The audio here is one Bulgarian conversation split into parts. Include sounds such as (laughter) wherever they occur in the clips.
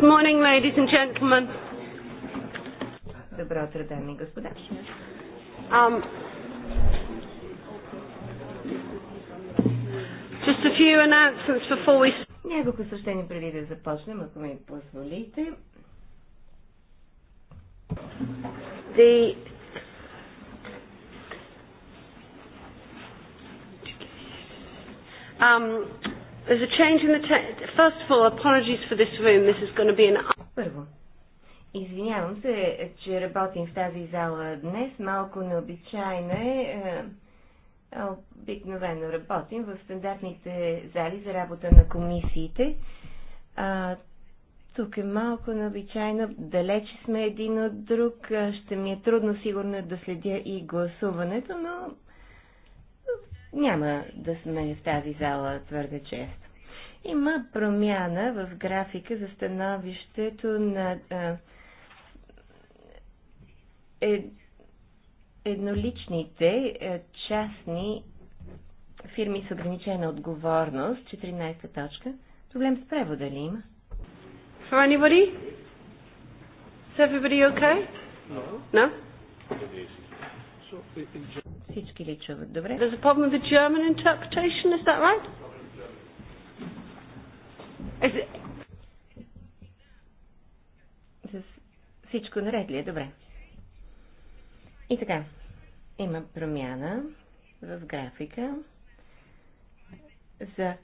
Good morning, ladies and gentlemen. Добро утро, дами и господа. Um, just a few announcements before we... Няколко съобщения преди да започнем, ако ми позволите. The um, There's a change in the First of all, apologies for this room. This is going to be an... Първо, извинявам се, че работим в тази зала днес. Малко необичайно е, е. Обикновено работим в стандартните зали за работа на комисиите. А, тук е малко необичайно. Далече сме един от друг. Ще ми е трудно сигурно да следя и гласуването, но няма да сме в тази зала твърде често. Има промяна в графика за становището на а, е, едноличните е, частни фирми с ограничена отговорност. 14 точка. Проблем с превода ли има? For anybody? Is everybody okay? No. No? всички ли чуват? Добре. There's a problem with the German interpretation, is that right? Is it... всичко наред ли е? Добре. И така, има промяна в графика за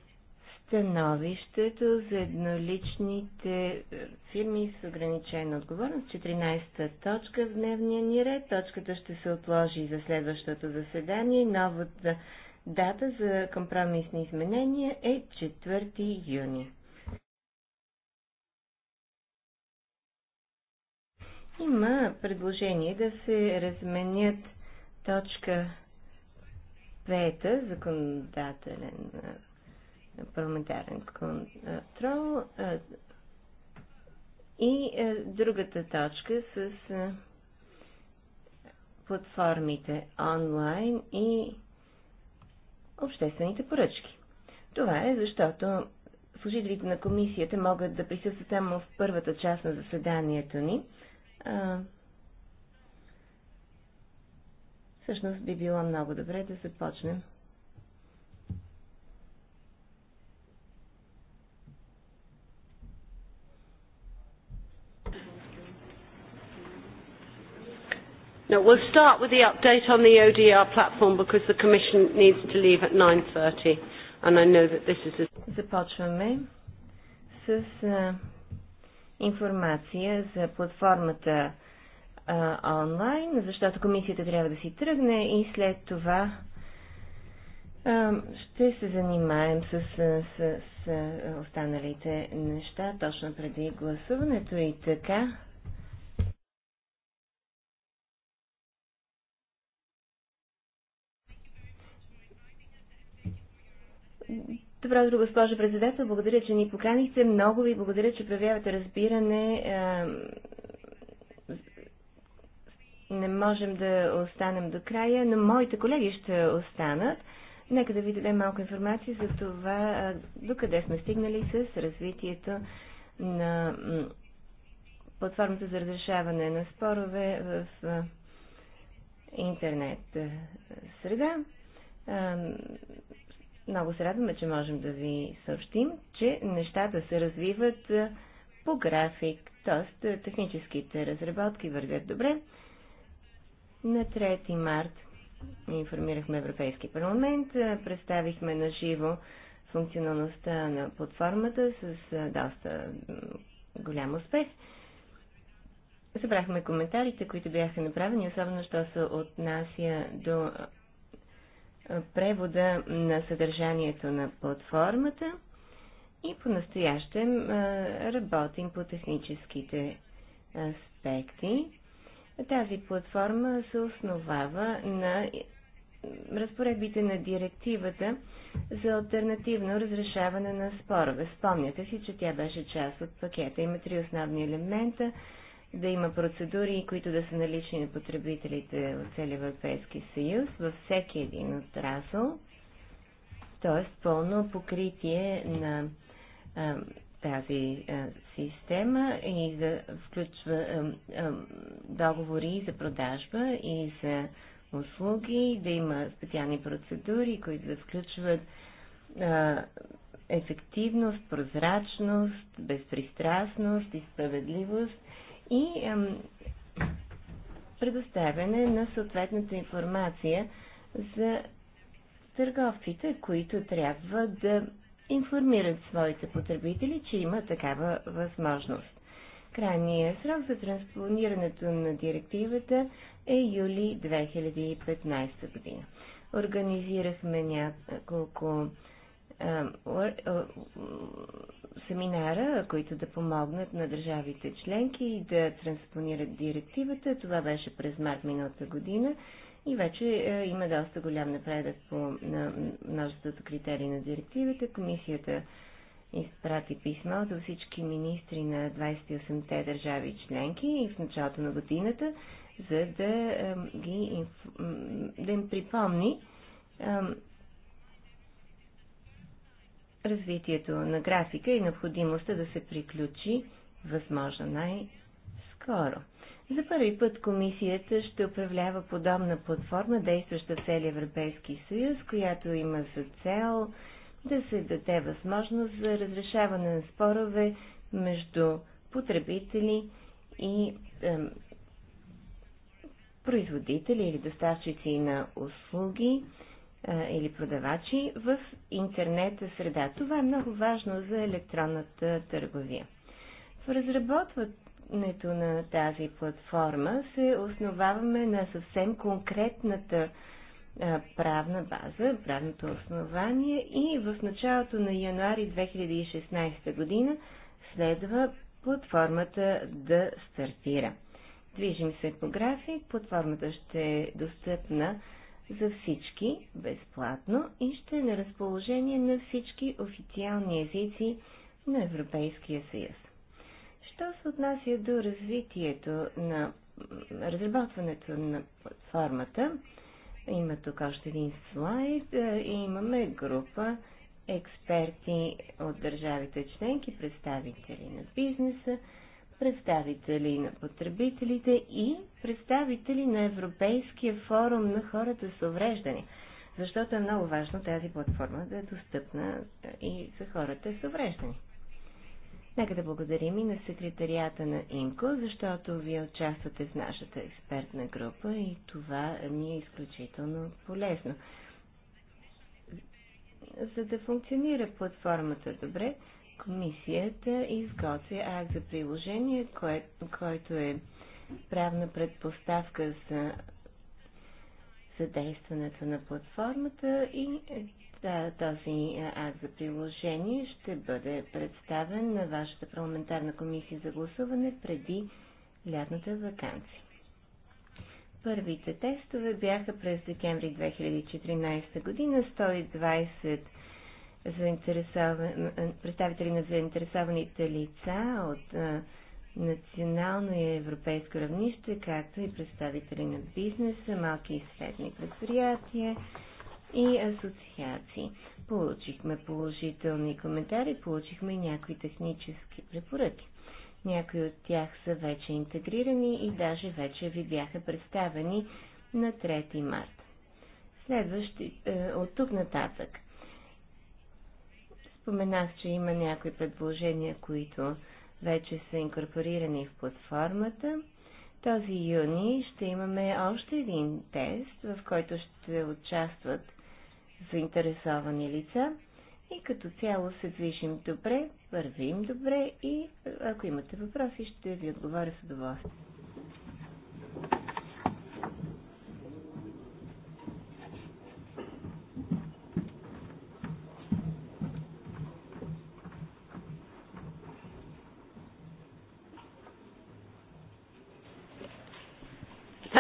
становището за едноличните е, фирми с ограничена отговорност. 14-та точка в дневния ни ред. Точката ще се отложи за следващото заседание. Новата дата за компромисни изменения е 4 юни. Има предложение да се разменят точка 5, законодателен парламентарен контрол. И другата точка с платформите онлайн и обществените поръчки. Това е защото служителите на комисията могат да присъстват само в първата част на заседанието ни. А, всъщност би било много добре да започнем No, we'll start with the update on the ODR platform because the Commission needs to leave at 9.30 and I know that this is... A... Започваме с uh, информация за платформата uh, онлайн, защото комисията трябва да си тръгне и след това а, ще се занимаем с, с, с, с останалите неща точно преди гласуването и така. Добро утро, госпожо председател. Благодаря, че ни поканихте. Много ви благодаря, че проявявате разбиране. Не можем да останем до края, но моите колеги ще останат. Нека да ви дадем малко информация за това, докъде сме стигнали с развитието на платформата за разрешаване на спорове в интернет среда. Много се радваме, че можем да ви съобщим, че нещата се развиват по график, т.е. техническите разработки вървят добре. На 3 март информирахме Европейски парламент, представихме на живо функционалността на платформата с доста голям успех. Събрахме коментарите, които бяха направени, особено що се отнася до превода на съдържанието на платформата и по-настоящем работим по техническите аспекти. Тази платформа се основава на разпоредбите на директивата за альтернативно разрешаване на спорове. Спомняте си, че тя беше част от пакета. Има три основни елемента да има процедури, които да са налични на потребителите от целия Европейски съюз във всеки един отрасъл, т.е. пълно покритие на а, тази а, система и да включва а, а, договори за продажба и за услуги, да има специални процедури, които да включват а, ефективност, прозрачност, безпристрастност и справедливост и предоставяне на съответната информация за търговците, които трябва да информират своите потребители, че има такава възможност. Крайният срок за транспонирането на директивата е юли 2015 година. Организирахме няколко е, е, семинара, които да помогнат на държавите членки и да транспонират директивата. Това беше през март миналата година и вече е, има доста голям напредък по множеството критерии на директивата. Комисията изпрати писма до всички министри на 28-те държави членки и в началото на годината, за да, ги, да им припомни развитието на графика и необходимостта да се приключи възможно най-скоро. За първи път комисията ще управлява подобна платформа, действаща в целия Европейски съюз, която има за цел да се даде възможност за разрешаване на спорове между потребители и е, производители или доставчици на услуги, или продавачи в интернет среда. Това е много важно за електронната търговия. В разработването на тази платформа се основаваме на съвсем конкретната правна база, правното основание и в началото на януари 2016 година следва платформата да стартира. Движим се по график, платформата ще е достъпна за всички, безплатно и ще е на разположение на всички официални езици на Европейския съюз. Що се отнася до развитието на разработването на платформата, има тук още един слайд и е, имаме група експерти от държавите членки, представители на бизнеса, представители на потребителите и представители на Европейския форум на хората с увреждания, защото е много важно тази платформа да е достъпна е, и за хората с увреждани. Нека да благодарим и на секретарията на ИМКО, защото вие участвате в нашата експертна група и това ни е изключително полезно. За да функционира платформата добре, комисията изготвя акт за приложение, кое, който е правна предпоставка за задействането на платформата и да, този акт за приложение ще бъде представен на вашата парламентарна комисия за гласуване преди лятната вакансия. Първите тестове бяха през декември 2014 година. 120 представители на заинтересованите лица от национално и европейско равнище, както и представители на бизнеса, малки и средни предприятия и асоциации. Получихме положителни коментари, получихме някои технически препоръки. Някои от тях са вече интегрирани и даже вече ви бяха представени на 3 марта. Следващи, е, от тук нататък Споменах, че има някои предложения, които вече са инкорпорирани в платформата. Този юни ще имаме още един тест, в който ще участват заинтересовани лица и като цяло се движим добре, вървим добре и ако имате въпроси, ще ви отговоря с удоволствие.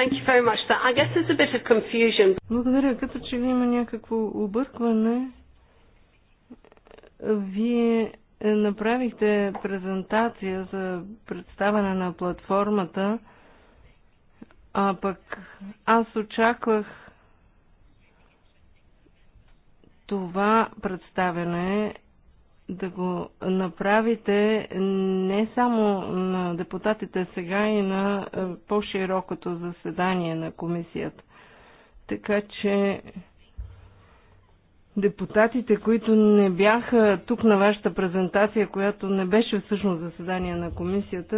Thank you very much. I guess there's a bit of confusion. Благодаря. Като че ли има някакво объркване, вие направихте презентация за представяне на платформата, а пък аз очаквах това представяне да го направите не само на депутатите сега и на е, по-широкото заседание на комисията. Така че депутатите, които не бяха тук на вашата презентация, която не беше всъщност заседание на комисията,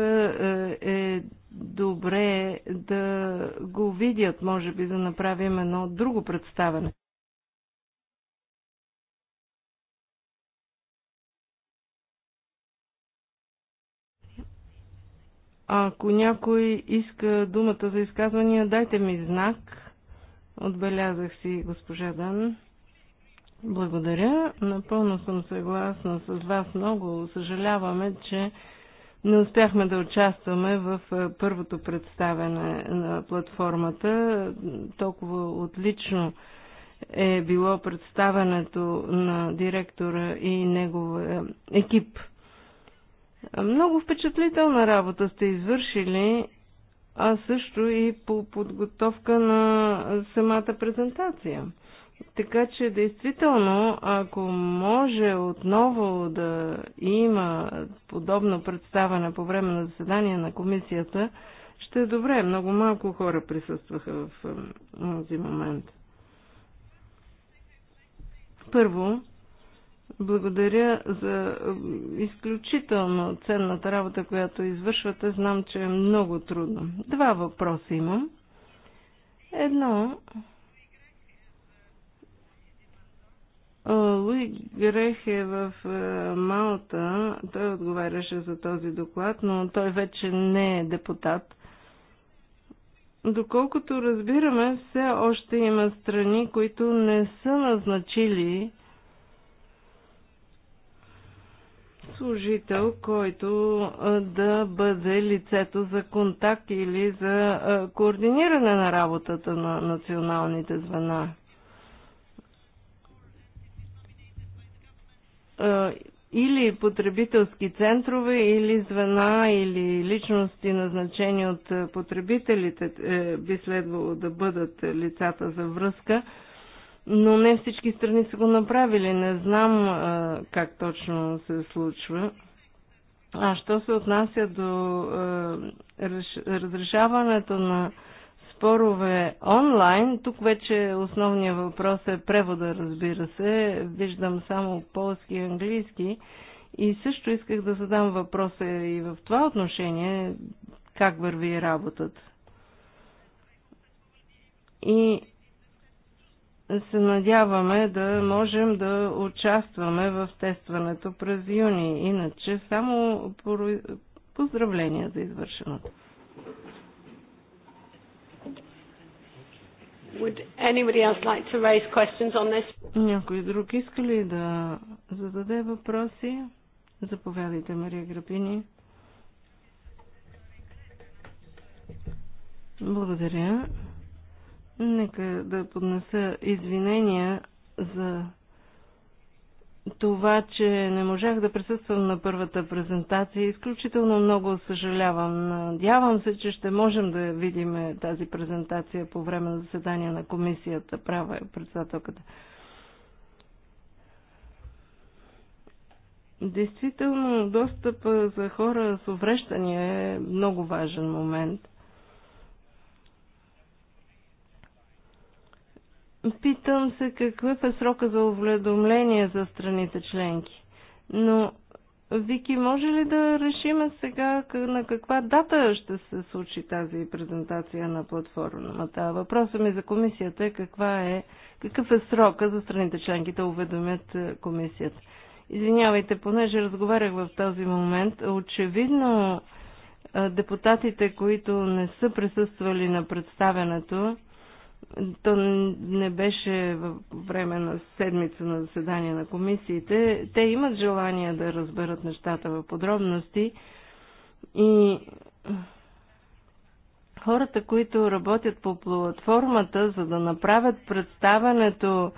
е, е добре да го видят, може би да направим едно друго представене. Ако някой иска думата за изказвания, дайте ми знак. Отбелязах си госпожа Дан. Благодаря. Напълно съм съгласна с вас. Много съжаляваме, че не успяхме да участваме в е, първото представяне на платформата. Толкова отлично е било представянето на директора и неговия е, екип много впечатлителна работа сте извършили, а също и по подготовка на самата презентация. Така че, действително, ако може отново да има подобно представане по време на заседание на комисията, ще е добре. Много малко хора присъстваха в този момент. Първо, благодаря за изключително ценната работа, която извършвате. Знам, че е много трудно. Два въпроса имам. Едно. Луи Грех е в Малта. Той отговаряше за този доклад, но той вече не е депутат. Доколкото разбираме, все още има страни, които не са назначили служител, който да бъде лицето за контакт или за координиране на работата на националните звена. Или потребителски центрове, или звена, или личности назначени от потребителите е, би следвало да бъдат лицата за връзка – но не всички страни са го направили. Не знам а, как точно се случва. А що се отнася до а, разрешаването на спорове онлайн, тук вече основният въпрос е превода, разбира се. Виждам само полски и английски. И също исках да задам въпроса и в това отношение, как върви работата. И се надяваме да можем да участваме в тестването през юни. Иначе само поздравления за извършеното. Would anybody else like to raise questions on this? Някой друг иска ли да зададе въпроси? Заповядайте, Мария Грапини. Благодаря. Нека да поднеса извинения за това, че не можах да присъствам на първата презентация. Изключително много съжалявам. Надявам се, че ще можем да видим тази презентация по време на заседание на комисията. Права е председателката. Действително, достъп за хора с увреждания е много важен момент – Питам се какъв е срока за уведомление за страните членки. Но, Вики, може ли да решим сега на каква дата ще се случи тази презентация на платформата? Въпросът ми за комисията е, каква е какъв е срока за страните членки да уведомят е, комисията. Извинявайте, понеже разговарях в този момент, очевидно е, депутатите, които не са присъствали на представянето, то не беше във време на седмица на заседание на комисиите. Те имат желание да разберат нещата в подробности и хората, които работят по платформата, за да направят представането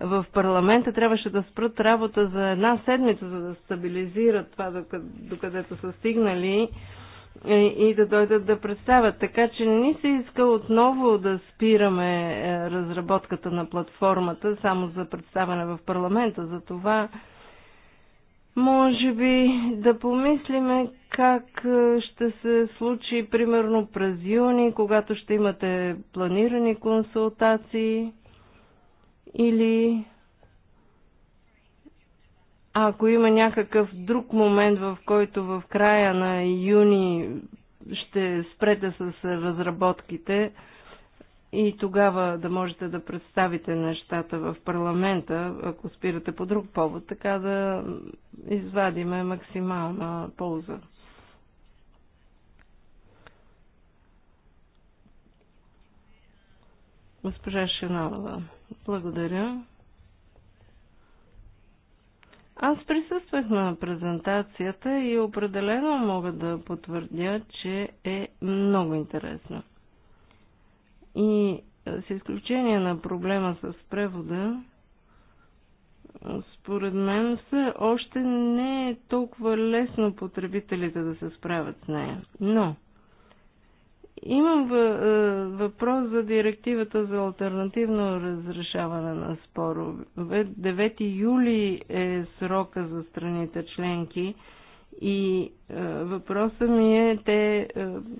в парламента, трябваше да спрат работа за една седмица, за да стабилизират това, докъдето са стигнали. Е, и да дойдат да представят. Така че не ни се иска отново да спираме е, разработката на платформата само за представяне в парламента. За това може би да помислиме как е, ще се случи примерно през юни, когато ще имате планирани консултации или а ако има някакъв друг момент, в който в края на юни ще спрете с е, разработките и тогава да можете да представите нещата в парламента, ако спирате по друг повод, така да извадиме максимална полза. Госпожа Шиналова, благодаря. Аз присъствах на презентацията и определено мога да потвърдя, че е много интересно. И с изключение на проблема с превода, според мен все още не е толкова лесно потребителите да се справят с нея. Но Имам е, въпрос за директивата за альтернативно разрешаване на споро. 9 юли е срока за страните членки и е, въпросът ми е те е,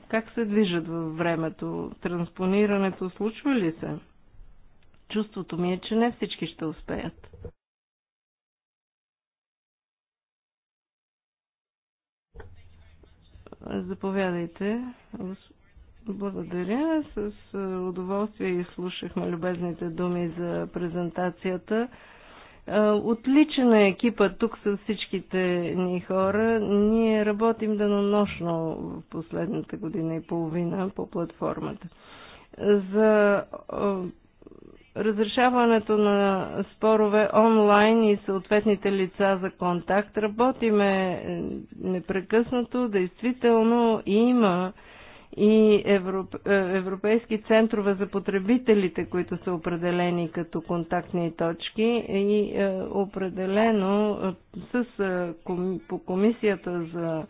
как се движат във времето? Транспонирането случва ли се? Чувството ми е, че не всички ще успеят. Заповядайте, господин. Благодаря. С удоволствие изслушахме любезните думи за презентацията. Отличен е екипа тук с всичките ни хора. Ние работим денонощно в последната година и половина по платформата. За разрешаването на спорове онлайн и съответните лица за контакт работиме е, непрекъснато. Действително има и е, европейски центрове за потребителите, които са определени като контактни точки и е, определено е, с, по комисията за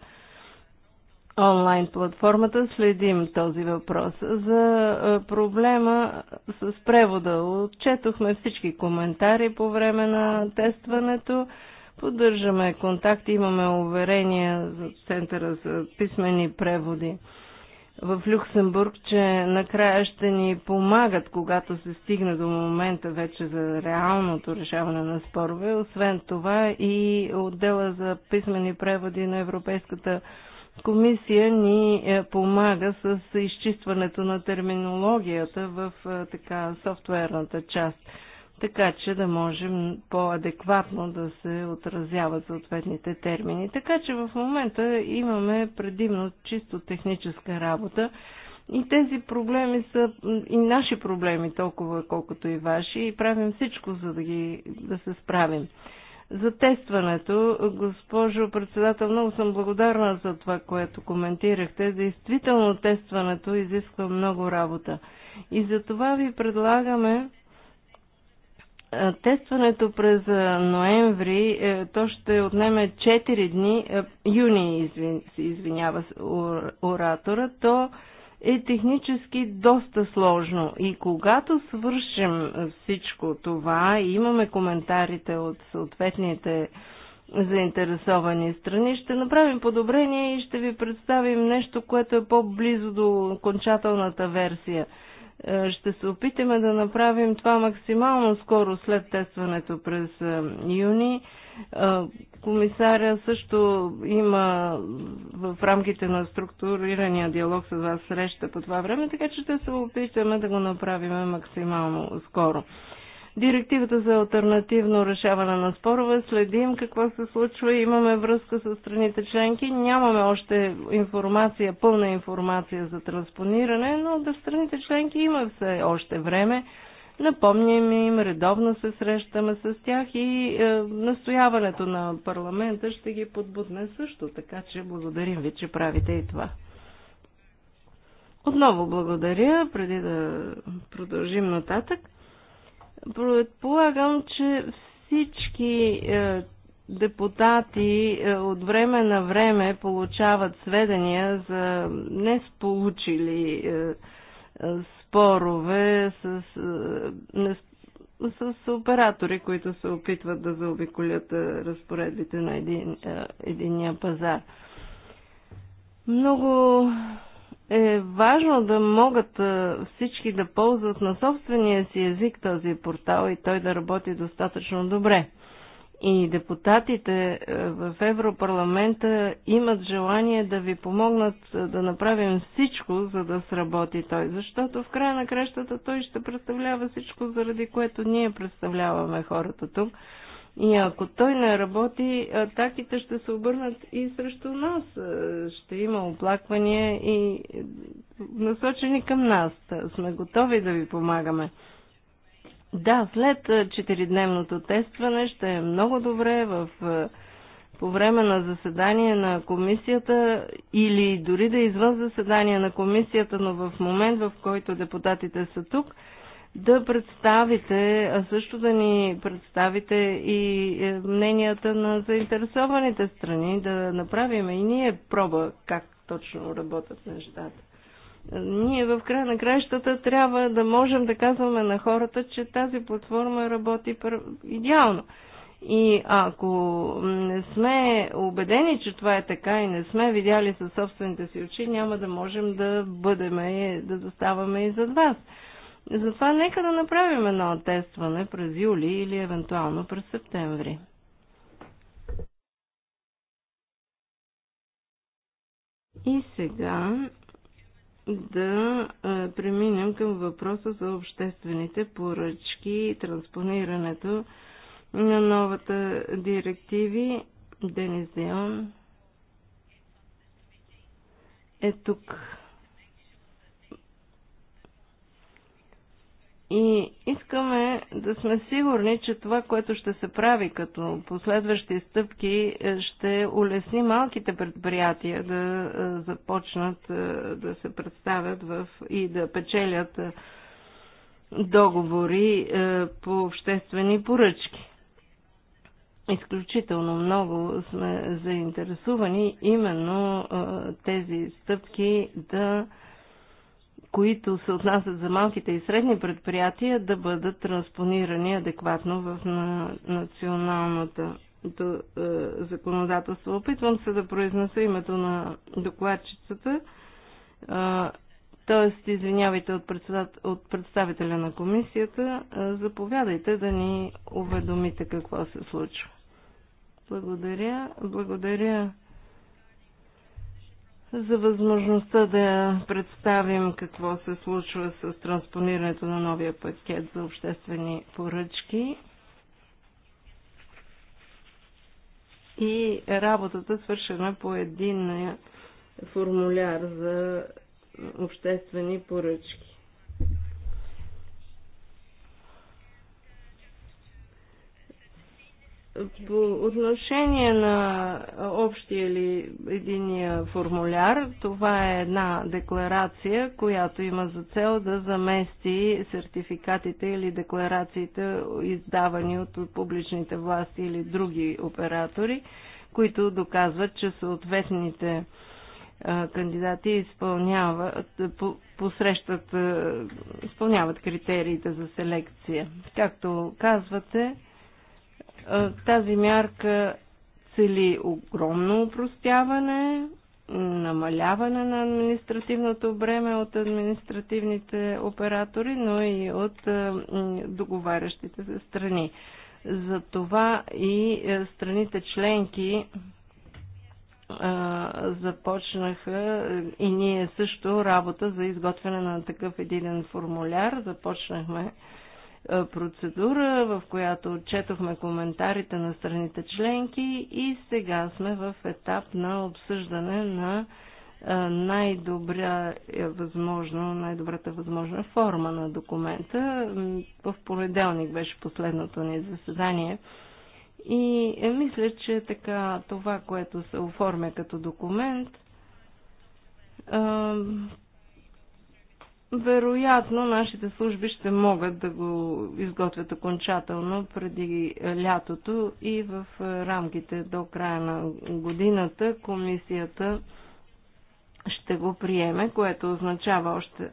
онлайн платформата следим този въпрос. За проблема с превода отчетохме всички коментари по време на тестването. Поддържаме контакти, имаме уверения за Центъра за писмени преводи в Люксембург, че накрая ще ни помагат, когато се стигне до момента вече за реалното решаване на спорове. Освен това и отдела за писмени преводи на Европейската комисия ни е, помага с изчистването на терминологията в е, така софтуерната част така че да можем по-адекватно да се отразяват съответните термини. Така че в момента имаме предимно чисто техническа работа и тези проблеми са и наши проблеми толкова колкото и ваши и правим всичко за да, ги, да се справим. За тестването, госпожо председател, много съм благодарна за това, което коментирахте. Действително тестването изисква много работа. И за това ви предлагаме е, тестването през е, ноември, е, то ще отнеме 4 дни, юни извин, се извинява оратора, то е технически доста сложно. И когато свършим всичко това и имаме коментарите от съответните заинтересовани страни, ще направим подобрение и ще ви представим нещо, което е по-близо до окончателната версия – е, ще се опитаме да направим това максимално скоро след тестването през е, юни. Е, комисаря също има в рамките на структурирания диалог с вас среща по това време, така че ще се опитаме да го направим максимално скоро. Директивата за альтернативно решаване на спорове, следим какво се случва, имаме връзка с страните членки, нямаме още информация, пълна информация за транспониране, но да страните членки има все още време. Напомням им, редовно се срещаме с тях и е, настояването на парламента ще ги подбудне също, така че благодарим ви, че правите и това. Отново благодаря, преди да продължим нататък. Предполагам, че всички е, депутати е, от време на време получават сведения за несполучили е, спорове с, с оператори, които се опитват да заобиколят разпоредбите на един, единия пазар. Много е важно да могат е, всички да ползват на собствения си език този портал и той да работи достатъчно добре. И депутатите е, в Европарламента имат желание да ви помогнат е, да направим всичко, за да сработи той, защото в края на кращата той ще представлява всичко, заради което ние представляваме хората тук и ако той не работи, атаките ще се обърнат и срещу нас. Е, ще има оплаквания и насочени към нас. Сме готови да ви помагаме. Да, след 4-дневното е, тестване ще е много добре в, е, по време на заседание на комисията или дори да извън заседание на комисията, но в момент в който депутатите са тук – да представите, а също да ни представите и е, мненията на заинтересованите страни, да направим и ние проба как точно работят нещата. Ние в края на краищата трябва да можем да казваме на хората, че тази платформа работи идеално. И ако не сме убедени, че това е така и не сме видяли със собствените си очи, няма да можем да бъдем, да заставаме и зад вас. Затова нека да направим едно тестване през юли или евентуално през септември. И сега да преминем към въпроса за обществените поръчки и транспонирането на новата директиви. Денис Деон е тук. И искаме да сме сигурни, че това, което ще се прави като последващи стъпки, е, ще улесни малките предприятия да е, започнат е, да се представят в, и да печелят договори по обществени поръчки. Изключително много сме заинтересувани именно тези стъпки да които се отнасят за малките и средни предприятия, да бъдат транспонирани адекватно в националната до, е, законодателство. Опитвам се да произнеса името на докладчицата, е, т.е. извинявайте от, от представителя на комисията, е, заповядайте да ни уведомите какво се случва. Благодаря. Благодаря за възможността да представим какво се случва с транспонирането на новия пакет за обществени поръчки и работата свършена по един формуляр за обществени поръчки. По отношение на общия или единия формуляр, това е една декларация, която има за цел да замести сертификатите или декларациите, издавани от публичните власти или други оператори, които доказват, че съответните кандидати изпълняват, посрещат, изпълняват критериите за селекция. Както казвате, е, тази мярка цели огромно упростяване, намаляване на административното бреме от административните оператори, но и от е, договарящите се страни. Затова и е, страните членки започнаха и ние също работа за изготвяне на такъв единен формуляр. Започнахме е, процедура, в която отчетохме коментарите на страните членки и сега сме в етап на обсъждане на е, най-добра е, възможно, най-добрата възможна форма на документа. В понеделник беше последното ни заседание. И мисля, че така това, което се оформя като документ, вероятно, нашите служби ще могат да го изготвят окончателно преди лятото и в рамките до края на годината комисията ще го приеме, което означава още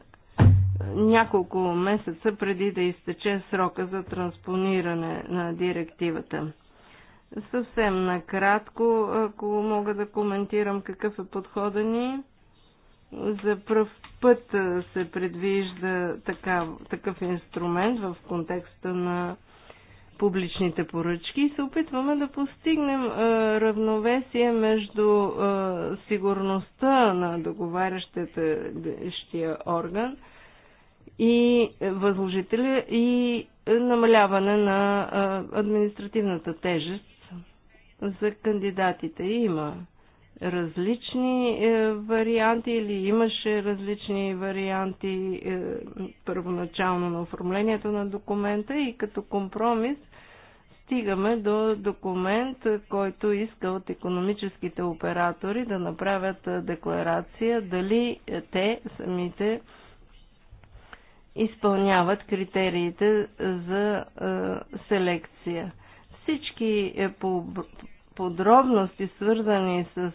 няколко месеца преди да изтече срока за транспониране на директивата. Съвсем накратко, ако мога да коментирам какъв е подхода ни за пръв път се предвижда така, такъв инструмент в контекста на публичните поръчки и се опитваме да постигнем равновесие между сигурността на договарящия орган и възложителя и намаляване на административната тежест за кандидатите. Има различни е, варианти или имаше различни варианти е, първоначално на оформлението на документа и като компромис стигаме до документ, който иска от економическите оператори да направят е, декларация дали те самите изпълняват критериите за е, селекция. Всички е, по, подробности, свързани с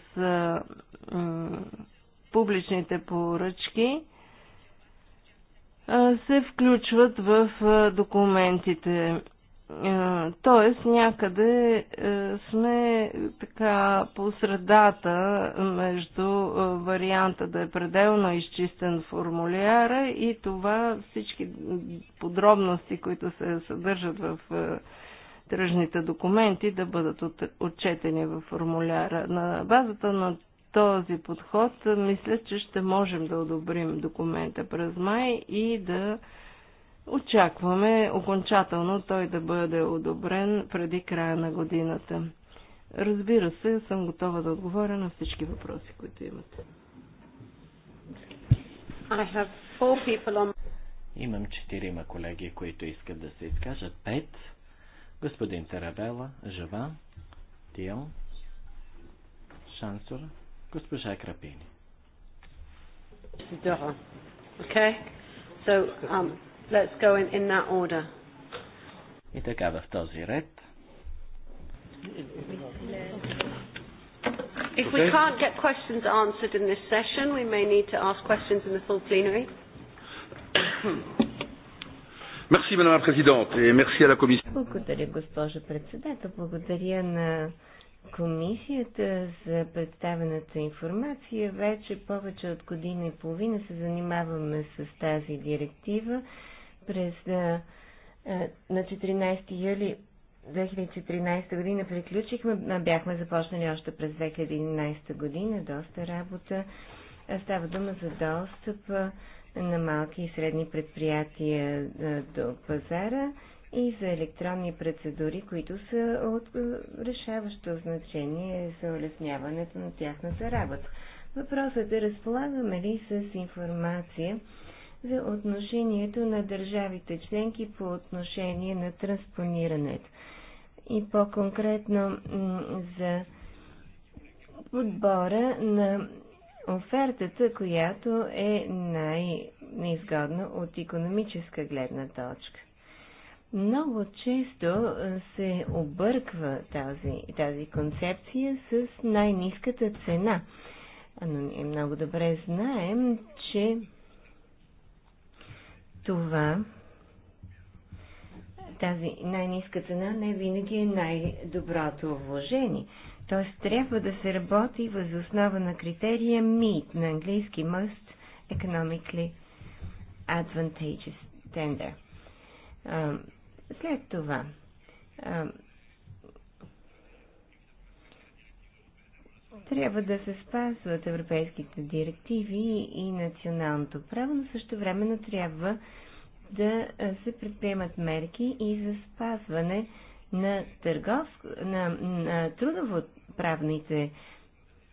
публичните поръчки, се включват в документите. Тоест някъде сме така по средата между варианта да е пределно изчистен формуляра и това всички подробности, които се съдържат в тръжните документи да бъдат отчетени в формуляра. На базата на този подход мисля, че ще можем да одобрим документа през май и да очакваме окончателно той да бъде одобрен преди края на годината. Разбира се, съм готова да отговоря на всички въпроси, които имате. On... Имам четирима колеги, които искат да се изкажат. Пет господин Тарабела, Жава, Дион, Шансор, госпожа Крапини. Okay. So, um, let's go in, in that order. И така в този ред. If we can't get questions answered in this session, we may need to ask questions in the full plenary. Merci, madame la présidente, et merci à la Благодаря, госпожо председател. Благодаря на комисията за представената информация. Вече повече от година и половина се занимаваме с тази директива. През на 14 юли 2013 година приключихме, бяхме започнали още през 2011 година доста работа. Става дума за достъп на малки и средни предприятия до пазара и за електронни процедури, които са от решаващо значение за улесняването на тяхната работа. Въпросът е, разполагаме ли с информация за отношението на държавите членки по отношение на транспонирането и по-конкретно за подбора на офертата, която е най-изгодна от економическа гледна точка. Много често се обърква тази, тази концепция с най-низката цена. Но ние много добре знаем, че това, тази най-низка цена не винаги е най-доброто вложение. Т.е. трябва да се работи въз основа на критерия meet, на английски must economically advantageous tender. След това, трябва да се спазват европейските директиви и националното право, но също времено трябва да се предприемат мерки и за спазване на, търгов, на, на трудовоправните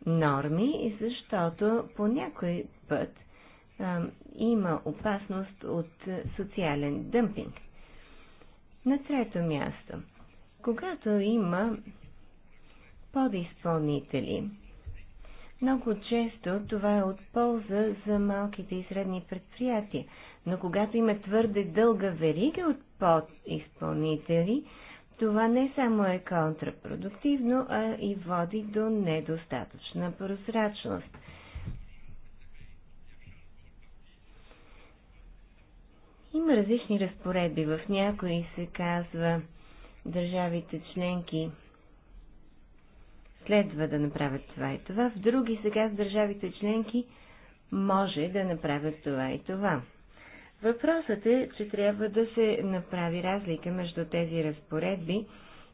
норми, защото по някой път а, има опасност от социален дъмпинг. На трето място, когато има подизпълнители, много често това е от полза за малките и средни предприятия, но когато има твърде дълга верига от подизпълнители, това не само е контрапродуктивно, а и води до недостатъчна прозрачност. Има различни разпоредби. В някои се казва, държавите членки следва да направят това и това, в други се казва, държавите членки може да направят това и това. Въпросът е, че трябва да се направи разлика между тези разпоредби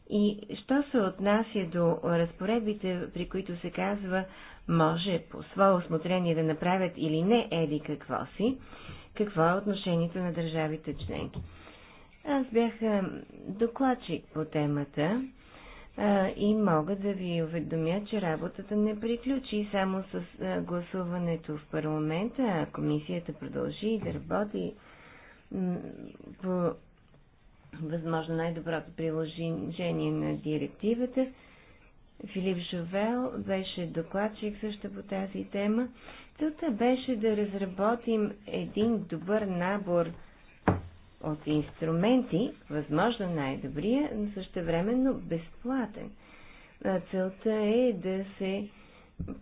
и що се отнася до разпоредбите, при които се казва може по свое осмотрение да направят или не еди какво си, какво е отношението на държавите членки. Аз бях докладчик по темата и мога да ви уведомя, че работата не приключи само с гласуването в парламента, а комисията продължи да работи по възможно най-доброто приложение на директивата. Филип Жовел беше докладчик също по тази тема. Целта беше да разработим един добър набор от инструменти, възможно най-добрия, но същевременно безплатен. Целта е да се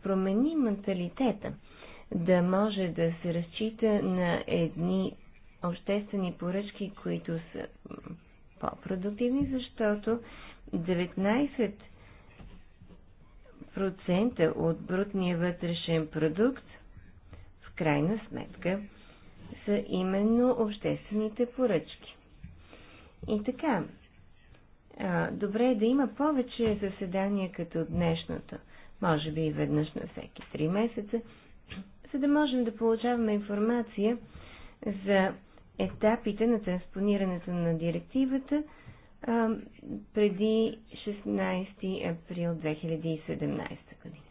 промени менталитета, да може да се разчита на едни обществени поръчки, които са по-продуктивни, защото 19% от брутния вътрешен продукт в крайна сметка са именно обществените поръчки. И така, а, добре е да има повече заседания като днешното, може би и веднъж на всеки три месеца, за да можем да получаваме информация за етапите на транспонирането на директивата а, преди 16 април 2017 година.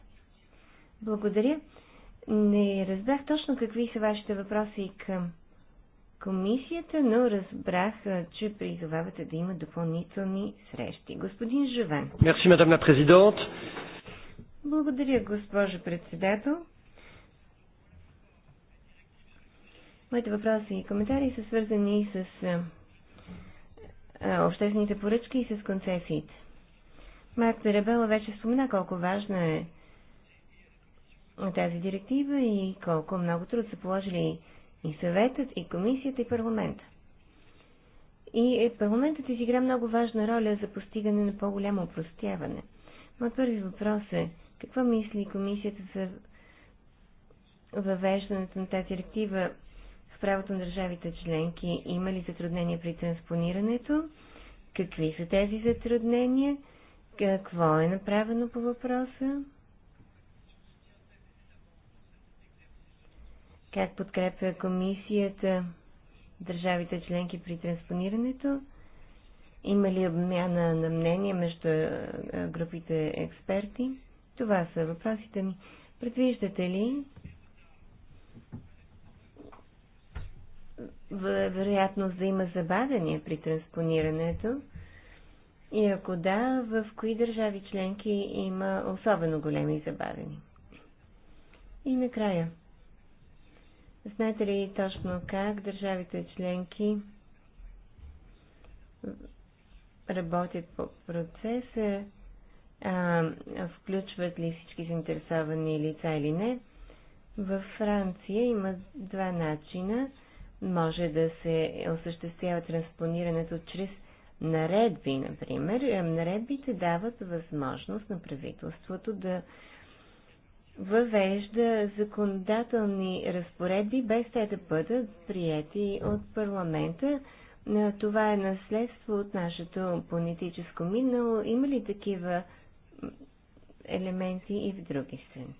Благодаря. Не разбрах точно какви са вашите въпроси към комисията, но разбрах, че призовавате да има допълнителни срещи. Господин Живен. Мерси, мадам на президент. Благодаря, госпожо председател. Моите въпроси и коментари са свързани с обществените поръчки и с концесиите. Марк Теребела вече спомена колко важна е тази директива и колко много труд са положили и съветът, и комисията, и парламента. И е, парламентът изигра много важна роля за постигане на по-голямо опростяване. Моят първи въпрос е, какво мисли комисията за въвеждането на тази директива в правото на държавите членки? Има ли затруднения при транспонирането? Какви са тези затруднения? Какво е направено по въпроса? как подкрепя комисията държавите членки при транспонирането? Има ли обмяна на мнение между е, е, групите експерти? Това са въпросите ми. Предвиждате ли вероятност да има забавяне при транспонирането? И ако да, в кои държави членки има особено големи забавени? И накрая – Знаете ли точно как държавите членки работят по процеса, а, включват ли всички заинтересовани лица или не? Във Франция има два начина. Може да се осъществява транспонирането чрез наредби, например. Наредбите дават възможност на правителството да въвежда законодателни разпоредби, без те да бъдат прияти от парламента. Това е наследство от нашето политическо минало. Има ли такива елементи и в други страни?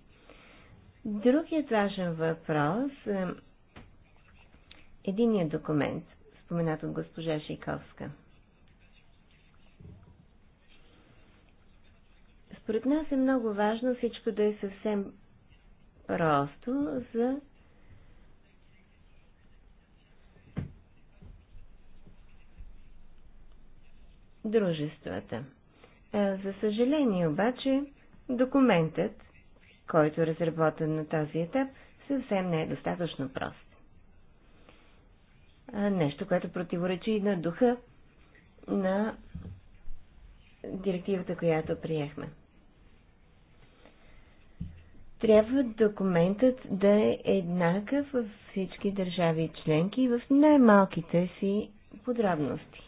Другият важен въпрос е единият документ, споменат от госпожа Шейковска – Според нас е много важно всичко да е съвсем просто за дружествата. За съжаление обаче, документът, който е разработен на този етап, съвсем не е достатъчно прост. Нещо, което противоречи и на духа на директивата, която приехме трябва документът да е еднакъв във всички държави членки и в най-малките си подробности.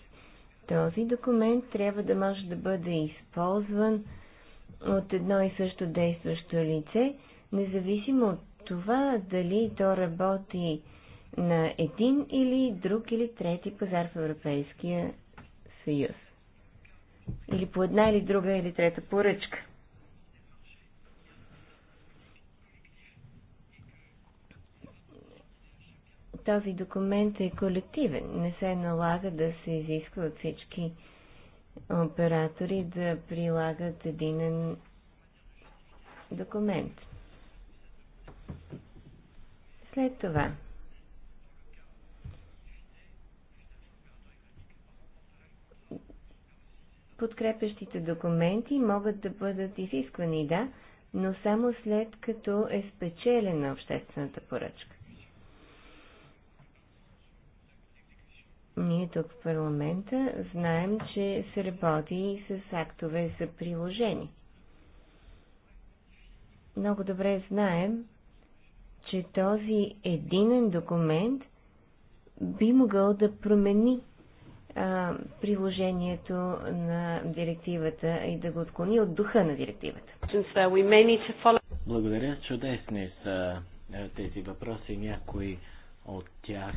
Този документ трябва да може да бъде използван от едно и също действащо лице, независимо от това дали то работи на един или друг или трети пазар в Европейския съюз. Или по една или друга или трета поръчка. този документ е колективен. Не се налага да се изисква от всички оператори да прилагат един документ. След това. Подкрепящите документи могат да бъдат изисквани, да, но само след като е спечелена обществената поръчка. ние тук в парламента знаем, че се работи и с актове за приложение. Много добре знаем, че този единен документ би могъл да промени а, приложението на директивата и да го отклони от духа на директивата. Благодаря. Чудесни са тези въпроси. Някои от тях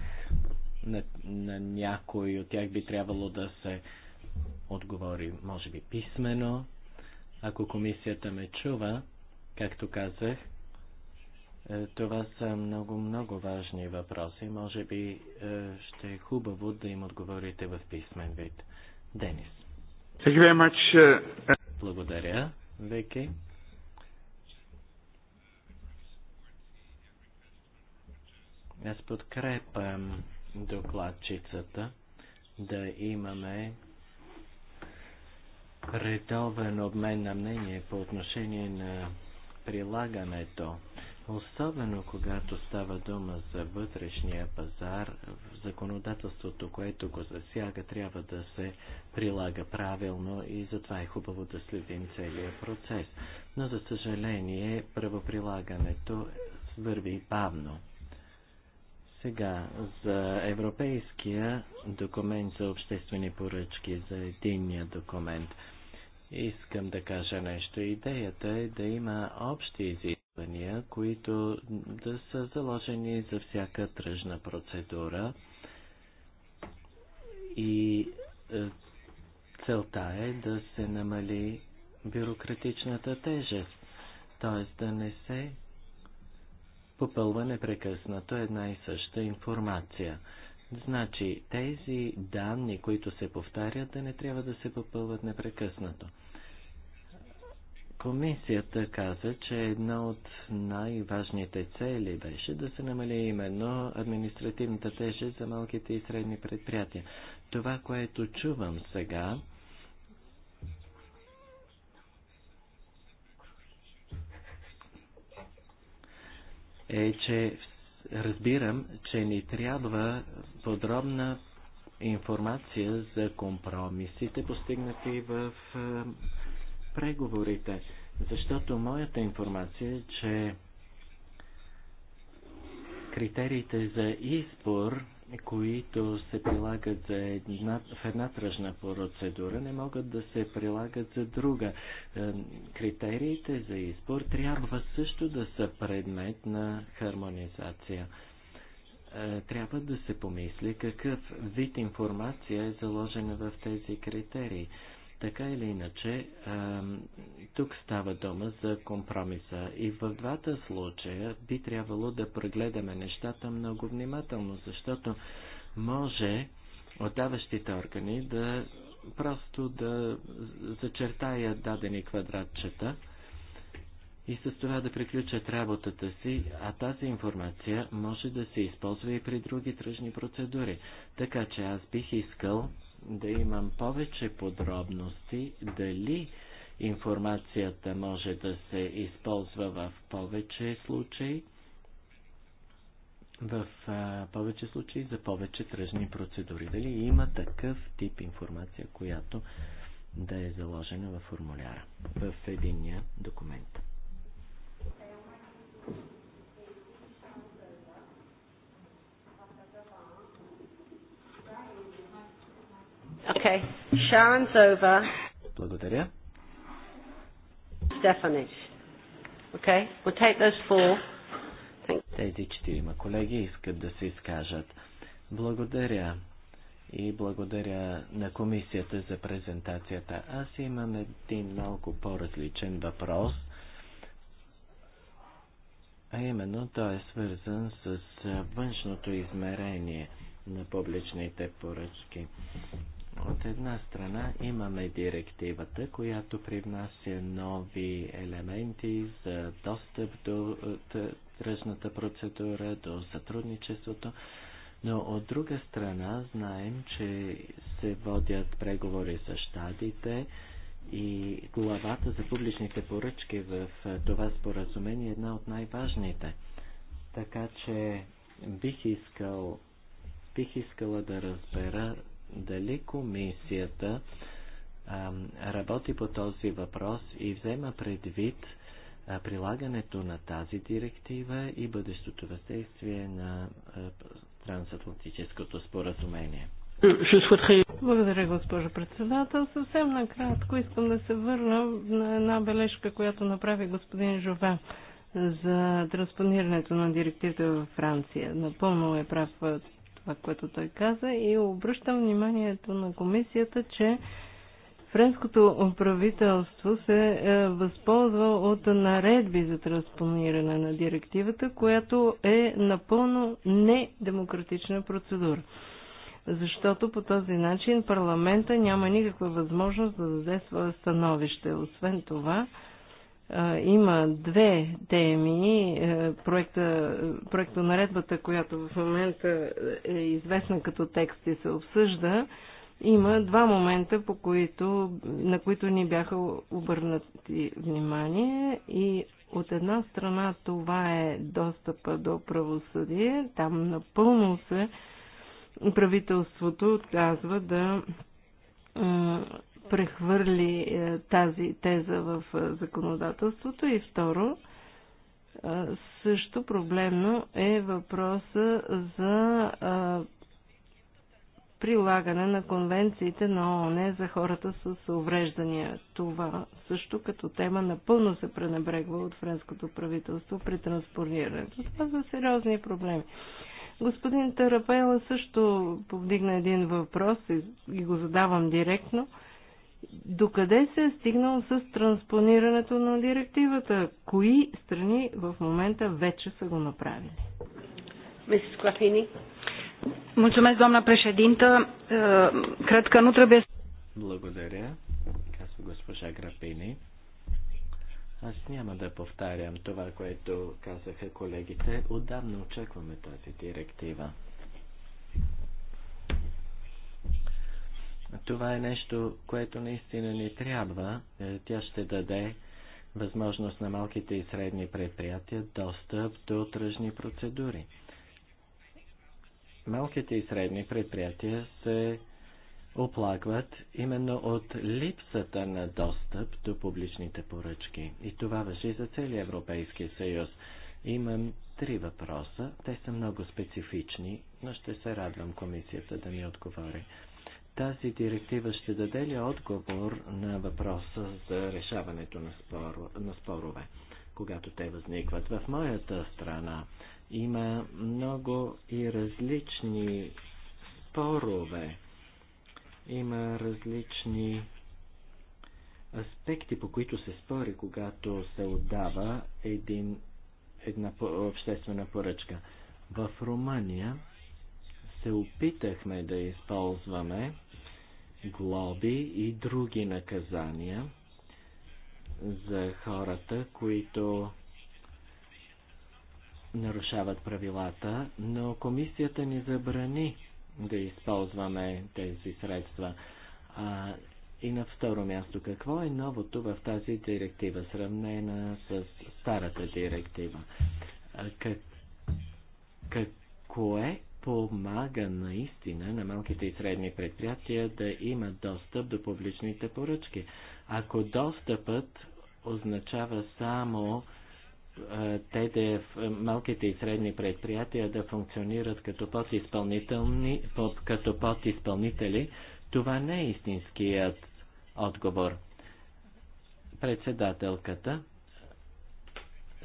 на, на някой от тях би трябвало да се отговори, може би, писмено. Ако комисията ме чува, както казах, е, това са много-много важни въпроси. Може би е, ще е хубаво да им отговорите в писмен вид. Денис. Е, Благодаря, Вики. Аз подкрепам докладчицата да имаме редовен обмен на мнение по отношение на прилагането, особено когато става дума за вътрешния пазар, законодателството, което го засяга, трябва да се прилага правилно и затова е хубаво да следим целият процес. Но за съжаление, правоприлагането върви бавно. Сега за европейския документ за обществени поръчки, за единния документ. Искам да кажа нещо. Идеята е да има общи изисквания, които да са заложени за всяка тръжна процедура. И е, целта е да се намали бюрократичната тежест, т.е. да не се попълва непрекъснато една и съща информация. Значи тези данни, които се повтарят, да не трябва да се попълват непрекъснато. Комисията каза, че една от най-важните цели беше да се намали именно административната тежест за малките и средни предприятия. Това, което чувам сега, е, че разбирам, че ни трябва подробна информация за компромисите, постигнати в преговорите. Защото моята информация е, че критериите за избор които се прилагат за една, в една тръжна процедура, не могат да се прилагат за друга. Е, критериите за избор трябва също да са предмет на хармонизация. Е, трябва да се помисли какъв вид информация е заложена в тези критерии. Така или иначе, тук става дума за компромиса и в двата случая би трябвало да прегледаме нещата много внимателно, защото може отдаващите органи да просто да зачертаят дадени квадратчета и с това да приключат работата си, а тази информация може да се използва и при други тръжни процедури. Така че аз бих искал да имам повече подробности дали информацията може да се използва в повече случаи, в а, повече случаи за повече тръжни процедури. Дали има такъв тип информация, която да е заложена в формуляра, в единия документ. Okay. Sharon's over. Благодаря. Stephanie. Okay. We'll take those four. Тези четирима колеги искат да се изкажат. Благодаря. И благодаря на комисията за презентацията. Аз имам един малко по-различен въпрос. А именно, той е свързан с външното измерение на публичните поръчки. От една страна имаме директивата, която привнася нови елементи за достъп до е, тръжната процедура, до сътрудничеството, но от друга страна знаем, че се водят преговори с щадите и главата за публичните поръчки в е, това споразумение е една от най-важните. Така че бих искал бих искала да разбера дали комисията а, работи по този въпрос и взема предвид а, прилагането на тази директива и бъдещото въздействие на а, трансатлантическото споразумение. Благодаря, госпожо председател. Съвсем накратко искам да се върна на една бележка, която направи господин Жове за транспонирането на директивата във Франция. Напълно е прав това, което той каза и обръщам вниманието на комисията, че френското правителство се е, възползва от наредби за транспониране на директивата, която е напълно недемократична процедура. Защото по този начин парламента няма никаква възможност да даде свое становище. Освен това, има две теми. Е, проекта, проекта наредбата, която в момента е известна като текст и се обсъжда, има два момента, по които, на които ни бяха обърнати внимание и от една страна това е достъпа до правосъдие. Там напълно се правителството отказва да е, прехвърли е, тази теза в е, законодателството и второ, е, също проблемно е въпроса за прилагане на конвенциите на ООН за хората с увреждания. Това също като тема напълно се пренебрегва от френското правителство при транспонирането. Това са сериозни проблеми. Господин Тарапела също повдигна един въпрос и го задавам директно – Докъде се е стигнал с транспонирането на директивата? Кои страни в момента вече са го направили? Мисис Клафини. Mulțumesc, домна președintă. Кратка, е, că nu Благодаря, казва госпожа Графини. Аз няма да повтарям това, което казаха колегите. Отдавна очакваме тази директива. Това е нещо, което наистина ни трябва. Е, тя ще даде възможност на малките и средни предприятия достъп до тръжни процедури. Малките и средни предприятия се оплакват именно от липсата на достъп до публичните поръчки. И това въжи за целия Европейски съюз. Имам три въпроса. Те са много специфични, но ще се радвам комисията да ми отговори. Тази директива ще даде ли отговор на въпроса за решаването на, спор, на спорове, когато те възникват? В моята страна има много и различни спорове. Има различни аспекти, по които се спори, когато се отдава един, една обществена поръчка. В Румъния се опитахме да използваме глоби и други наказания за хората, които нарушават правилата, но комисията ни забрани да използваме тези средства. А, и на второ място, какво е новото в тази директива, сравнена с старата директива? Как, как, кое помага наистина на малките и средни предприятия да имат достъп до публичните поръчки. Ако достъпът означава само те да, е малките и средни предприятия да функционират като, подизпълнителни, като подизпълнители, това не е истинският отговор. Председателката,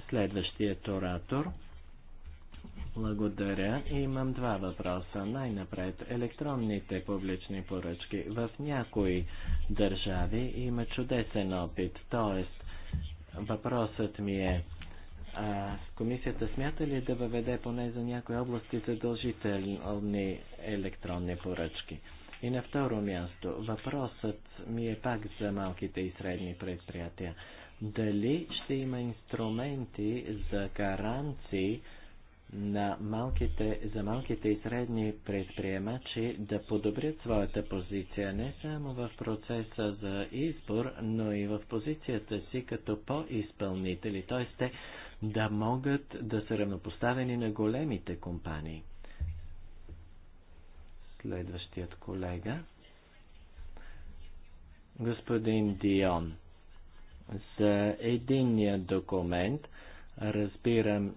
следващият оратор. Благодаря. Имам два въпроса. Най-напред, електронните публични поръчки. В някои държави има чудесен опит. Тоест, въпросът ми е, а, комисията смята ли да въведе поне за някои области задължителни електронни поръчки? И на второ място, въпросът ми е пак за малките и средни предприятия. Дали ще има инструменти за гаранции, на малките, за малките и средни предприемачи да подобрят своята позиция не само в процеса за избор, но и в позицията си като по-изпълнители, т.е. те да могат да са равнопоставени на големите компании. Следващият колега. Господин Дион, за единния документ разбирам,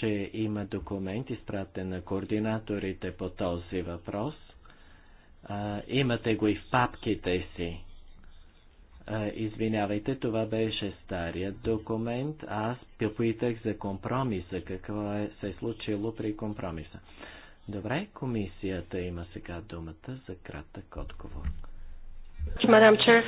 че има документ изпратен на координаторите по този въпрос. А, имате го и в папките си. А, извинявайте, това беше старият документ. Аз попитах за компромиса, какво е, се е случило при компромиса. Добре, комисията има сега думата за кратък отговор. Мадам Чер,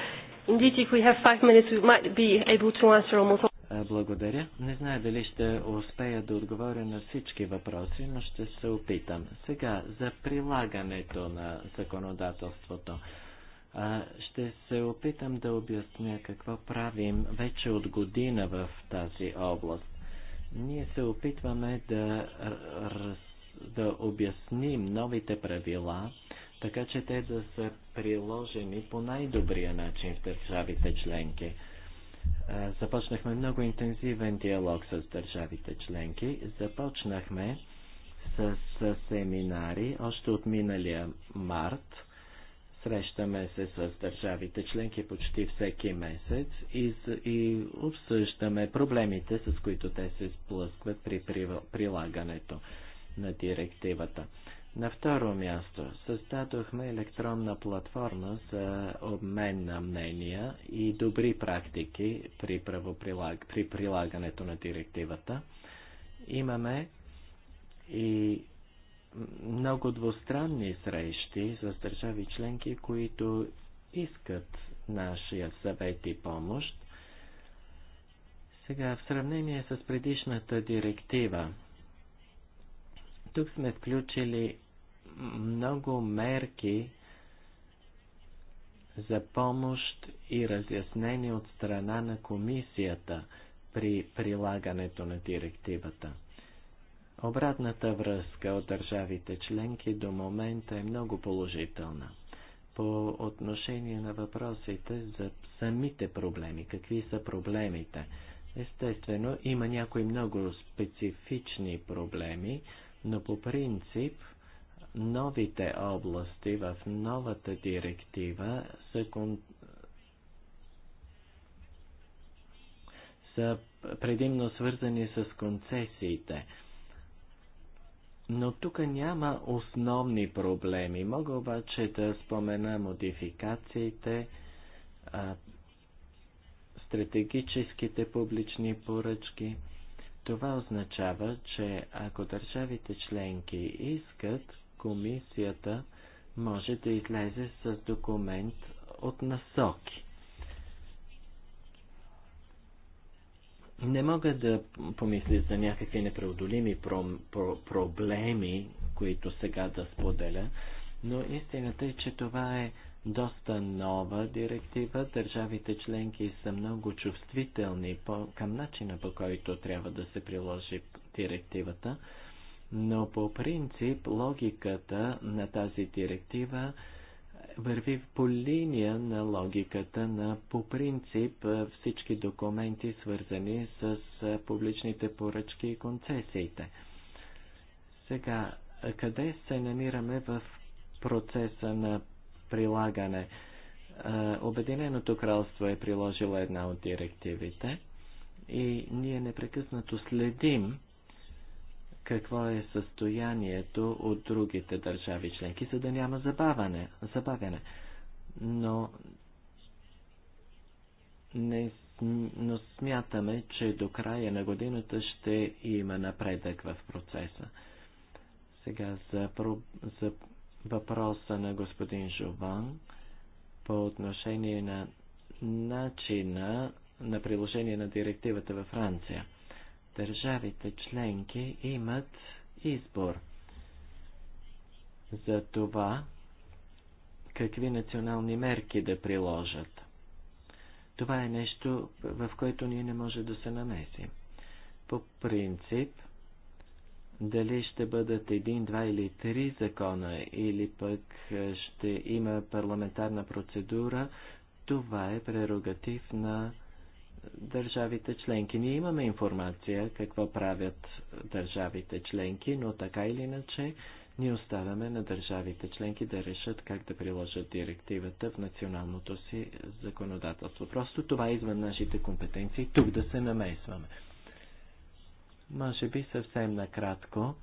indeed, if we have five minutes, we might be able to answer almost благодаря. Не знае дали ще успея да отговоря на всички въпроси, но ще се опитам. Сега, за прилагането на законодателството. Ще се опитам да обясня какво правим вече от година в тази област. Ние се опитваме да, да обясним новите правила, така че те да са приложени по най-добрия начин в държавите членки. Е, започнахме много интензивен диалог с държавите членки. Започнахме с, с семинари още от миналия март. Срещаме се с държавите членки почти всеки месец и, и обсъждаме проблемите, с които те се сблъскват при прилагането на директивата. На второ място, създадохме електронна платформа за обмен на мнения и добри практики при, правоприлаг... при прилагането на директивата. Имаме и много двустранни срещи с държави членки, които искат нашия съвет и помощ. Сега, в сравнение с предишната директива, тук сме включили много мерки за помощ и разяснение от страна на комисията при прилагането на директивата. Обратната връзка от държавите членки до момента е много положителна. По отношение на въпросите за самите проблеми, какви са проблемите? Естествено, има някои много специфични проблеми, но по принцип новите области в новата директива са, кон... са предимно свързани с концесиите. Но тук няма основни проблеми. Мога обаче да спомена модификациите, стратегическите публични поръчки – това означава, че ако държавите членки искат, комисията може да излезе с документ от насоки. Не мога да помисля за някакви непреодолими про- про- проблеми, които сега да споделя, но истината е, че това е доста нова директива. Държавите членки са много чувствителни по, към начина по който трябва да се приложи директивата, но по принцип логиката на тази директива върви по линия на логиката на по принцип всички документи, свързани с публичните поръчки и концесиите. Сега, къде се намираме в процеса на прилагане. Е, Обединеното кралство е приложило една от директивите и ние непрекъснато следим какво е състоянието от другите държави членки, за да няма забавяне. забавяне. Но, не, но смятаме, че до края на годината ще има напредък в процеса. Сега за, за въпроса на господин Жован по отношение на начина на приложение на директивата във Франция. Държавите членки имат избор за това какви национални мерки да приложат. Това е нещо, в което ние не може да се намесим. По принцип, дали ще бъдат един, два или три закона, или пък е, ще има парламентарна процедура, това е прерогатив на държавите членки. Ние имаме информация какво правят държавите членки, но така или иначе ние оставяме на държавите членки да решат как да приложат директивата в националното си законодателство. Просто това е извън нашите компетенции, тук да се намесваме. Може би съвсем накратко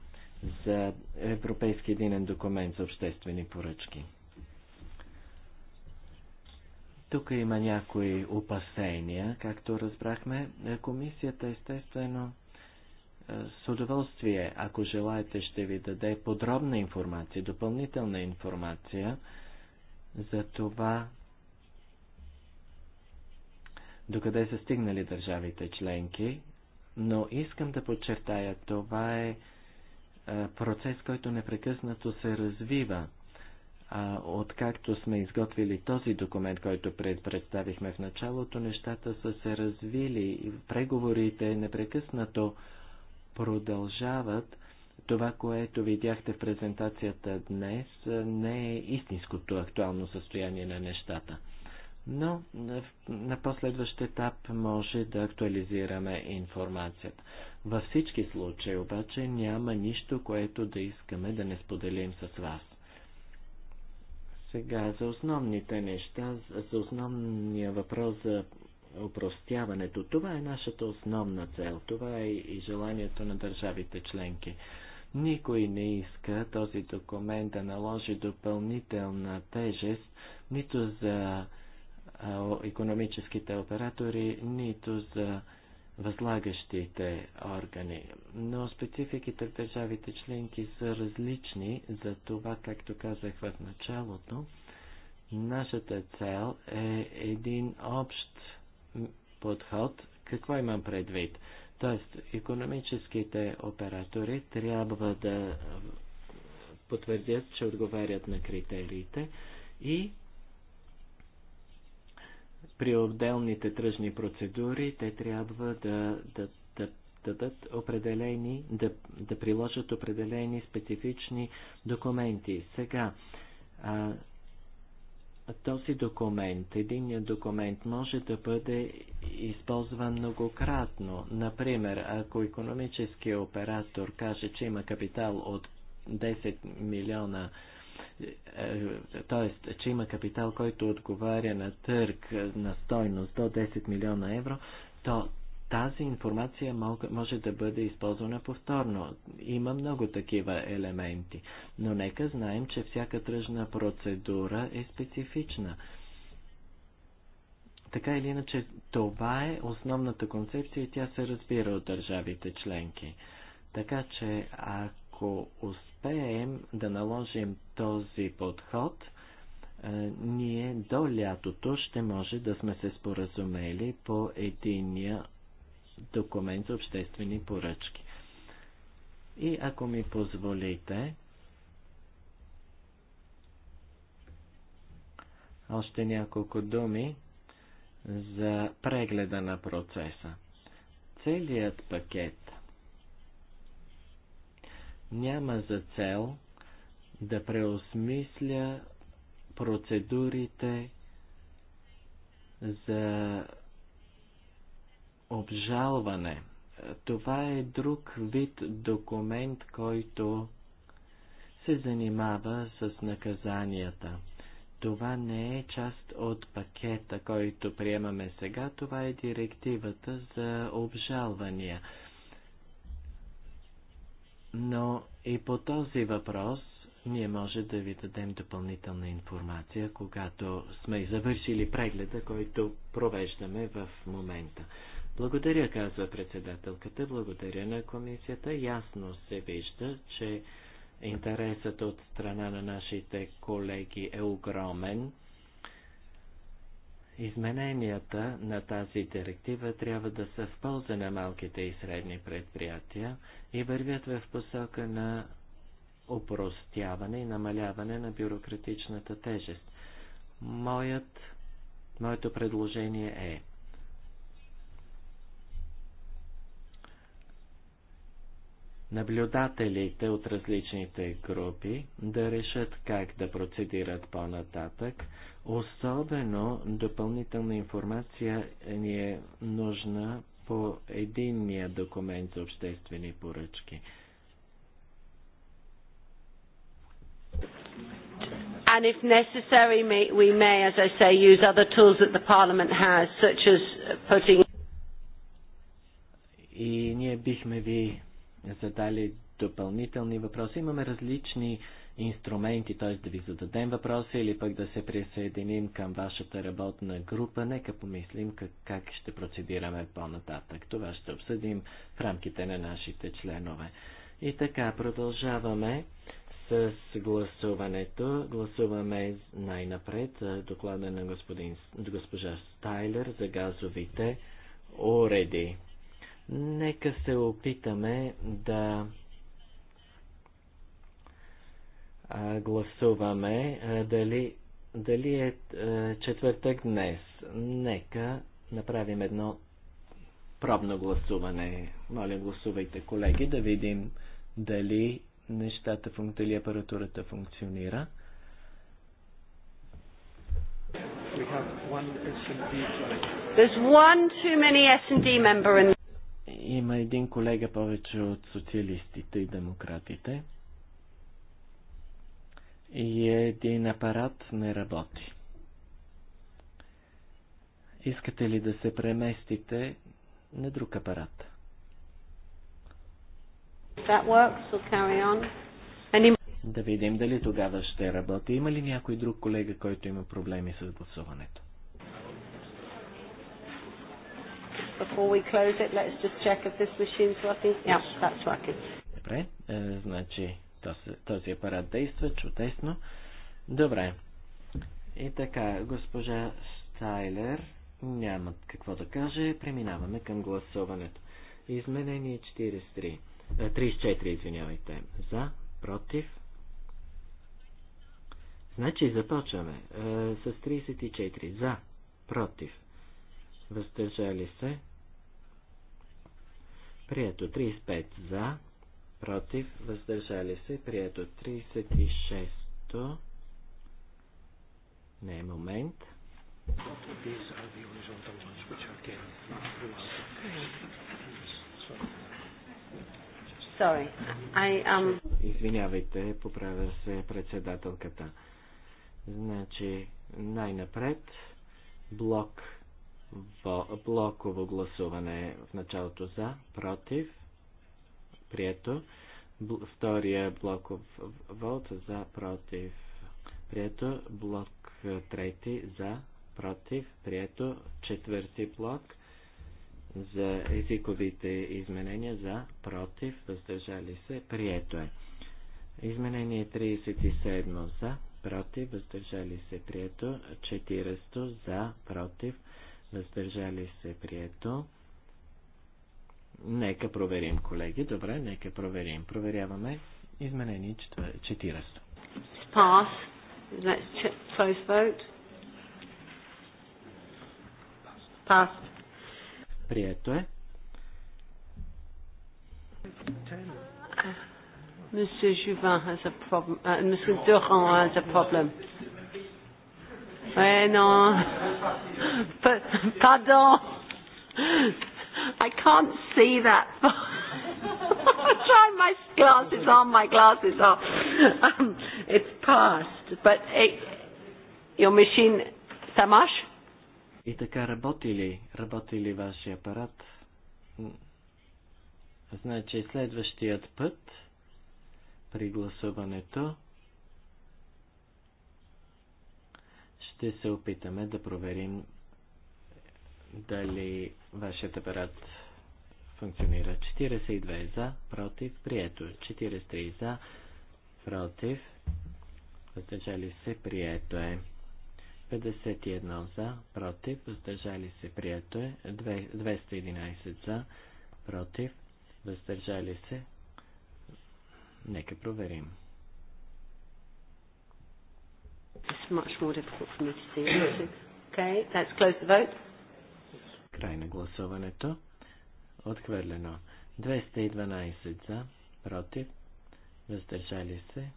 за Европейски единен документ за обществени поръчки. Тук има някои опасения, както разбрахме. Комисията естествено е, с удоволствие, ако желаете, ще ви даде подробна информация, допълнителна информация за това, докъде са стигнали държавите членки но искам да подчертая, това е, е процес, който непрекъснато се развива. А откакто сме изготвили този документ, който пред представихме в началото, нещата са се развили и преговорите непрекъснато продължават. Това, което видяхте в презентацията днес, е, не е истинското актуално състояние на нещата но на последващ етап може да актуализираме информацията. Във всички случаи обаче няма нищо, което да искаме да не споделим с вас. Сега за основните неща, за основния въпрос за упростяването. Това е нашата основна цел. Това е и желанието на държавите членки. Никой не иска този документ да наложи допълнителна тежест нито за економическите оператори, нито за възлагащите органи. Но спецификите в държавите членки са различни, за това, както казах в началото, нашата цел е един общ подход. Какво имам предвид? Тоест, економическите оператори трябва да потвърдят, че отговарят на критериите и при отделните тръжни процедури те трябва да, да, да дадат определени, да, да приложат определени специфични документи. Сега, а, този документ, единният документ може да бъде използван многократно. Например, ако економическия оператор каже, че има капитал от 10 милиона т.е. че има капитал, който отговаря на търг на стойност до 10 милиона евро, то тази информация може да бъде използвана повторно. Има много такива елементи, но нека знаем, че всяка тръжна процедура е специфична. Така или иначе, това е основната концепция и тя се разбира от държавите членки. Така че, ако успеем успеем да наложим този подход, е, ние до лятото ще може да сме се споразумели по единия документ за обществени поръчки. И ако ми позволите, още няколко думи за прегледа на процеса. Целият пакет няма за цел да преосмисля процедурите за обжалване. Това е друг вид документ, който се занимава с наказанията. Това не е част от пакета, който приемаме сега, това е директивата за обжалвания. Но и по този въпрос ние може да ви дадем допълнителна информация, когато сме завършили прегледа, който провеждаме в момента. Благодаря, казва председателката, благодаря на комисията. Ясно се вижда, че интересът от страна на нашите колеги е огромен. Измененията на тази директива трябва да са в полза на малките и средни предприятия и вървят в посока на упростяване и намаляване на бюрократичната тежест. Моят, моето предложение е наблюдателите от различните групи да решат как да процедират по-нататък. Особено допълнителна информация ни е нужна по единния документ за обществени поръчки. And if necessary, we may, as I say, use other tools that the Parliament has, such as putting. И ние бихме ви задали допълнителни въпроси. Имаме различни инструменти, т.е. да ви зададем въпроси или пък да се присъединим към вашата работна група. Нека помислим как, как ще процедираме по-нататък. Това ще обсъдим в рамките на нашите членове. И така, продължаваме с гласуването. Гласуваме най-напред доклада на господин, госпожа Стайлер за газовите уреди. Нека се опитаме да гласуваме дали, дали е четвъртък днес. Нека направим едно пробно гласуване. Моля, гласувайте, колеги, да видим дали нещата, дали апаратурата функционира. There's one too many S&D member in има един колега повече от социалистите и демократите. И един апарат не работи. Искате ли да се преместите на друг апарат? Да видим дали тогава ще работи. Има ли някой друг колега, който има проблеми с гласуването? before we close it, let's just check if this machine's working. that's working. Добре, е, значи този, апарат действа чудесно. Добре. И така, госпожа Стайлер няма какво да каже. Преминаваме към гласуването. Изменение 43. 34, е, извинявайте. За, против. Значи започваме е, с 34. За, против въздържали се. Прието 35 за, против, въздържали се. Прието 36. -то. Не, е момент. Sorry, I um... Извинявайте, поправя се председателката. Значи, най-напред блок блоково гласуване в началото за, против, прието. Втория блоков вод за, против, прието. Блок е, трети за, против, прието. Четвърти блок за езиковите изменения за, против, въздържали се, прието е. Изменение 37 за, против, въздържали се, прието. 40 за, против, въздържали се, прието. Нека проверим, колеги. Добре, нека проверим. Проверяваме изменени 40. Pass. Let's check close vote. Pass. Прието е. Monsieur Juvin has a problem. Uh, Monsieur Durand has a problem. Ouais, non. Pardon. I can't see that. I'm trying my glasses on, my glasses off. Um, it's past, but it, your machine, ça marche? И така работи ли, работи ли вашия апарат? Значи следващият път при гласуването ще се опитаме да проверим дали вашият апарат функционира. 42 за, против, прието. 43 е. за, против, въздържали се, прието е. 51 за, против, въздържали се, прието е. 211 за, против, въздържали се. Нека проверим. It's much more difficult for me to see. Okay, let's close the vote. Край на гласуването. Отхвърлено. 212 за, против, въздържали се.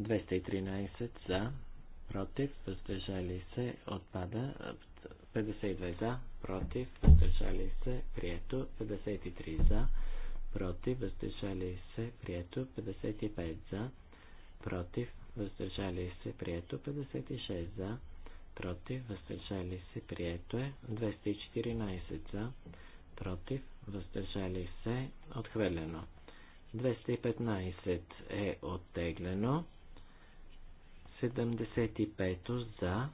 213 за, против, въздържали се, отпада. 52 за, против, въздържали се, прието. 53 за, против, въздържали се, прието. 55 за, против, въздържали се, прието 56 за, против, въздържали се, прието е 214 за, против, въздържали се, отхвърлено. 215 е оттеглено, 75 за,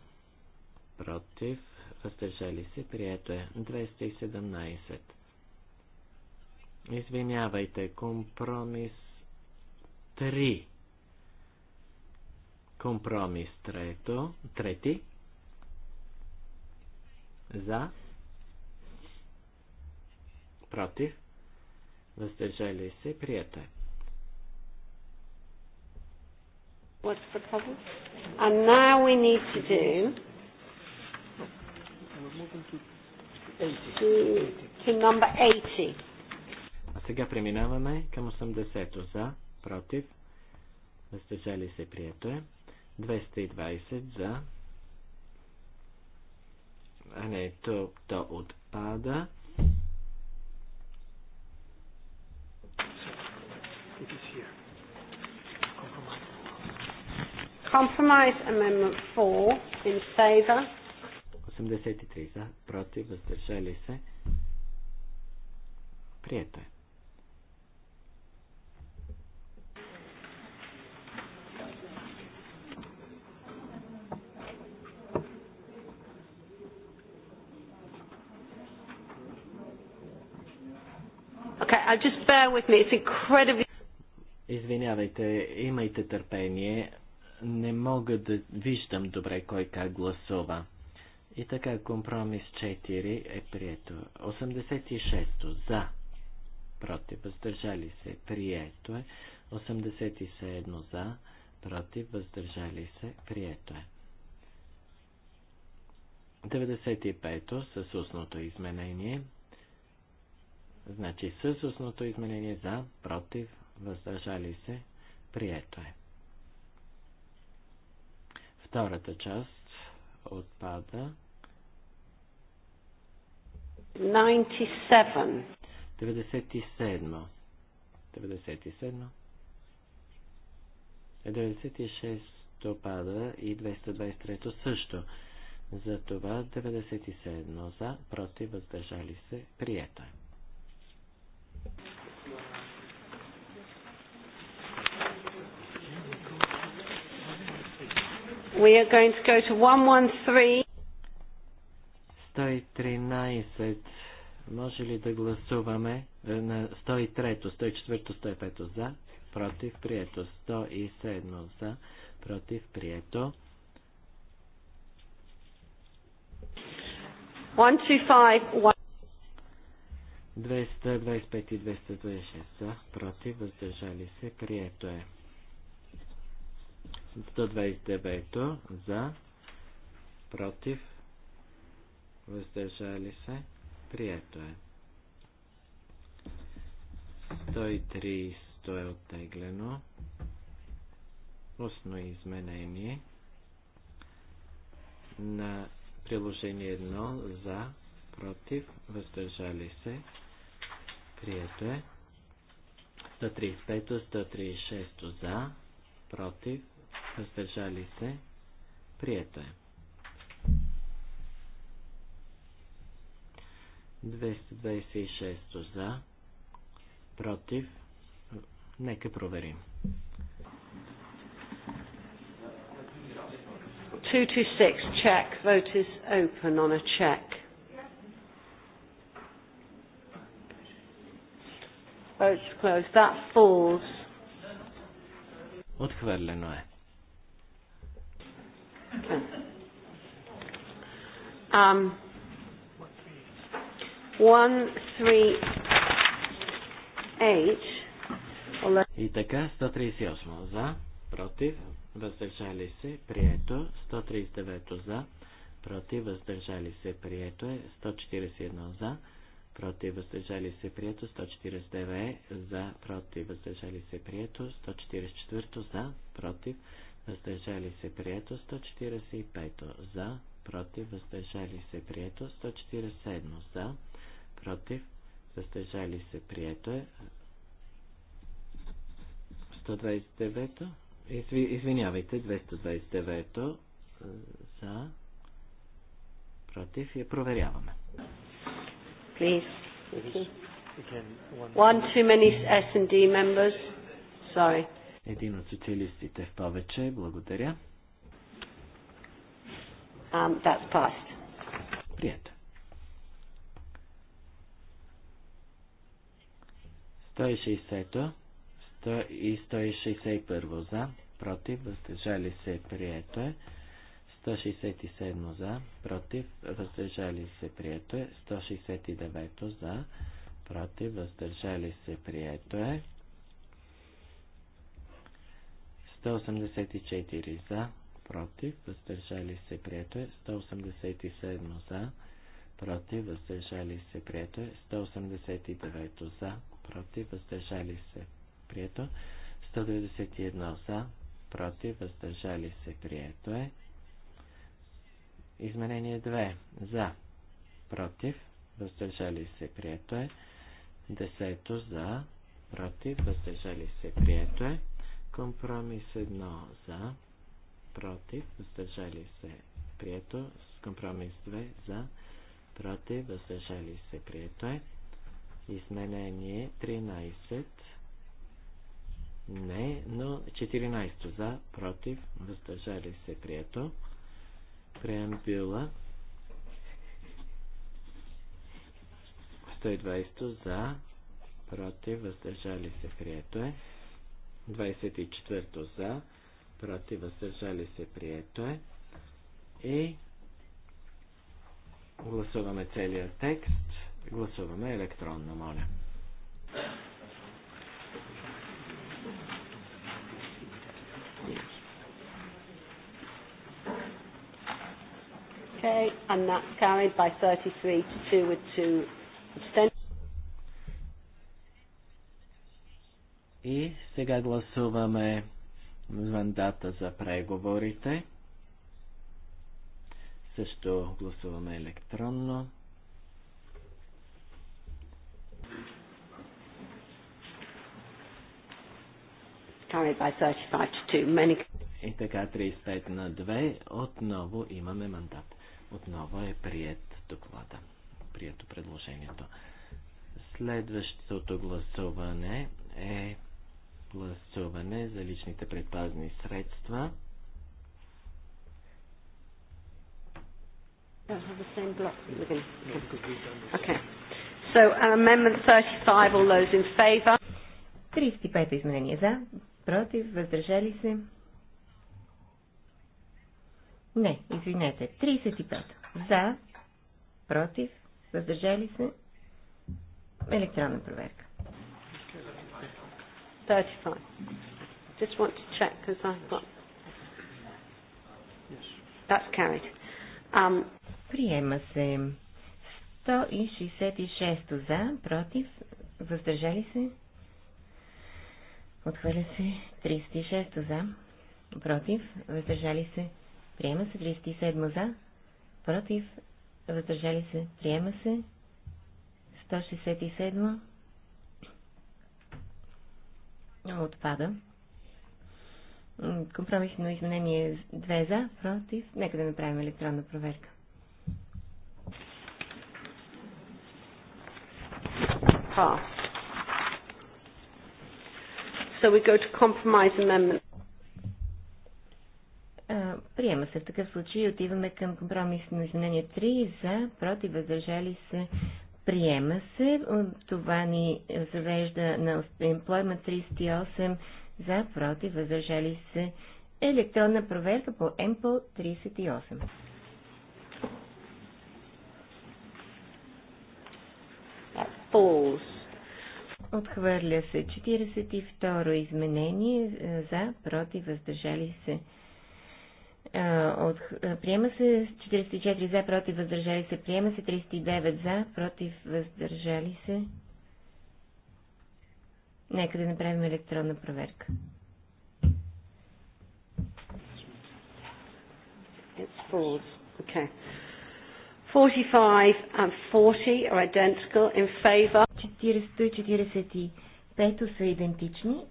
против, въздържали се, прието е 217. Извинявайте, компромис 3 Компромис трето, трети. За. Против. Въздържали се. приятел. What's the problem? And now we need to do... А сега преминаваме към 80-то за, против, въздържали се, приятел. 220 за. А не, то, то отпада. Compromise Amendment 4 in favor. 83 за, против, въздържали се. Приятел. Uh, just bear with me. It's incredibly... Извинявайте, имайте търпение. Не мога да виждам добре кой как гласува. И така, компромис 4 е прието. 86-то за. Против, въздържали се. Прието е. 87 за. Против, въздържали се. Прието е. 95-то с устното изменение. Значи с устното изменение за, против, въздържали се, прието е. Втората част отпада. 97. 97. 97. 96 допада и 223 е, също. Затова 97 за, против, въздържали се, прието е. We are going to go to 113. 113. Може ли да гласуваме е, на 103, 104, 105 за, против, прието. 107 за, против, прието. 125, 225 и 226 за, против, въздържали се, прието е. 129 за, против, въздържали се, прието е. 130 е оттеглено. Устно изменение на приложение 1 за, против, въздържали се, Прието е. 135, 136 за, против, въздържали се. Прието е. 226 за, против. Нека проверим. 226 check. Vote is open on a check. closed. That falls. Отхвърлено е. Okay. Um, one, three, eight. И така, 138 за, против, въздържали се, прието, 139 за, против, въздържали се, прието е, 141 за, против въздържали се прието, 149 за, против въздържали се прието, 144 за, против въздържали се прието, 145 за, против въздържали се прието, 147 за, против въздържали се прието е 129 извинявайте, 229 за, против и проверяваме please. One too many S&D members. Sorry. Един от социалистите в повече. Благодаря. Um, that's passed. Стои шейсето. Стои и първо за, против, въздържали се, прието е. 167 за, против, въздържали се, прието е. 169 за, против, въздържали се, прието е. 184 за, против, въздържали се, прието е. 187 за, против, въздържали се, прието е. 189 за, против, въздържали се, прието. 191 за, против, въздържали се, прието е. Изменение 2. За. Против. Въздържали се. Прието е. Десето. За. Против. Въздържали се. Прието е. Компромис 1. За. Против. Въздържали се. Прието. Компромис 2. За. Против. Въздържали се. Прието е. Изменение 13. Не, но 14 за, против, въздържали се, прието преамбюла 120 за, против, въздържали се, прието е. 24 за, против, въздържали се, прието е. И гласуваме целият текст. Гласуваме електронно, моля. Okay, and that's carried by 33 to 2 with 2 abstentions. И сега гласуваме мандата за преговорите. Също гласуваме електронно. Carried by 35 to 2. Many... И така 35 на 2 отново имаме мандат. Отново е прият доклада, прието предложението. Следващото гласуване е гласуване за личните предпазни средства. Okay. So, 35, uh, 35 изменение за, против, въздържали се, не, извинете. 35. За, против, въздържали се. Електронна проверка. Just want to check because I've got. That's carried. Um... Приема се 166 за, против, въздържали се. Отхвърля се 36 за, против, въздържали се. Приема се 37 за. Против. Въздържали се. Приема се. 167. Отпада. Компромисно изменение 2 за. Против. Нека да направим електронна проверка. Ah. So we go to compromise amendment Приема се в такъв случай. Отиваме към компромисно изменение 3 за против въздържали се. Приема се. Това ни завежда на Employment 38 за против въздържали се. Електронна проверка по МПО 38. Отхвърля се 42 изменение за, против, въздържали се. От, приема се 44 за, против, въздържали се. Приема се 39 за, против, въздържали се. Нека да направим електронна проверка. It's fraud. Okay. 45 and 40 are identical in favor. 40 и 45 са идентични.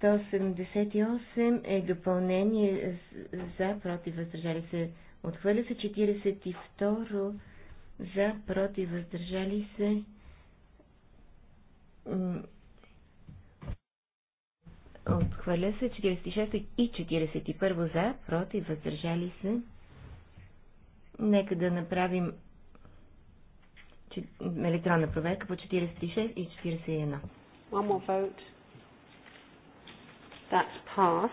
178 е допълнение за, против, въздържали се, отхвърля се. 42 за, против, въздържали се. Отхвърля се 46 и 41 за, против, въздържали се. Нека да направим електронна проверка по 46 и 41. One more vote. That's passed.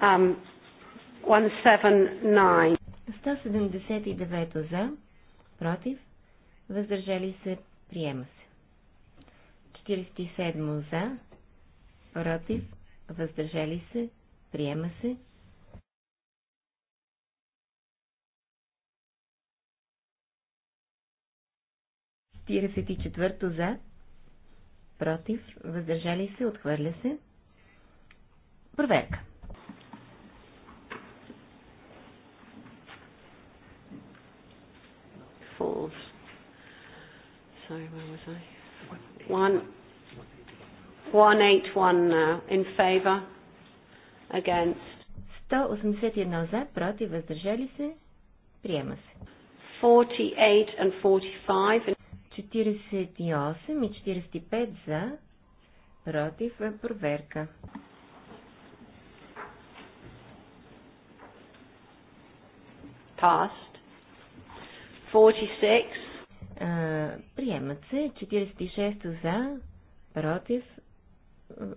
Um, 179. 179 за, против, въздържали се, приема се. 47 за, против, въздържали се, приема се. четвърто за, против, въздържали се, отхвърля се. Проверка. False. Sorry, where was I? 181 now in favor, against. 181 за, против, въздържали се, приема се. 48 and 45 48 и 45 за, против, е, проверка. Passed. 46. Uh, приемат се 46 за, против,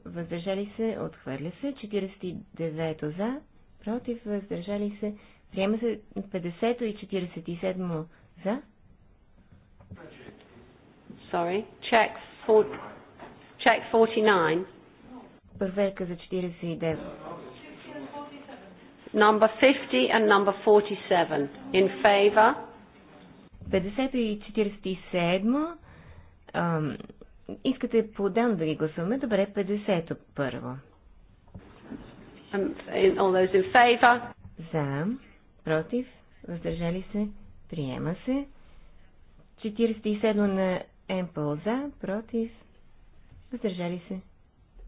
въздържали се, отхвърля се, 49 за, против, въздържали се, приема се 50 и 47 за. Sorry. Check, for, check 49. Проверка за 49. Number 50 and number 47. In favor. 50 и 47. Ам, искате дан да ги гласуваме. Добре, 50-то първо. Um, all those in favor. За, против, въздържали се, приема се. 47 на Емпъл за, против, въздържали се,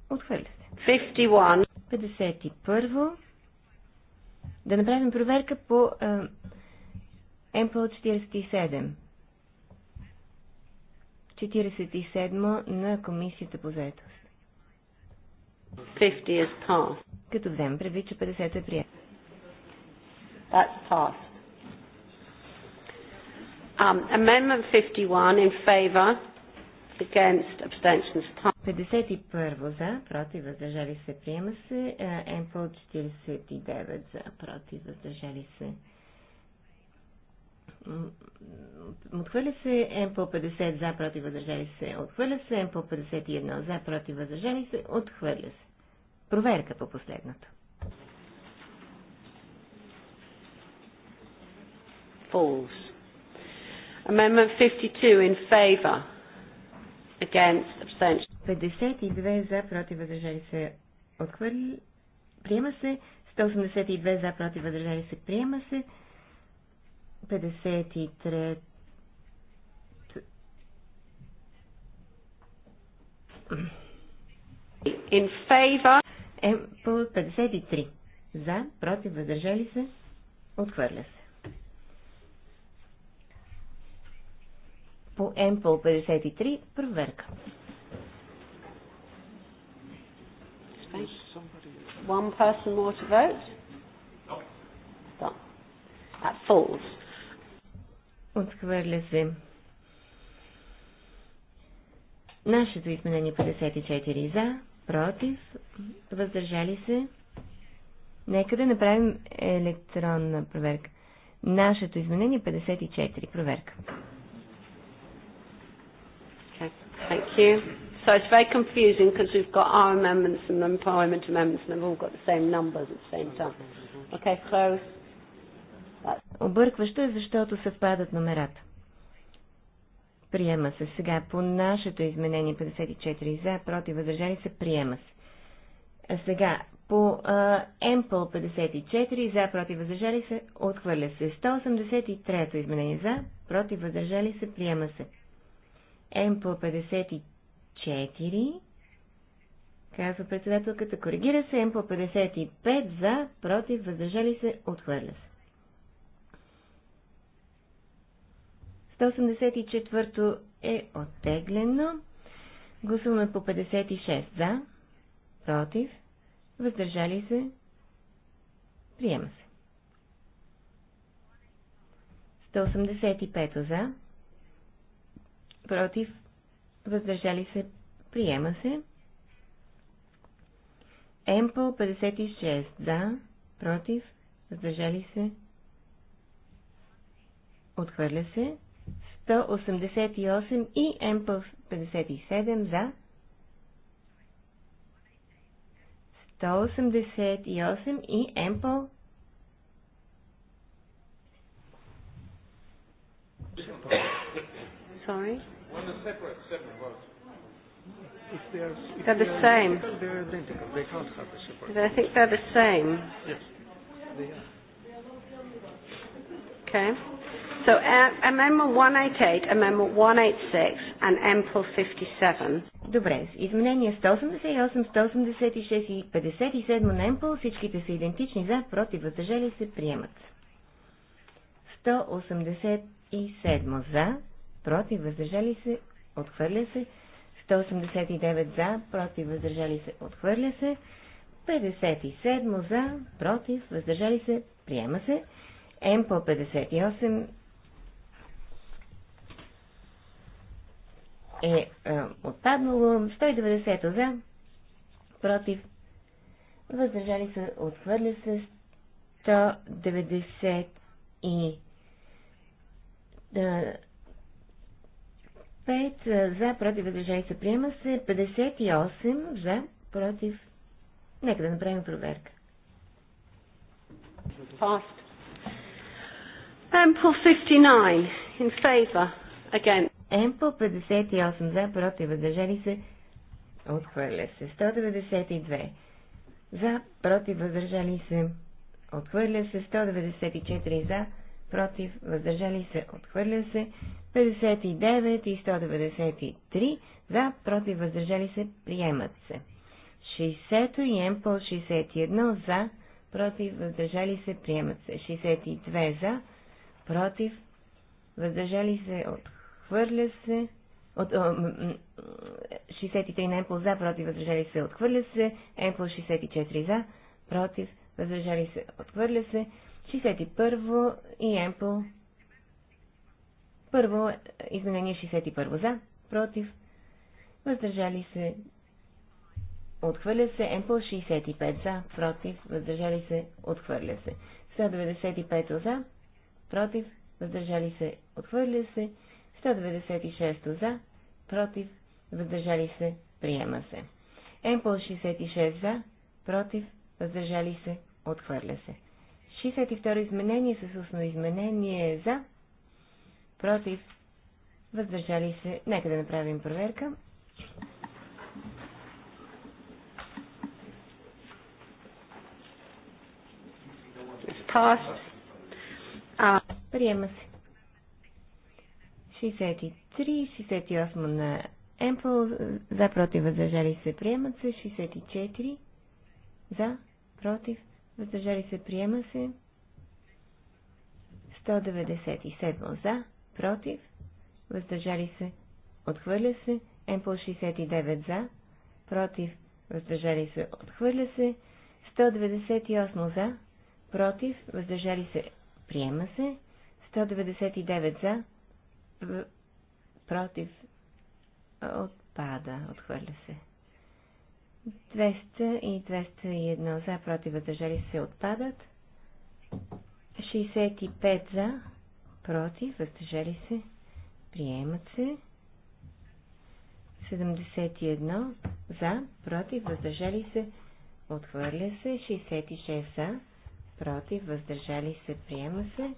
отхвърля се. 51. 51. Да направим проверка по Емпъл 47. 47 на Комисията по заетост. 50 is passed. Като вземем предвид, че 50 е прият. That's passed. Um, amendment 51 in favor, against abstentions. 51 за, против, въздържали се, приема се. Е, МПО 49 за, против, въздържали се. Отхвърля се МПО 50 за, против, въздържали се. Отхвърля се МПО 51 за, против, въздържали се. Отхвърля се. Проверка по последното. False. Amendment 52 in favor. Against abstention. 52 за, против, въздържали се, отхвърли, приема се. 182 за, против, въздържали се, приема се. 53 In favor. Е, по 53. За, против, въздържали се, отхвърля се. по МПО 53 проверка. One person more to vote? No. That falls. Отхвърля се. Нашето изменение 54 за, против, въздържали се. Нека да направим електронна проверка. Нашето изменение 54 проверка. Thank you. So it's very confusing because we've got our amendments and the Parliament amendments and they've all got the same numbers at the same time. Okay, close. Объркващо е, защото съвпадат номерата. Приема се сега по нашето изменение 54 за, против, въздържали се, приема се. А сега по МПЛ 54 за, против, въздържали се, отхвърля се. 183 изменение за, против, въздържали се, приема се. М по 54, казва председателката, коригира се, М по 55, за, против, въздържали се, отвърля се. 184 е оттеглено. Гласуваме по 56 за, против, въздържали се, приема се. 185 за, против, въздържали се, приема се. Емпъл 56 за, против, въздържали се, отхвърля се. 188 и Емпъл 57 за. 188 и Емпъл Sorry. On the separate, separate votes. If they are, if they're the same. They are identical. They can't have a separate. I think they're the same. Yes. They are. Okay. So uh, Amendment 188, Amendment 186 and Ample 57. Добре, изменения 188, 186 и 57 на Ample, всичките са идентични за, против, въздържали се, приемат. 187 за, против, въздържали се, отхвърля се. 189 за, против, въздържали се, отхвърля се. 57 за, против, въздържали се, приема се. М по 58 е, е отпаднало. 190 за, против, въздържали се, отхвърля се. 190 и е, 5 за, против, въздържали се, приема се. 58 за, против. Нека да направим проверка. Fast. Ample 59 in favor again. Ample 58 за, против, въздържали се, отхвърля се. 192 за, против, въздържали се, отхвърля се. 194 за, против, въздържали се, отхвърля се, 59 и 193, за, против, въздържали се, приемат се. 60 и МПЛ 61 за, против, въздържали се, приемат се. 62 за, против, въздържали се, отхвърля се. От, о, 63 на МПЛ за, против, въздържали се, отхвърля се. МПЛ 64 за, против, въздържали се, отхвърля се. 61 и Емпл. Първо изменение 61 за, против, въздържали се, отхвърля се, Емпл 65 за, против, въздържали се, отхвърля се. 195 за, против, въздържали се, отхвърля се, 196 за, против, въздържали се, приема се. Емпл 66 за, против, въздържали се, отхвърля се. 62 изменение с устно изменение е за, против, въздържали се. Нека да направим проверка. Приема се. 63, 68 на Емпл, за, против, въздържали се, приемат се, 64, за, против, въздържали се, приема се. 197 за, против, въздържали се, отхвърля се. МПЛ 69 за, против, въздържали се, отхвърля се. 198 за, против, въздържали се, приема се. 199 за, против, отпада, отхвърля се. 200 и 201 за, против, въздържали се отпадат. 65 за, против, въздържали се, приемат се. 71 за, против, въздържали се, отхвърля се. 66 за, против, въздържали се, приема се.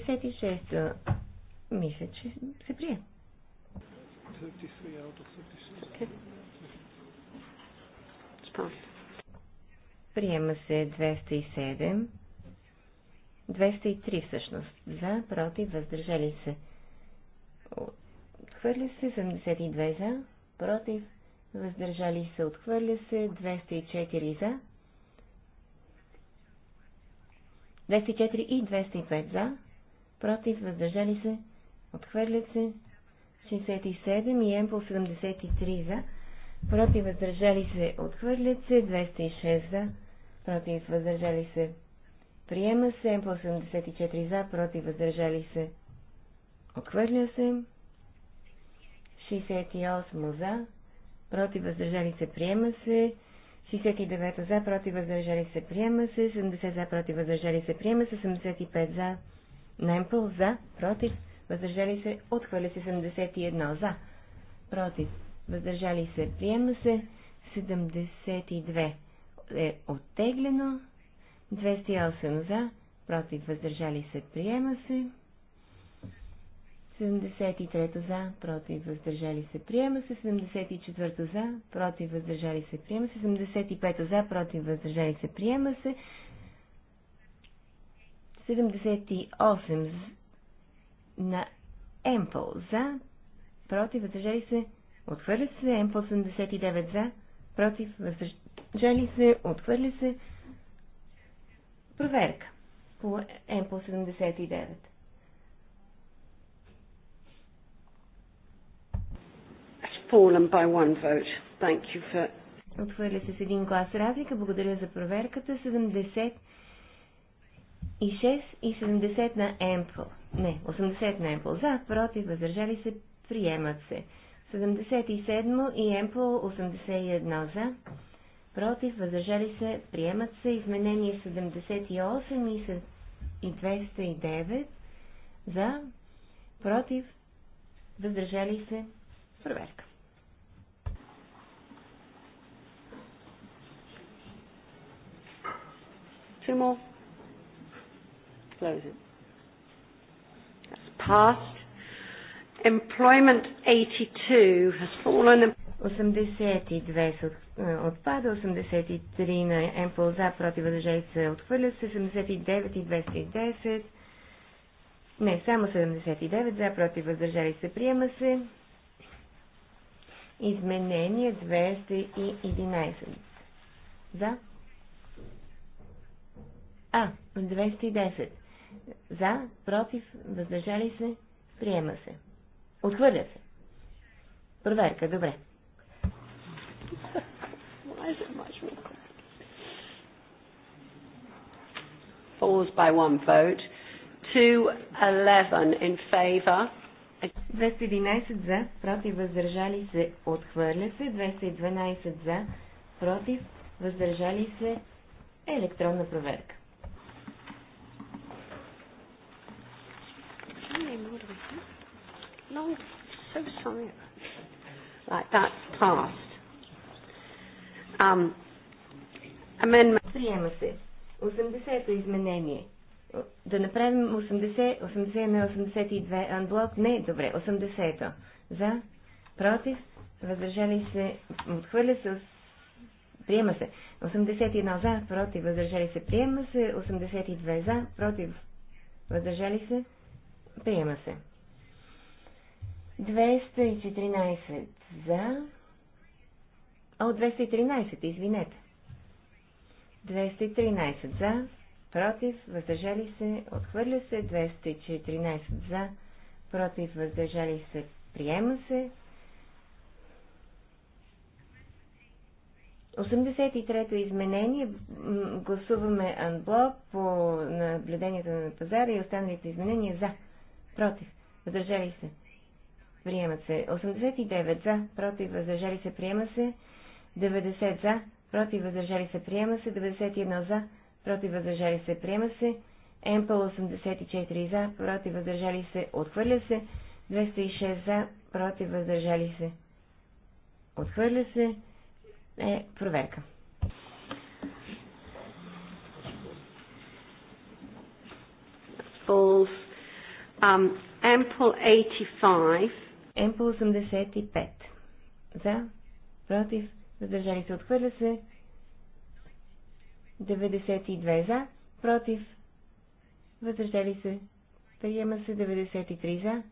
66 мисля, че се прие. Приема се 207. 203 всъщност. За, против, въздържали се. Отхвърля се 72 за, против, въздържали се, отхвърля се 204 за. 204 и 205 за, против, въздържали се, отхвърлят се 67 и М по 73 за, против, въздържали се, отхвърлят се 206 за, против, въздържали се, приема се М по 84 за, против, въздържали се, отхвърля се 68 за, против, въздържали се, приема се 69 за, против, въздържали се, приема се 70 за, против, въздържали се, приема се 75 за, Немпъл за, против, въздържали се, отхвърля се 71 за, против, въздържали се, приема се 72 е оттеглено, 208 за, против, въздържали се, приема се 73 за, против, въздържали се, приема се 74 за, против, въздържали се, приема се 75 за, против, въздържали се, приема се 78 на Емпл за, против, въздържали се, отхвърля се, Емпл 79 за, против, въздържали се, отхвърля се. Проверка по Емпл 79. Отвърля Отхвърля се с един глас разлика. Благодаря за проверката. 70 6 и 70 на Емпл. Не, 80 на Емпл. За, против, въздържали се, приемат се. 77 и Емпл 81 за, против, въздържали се, приемат се. Изменение 78 и 209 за, против, въздържали се, проверка. more. Close it. That's passed. Employment 82 has fallen. 82 се отпада, 83 на МПЛ за, против въздържали се отхвърля се, 79 и 210. Не, само 79 за, против въздържали се приема се. Изменение 211. За? А, 210. За, против, въздържали се, приема се. Отхвърля се. Проверка, добре. Falls by one vote. 211 in favor. 211 за, против, въздържали се, отхвърля се. 212 за, против, въздържали се, електронна проверка. No, so sorry. Like that's passed. Um, amendment. Приема се. 80-то изменение. Да направим 80, 80 на 82 анблок? Не, добре, 80-то. За, против, въздържали се, отхвърля се, приема се. 81 за, против, въздържали се, приема се. 82 за, против, въздържали се, приема се. 214 за. О, 213, извинете. 213 за, против, въздържали се, отхвърля се, 214 за, против, въздържали се, приема се. 83-то изменение, гласуваме анблок по наблюдението на пазара и останалите изменения за, против, въздържали се, Приема се. 89 за, против, въздържали се, приема се. 90 за, против, въздържали се, приема се. 91 за, против, въздържали се, приема се. МПЛ 84 за, против, въздържали се, отхвърля се. 206 за, против, въздържали се. Отхвърля се. Е, проверка. Um, ample 85 МП 85. За, против, въздържали се, отхвърля се. 92 за, против, въздържали се, приема се 93 за,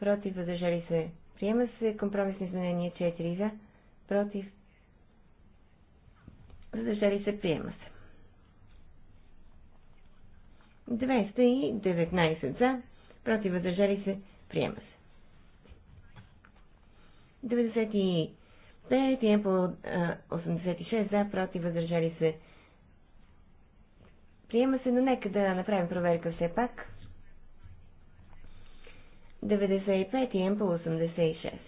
против, въздържали се, приема се Компромисни изменение 4 за, против, въздържали се, приема се. 219 за, против, въздържали се, приема се. 95 и по 86 за, против, въздържали се. Приема се, но нека да направим проверка все пак. 95 и по 86.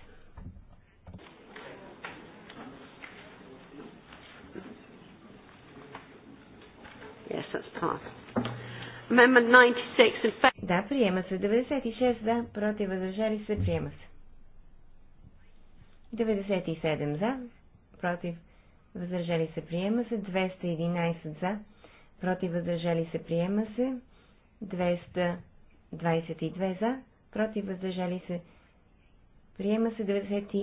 Да, приема се. 96 да, против, възражали се, приема се. 97 за, против, въздържали се, приема се, 211 за, против, въздържали се, приема се, 222 за, против, въздържали се, приема се, 99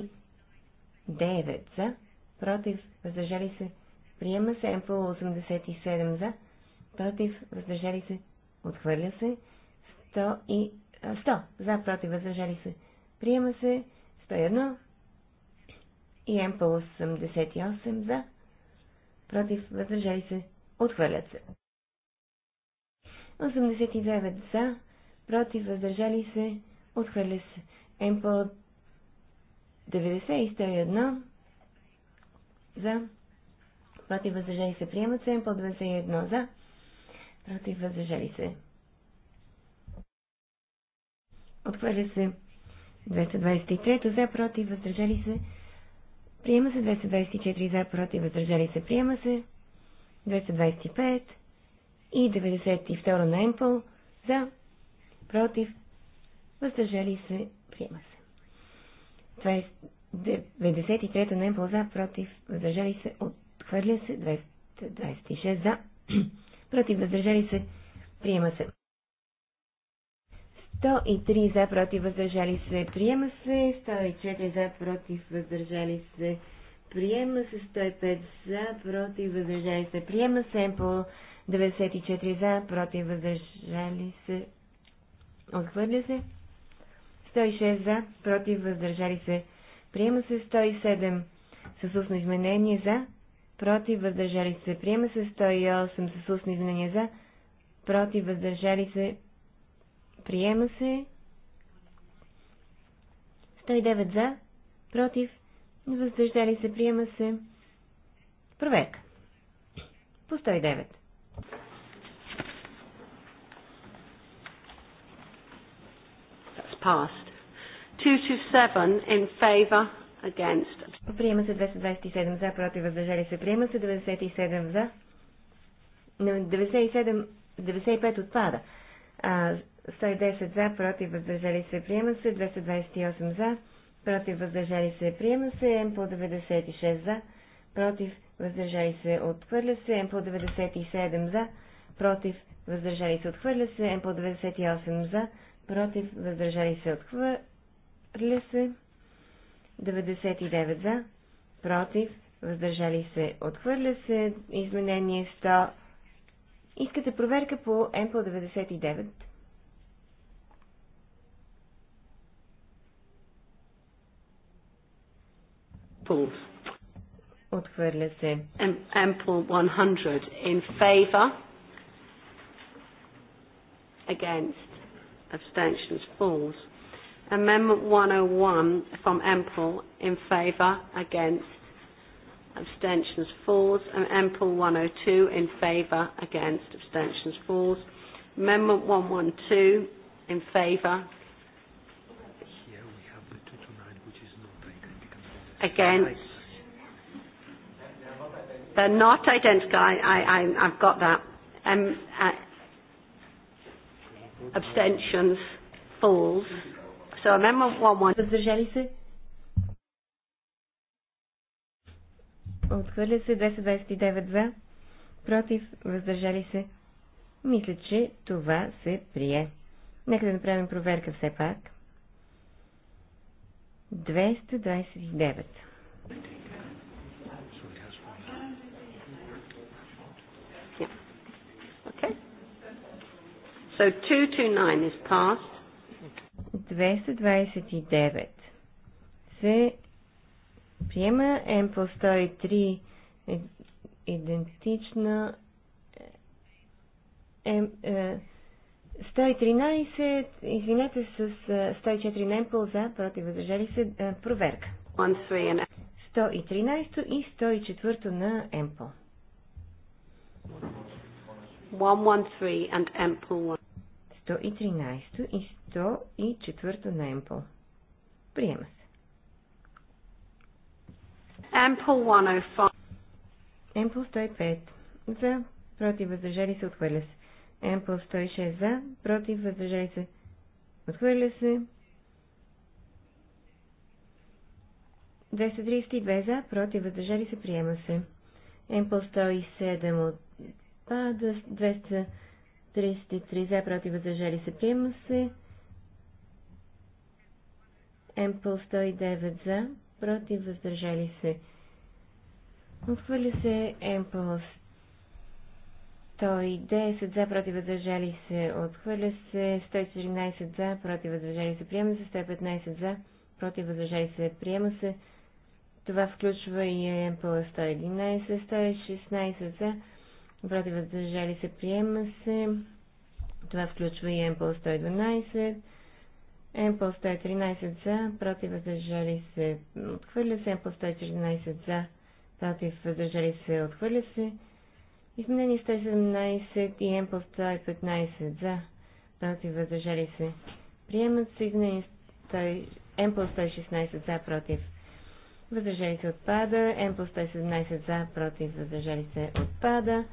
за, против, въздържали се, приема се, мп 87 за, против, въздържали се, отхвърля се, 100 и 100 за, против, въздържали се, приема се, 101 и МП 88 за, против, въздържали се, отхвърлят се. 89 за, против, въздържали се, отхвърля се. МП 90 и 101 за, против, въздържали се, приемат се. МП 91 за, против, въздържали се. Отхвърля се 223 за, против, въздържали се Приема се 224 за, против, въздържали се. Приема се 225 и 92 на Емпъл за, против, въздържали се. Приема се. 93 е на Емпъл за, против, въздържали се. Отхвърля се 226 за, (clears throat) против, въздържали се. Приема се. 103 за против въздържали се, приема се. 104 за против въздържали се, приема се. 105 за против въздържали се, приема се. По 94 за против въздържали се, отхвърля се. 106 за против въздържали се, приема се. 107 с устно изменение за против въздържали се, приема се. 108 с устно изменение за против въздържали се, Приема се. 109 за. Против. Въздържали се. Приема се. Проверка. По 109. 227 Приема се 227 за, против въздържали се. Приема се 97 за. 97, 95 отпада. А, 110 за, против, въздържали се, приема се. 228 за, против, въздържали се, приема се. М по 96 за, против, въздържали се, отхвърля се. М по 97 за, против, въздържали се, отхвърля се. М по 98 за, против, въздържали се, отхвърля се. 99 за, против, въздържали се, отхвърля се, изменение 100. Искате проверка по по 99? pulled. Отхвърля се. Ample 100 in favor. Against. Abstentions falls. Amendment 101 from Ample in favor. Against. Abstentions falls. And Ample 102 in favor. Against. Abstentions falls. Amendment 112 in favor. Against? They're not identical. I, I, I've got that. Um, uh, abstentions, falls. So amendment 1-1. Въздържали се? Отхвърля се 229 за. Против, въздържали се. Мисля, че това се прие. Нека да направим проверка все пак. 229. Yeah. Okay. So 229 is passed. 229 се приема М плюс 103 е, идентична М, е, е 113, извинете, с 104 на Немпъл за, против, въздържали се, проверка. 113 и 104 на Емпъл. 113 and Ample 113 и 104 на Ample. Приема се. Ample 105. Ample 105. За против въздържали се отхвърля се. М плюс 106 за, против, въздържали се, отхвърля се. 232 за, против, въздържали се, приема се. М плюс 107 отпада, 233 за, против, въздържали се, приема се. М плюс 109 за, против, въздържали се. Отхвърля се М плюс 110 за, против, въздържали се, отхвърля се. 114 за, против, въздържали се, приема се. 115 за, против, въздържали се, приема се. Това включва и МПЛ 111, 116 за, против, въздържали се, приема се. Това включва и МПЛ 112. МПЛ 113 за, против, въздържали се, отхвърля се. МПЛ 114 за, против, въздържали се, отхвърля се. Изменени 117 и М по 115 за, против, въздържали се. Приемат се изменени М по 116 за, против, въздържали се отпада. М по 117 за, против, въздържали се отпада.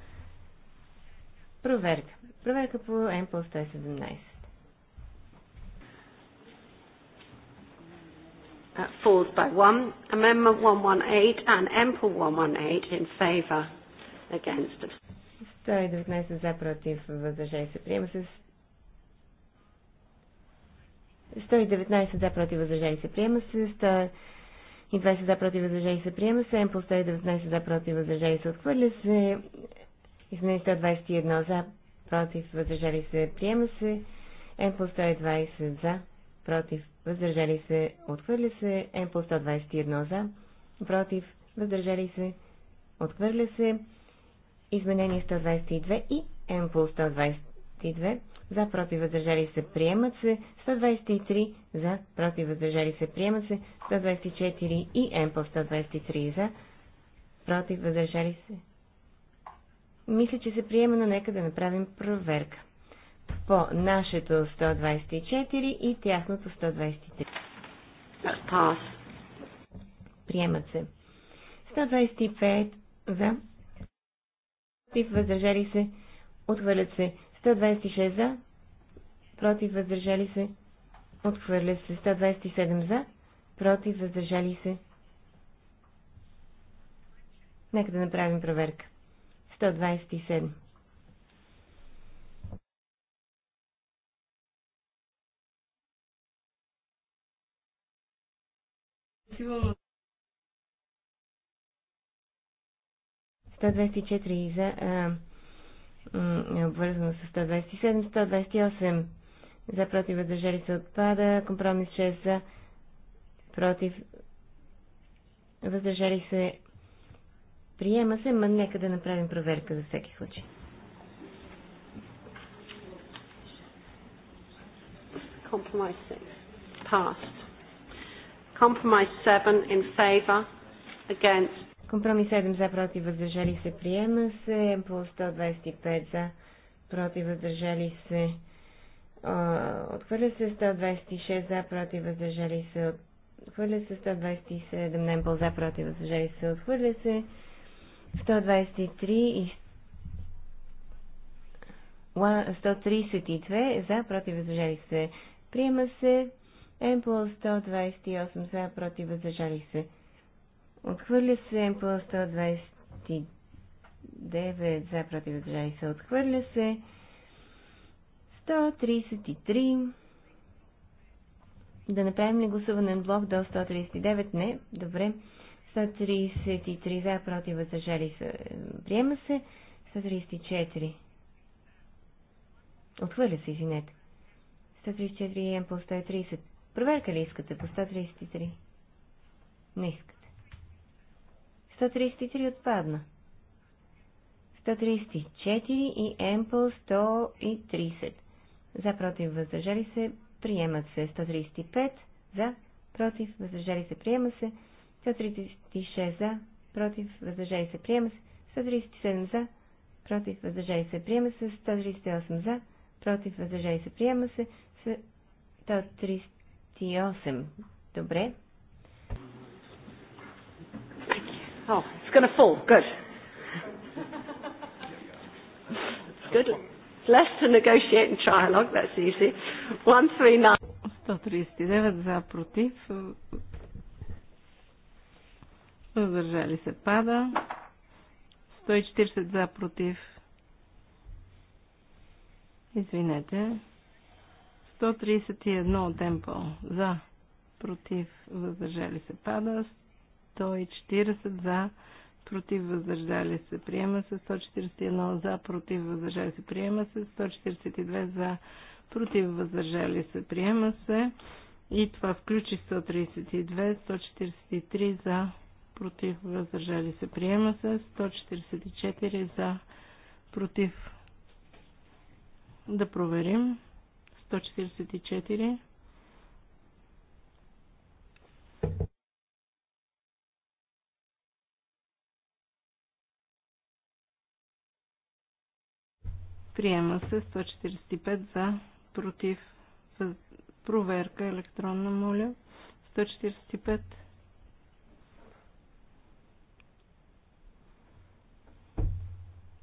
Проверка. Проверка по М по 117. Uh, falls by one. Amendment 118 and MPL 118 in favour against. 119 за, против, въздържали се. Приема се. 119 за, против, въздържали се. Приема се. 120 и за против въздържали се приема се, М по 119 за против въздържали се отхвърля се, измени 121 за против въздържали се приема се, М по 120 за против въздържали се отхвърля се, М по 121 за против въздържали се отхвърля се, Изменение 122 и МПЛ 122 за против въздържали се приемат се 123 за против въздържали се приемат се 124 и МПЛ 123 за против въздържали се. Мисля, че се приема, но нека да направим проверка по нашето 124 и тяхното 123. Приемат се. 125 за, против, въздържали се, отхвърлят се. 126 за, против, въздържали се, отхвърлят се. 127 за, против, въздържали се. Нека да направим проверка. 127. Сигурно 124 за обвързано с 127, 128 за против въздържали се отпада, компромис 6 за против въздържали се приема се, ма нека да направим проверка за всеки случай. Compromise 6. Passed. Compromise 7 in favor. Against Компромис 7 за против въздържали се приема се. По 125 за против въздържали се отхвърля се 126 за против въздържали се отхвърля се 127 импол за против въздържали се отхвърля се 123 и 132 за против въздържали се приема се М 128 за против въздържали се Отхвърля се по 129 за против се. Отхвърля се 133. Да направим ли гласуване на блок до 139? Не. Добре. 133 за против въздържали се. Приема се. 134. Отхвърля се, извинете. 134 и М по 130. Проверка ли искате по 133? Не иска. 133 отпадна. 134 и Емпл 130. За против въздържали се, приемат се 135. За против въздържали се, приема се 136 за против въздържали се, приема се 137 за против въздържали се, приема се 138 за против въздържали се, приема се 138. Добре, Oh, it's going to fall. Good. It's good. It's less to negotiate and trialogue. That's easy. 139. 139 за против. Въздържали се пада. 140 за против. Извинете. 131 от темпо. За. Против. Въздържали се пада. 140 за, против въздържали се, приема се 141 за, против въздържали се, приема се 142 за, против въздържали се, приема се и това включи 132, 143 за, против въздържали се, приема се 144 за, против да проверим 144 Приема се 145 за, против, проверка електронна, моля. 145.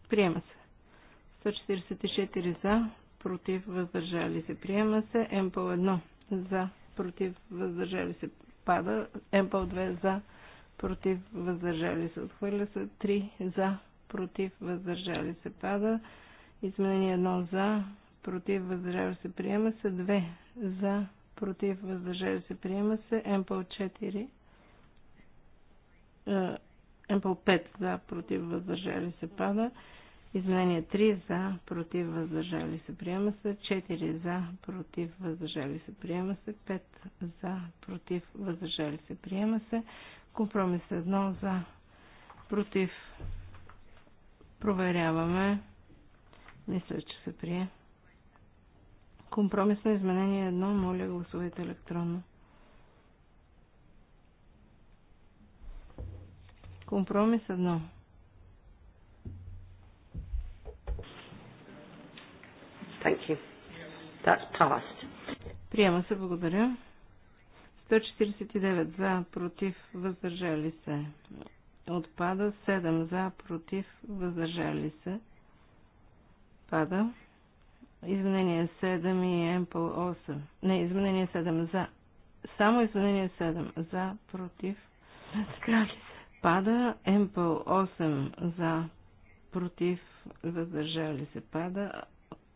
Приема се. 144 за, против, въздържали се. Приема се. МПО 1 за, против, въздържали се. Пада. МПО 2 за, против, въздържали се. Отхвърля се. 3 за, против, въздържали се. Пада. Изменение 1 за, против, въздържали се, приема се. 2 за, против, въздържали се, приема се. МПЛ 4. МПЛ 5 за, против, въздържава се, пада. Изменение 3 за, против, въздържали се, приема се. 4 за, против, въздържали се, приема се. 5 за, против, въздържали се, приема се. Компромис 1 за, против. Проверяваме. Мисля, че се прие. Компромисно изменение едно Моля, гласувайте електронно. Компромис 1. Thank you. That's passed. Приема се, благодаря. 149 за, против, въздържали се. Отпада 7 за, против, въздържали се. Пада, Изменение 7 и МПЛ 8. Не, изменение 7 за. Само изменение 7 за, против. Пада. МПЛ 8 за, против. Въздържали се. Пада.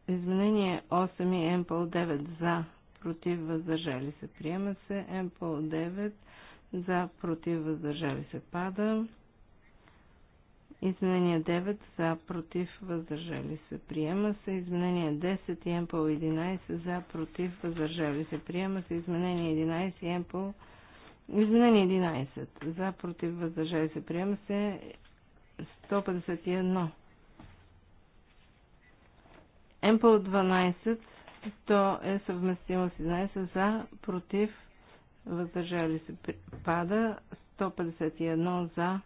Изменение 8 и МПЛ 9 за, против. Въздържали се. Приема се. МПЛ 9 за, против. Въздържали се. Пада. Изменение 9 за, против, въздържали се, приема се. Изменение 10 и МПО 11 за, против, въздържали се, приема се. Изменение 11 и МПО... Изменение 11 за, против, въздържали се, приема се. 151. МПО 12 то е съвместимо с 11 за, против, въздържали се, пада. 151 за,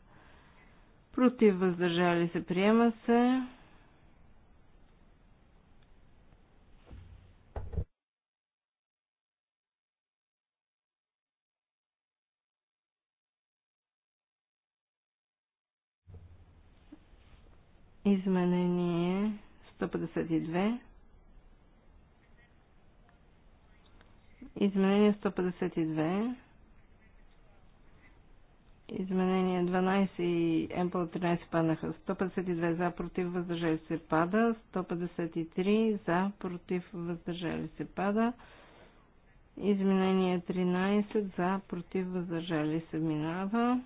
против въздържали се, приема се. Изменение 152. Изменение 152. Изменение 12 и МПЛ 13 паднаха. 152 за, против, въздържали се пада. 153 за, против, въздържали се пада. Изменение 13 за, против, въздържали се минава.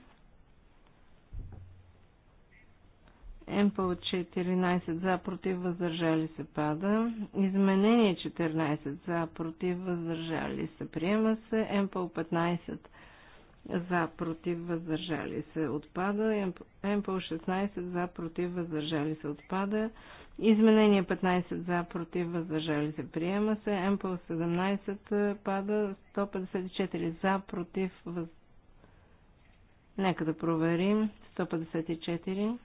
МПЛ 14 за, против, въздържали се пада. Изменение 14 за, против, въздържали се приема се. МПЛ 15 за, за против въздържали се отпада. МПО 16 за против въздържали се отпада. Изменение 15 за против въздържали се приема се. МПО 17 е, пада. 154 за против въз... Нека да проверим. 154.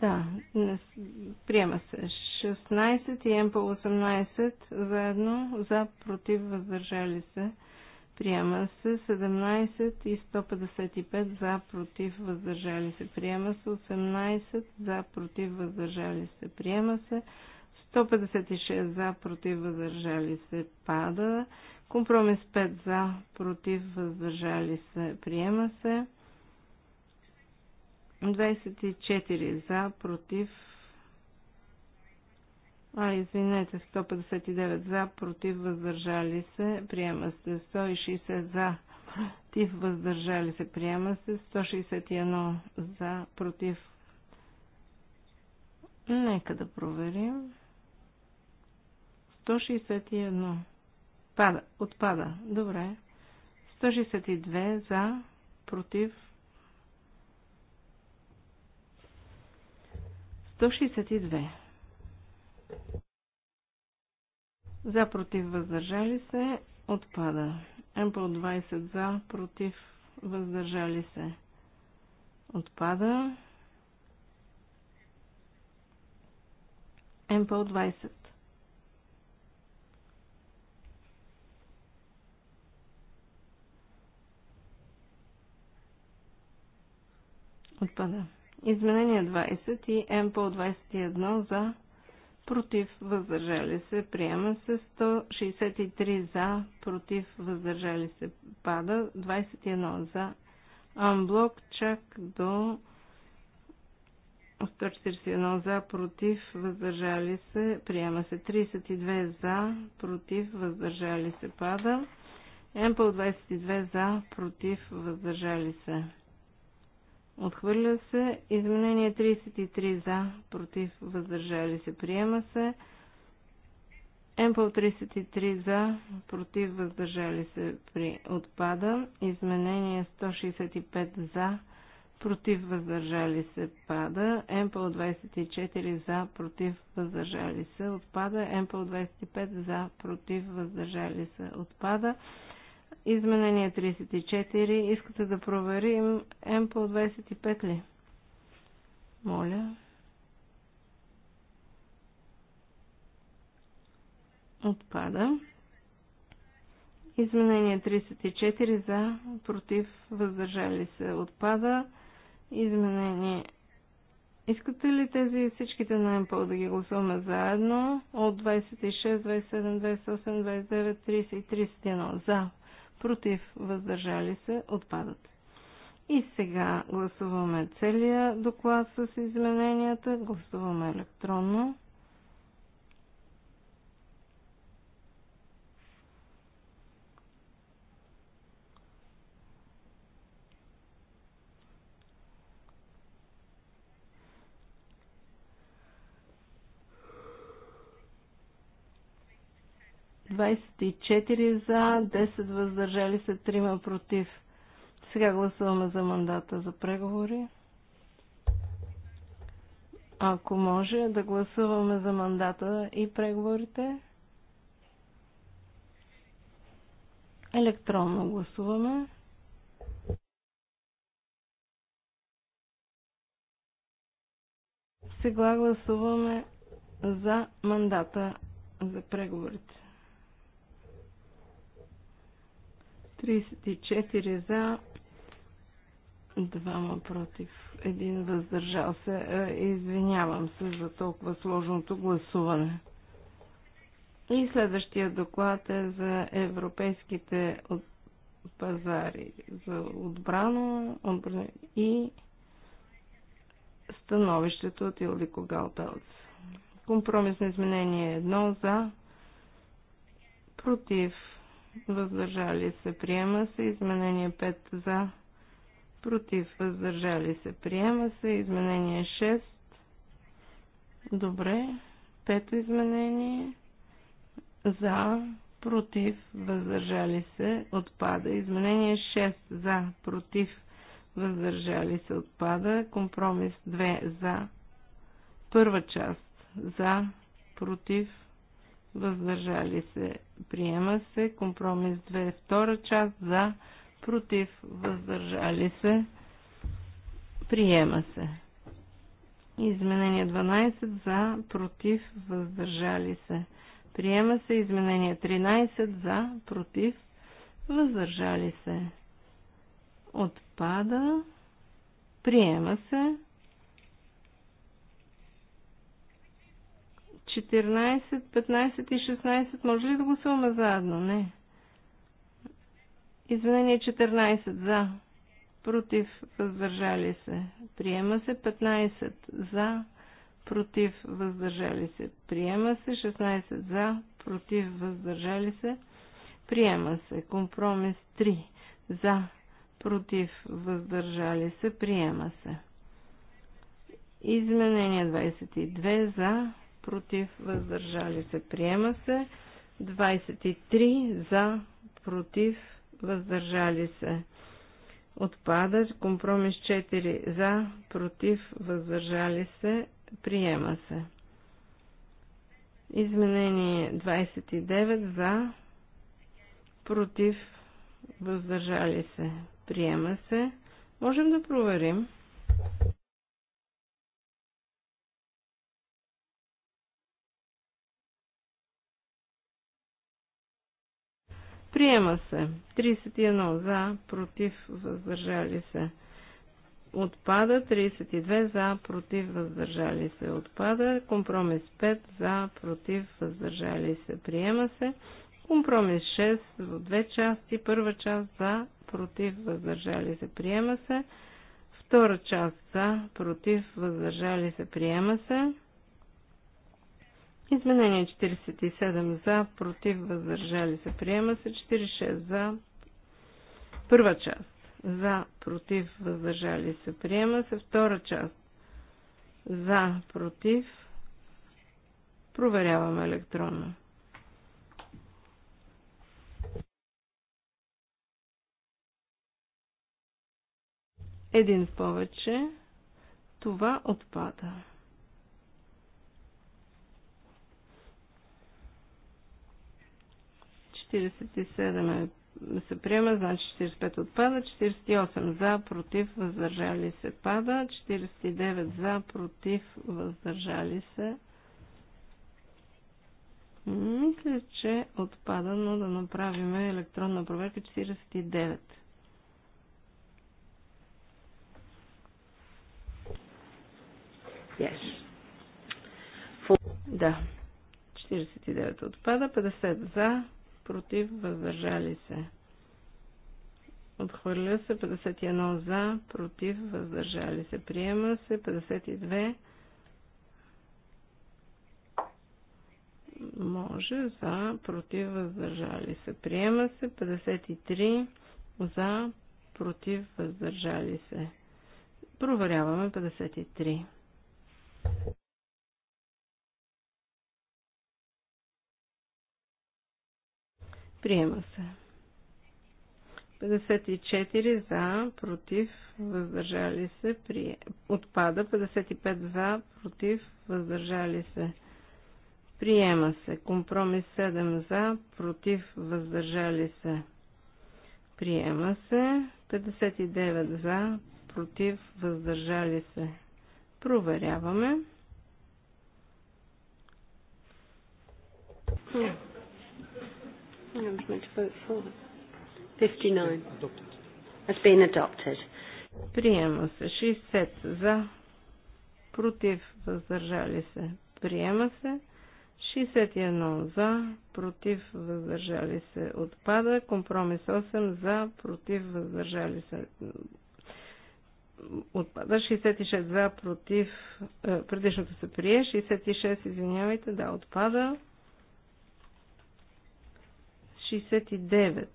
Да, приема се. 16 и МП 18 заедно, за, против, въздържали се. Приема се 17 и 155 за, против, въздържали се. Приема се 18 за, против, въздържали се. Приема се 156 за, против, въздържали се. Пада. Компромис 5 за, против, въздържали се. Приема се. 24 за, против. А, извинете, 159 за, против, въздържали се, приема се. 160 за, против, въздържали се, приема се. 161 за, против. Нека да проверим. 161. Пада, отпада. Добре. 162 за, против, 162. За против въздържали се. Отпада. по 20 за против въздържали се. Отпада. по 20. Отпада. Изменение 20 и МПО 21 за против въздържали се приема се 163 за против въздържали се пада 21 за Амблок чак до 141 за, против, въздържали се, приема се 32 за, против, въздържали се, пада. по 22 за, против, въздържали се. Отхвърля се. Изменение 33 за, против, въздържали се, приема се. МПЛ 33 за, против, въздържали се, при отпада. Изменение 165 за, против, въздържали се, пада. МПЛ 24 за, против, въздържали се, отпада. МПЛ 25 за, против, въздържали се, отпада. Изменение 34. Искате да проверим М по 25 ли? Моля. Отпада. Изменение 34 за, против, въздържали се, отпада. Изменение. Искате ли тези всичките на МПО да ги гласуваме заедно? От 26, 27, 28, 29, 30 и 31 за против, въздържали се, отпадат. И сега гласуваме целия доклад с измененията, гласуваме електронно. 24 за, 10 въздържали се, 3 против. Сега гласуваме за мандата за преговори. Ако може да гласуваме за мандата и преговорите. Електронно гласуваме. Сега гласуваме за мандата за преговорите. 34 за, 2 против, 1 въздържал се. Е, извинявам се за толкова сложното гласуване. И следващия доклад е за европейските пазари за отбрано и становището от Илдико Галталц. Компромисно изменение 1 за, против въздържали се, приема се. Изменение 5 за, против, въздържали се, приема се. Изменение 6. Добре. Пето изменение. За, против, въздържали се, отпада. Изменение 6. За, против, въздържали се, отпада. Компромис 2. За. Първа част. За, против, въздържали се, Приема се компромис 2, втора част за, против, въздържали се. Приема се. Изменение 12 за, против, въздържали се. Приема се изменение 13 за, против, въздържали се. Отпада. Приема се. 14, 15 и 16 може ли да гласуваме заедно? Не. Изменение 14 за. Против. Въздържали се. Приема се 15 за. Против. Въздържали се. Приема се 16 за. Против. Въздържали се. Приема се. Компромис 3 за. Против. Въздържали се. Приема се. Изменение 22 за против, въздържали се, приема се. 23 за, против, въздържали се, отпада. Компромис 4 за, против, въздържали се, приема се. Изменение 29 за, против, въздържали се, приема се. Можем да проверим. Приема се. 31 за, против, въздържали се. Отпада. 32 за, против, въздържали се. Отпада. Компромис 5 за, против, въздържали се. Приема се. Компромис 6 в две части. Първа част за, против, въздържали се. Приема се. Втора част за, против, въздържали се. Приема се. Изменение 47 за, против, въздържали се, приема се 46 за. Първа част за, против, въздържали се, приема се. Втора част за, против. Проверяваме електронно. Един повече. Това отпада. 47 е, се приема, значи 45 отпада, 48 за, против, въздържали се пада, 49 за, против, въздържали се. Мисля, че отпада, но да направим електронна проверка 49. Yes. For... Да. 49 отпада, 50 за, против, въздържали се. Отхвърля се 51 за, против, въздържали се. Приема се 52. Може за, против, въздържали се. Приема се 53 за, против, въздържали се. Проверяваме 53. Приема се. 54 за, против, въздържали се, При... отпада. 55 за, против, въздържали се. Приема се. Компромис 7 за, против, въздържали се. Приема се. 59 за, против, въздържали се. Проверяваме. Yeah meant to vote for. 59. Adopted. Has been adopted. Приема се 60 за, против, въздържали се. Приема се 61 за, против, въздържали се. Отпада. Компромис 8 за, против, въздържали се. Отпада. 66 за, против, е, предишното се прие. 66, извинявайте, да, отпада. 69.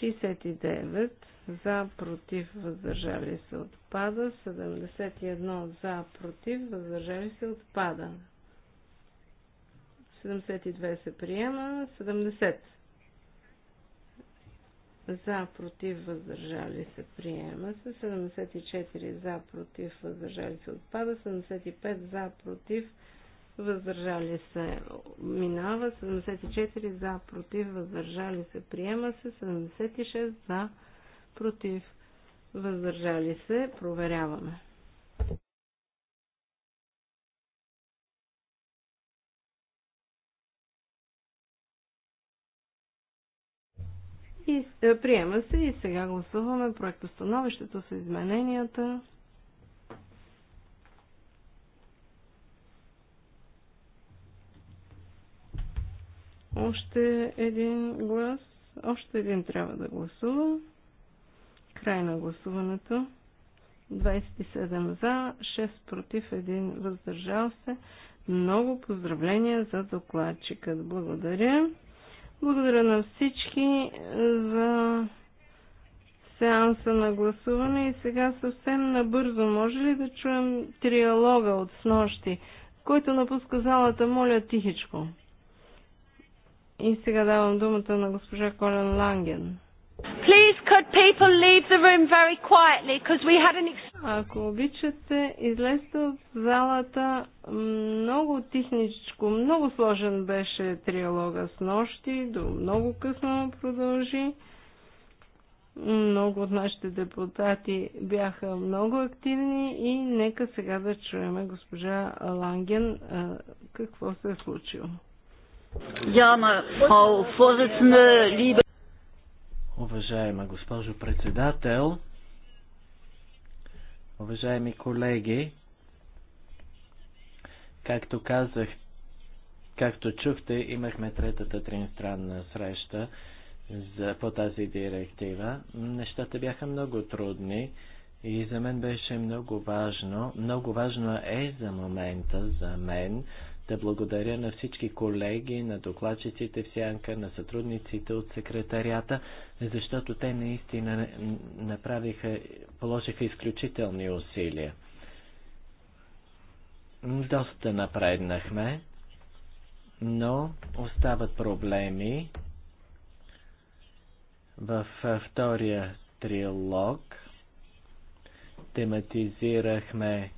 69 за, против, въздържали се отпада. 71 за, против, въздържали се отпада. 72 се приема. 70 за, против, въздържали се, приема се. 74 за, против, въздържали се, отпада. 75 за, против, въздържали се минава, 74 за, против, въздържали се приема се, 76 за, против, въздържали се, проверяваме. И, е, приема се и сега гласуваме становището с измененията. Още един глас. Още един трябва да гласува. Край на гласуването. 27 за, 6 против, 1 въздържал се. Много поздравления за докладчикът. Благодаря. Благодаря на всички за сеанса на гласуване и сега съвсем набързо може ли да чуем триалога от снощи? Който напуска залата, моля тихичко. И сега давам думата на госпожа Колен Ланген. Please could people leave the room very quietly because we had an Ако обичате, излезте от залата. Много техничко, много сложен беше триалога с нощи, до много късно продължи. Много от нашите депутати бяха много активни и нека сега да чуем госпожа Ланген какво се е случило. Яна, фрау Фозицне, либе... Уважаема госпожо председател, уважаеми колеги, както казах, както чухте, имахме третата тринстранна среща за, по тази директива. Нещата бяха много трудни и за мен беше много важно. Много важно е за момента, за мен, да благодаря на всички колеги, на докладчиците в Сянка, на сътрудниците от секретарията, защото те наистина направиха, положиха изключителни усилия. Доста напреднахме, но остават проблеми в втория трилог. Тематизирахме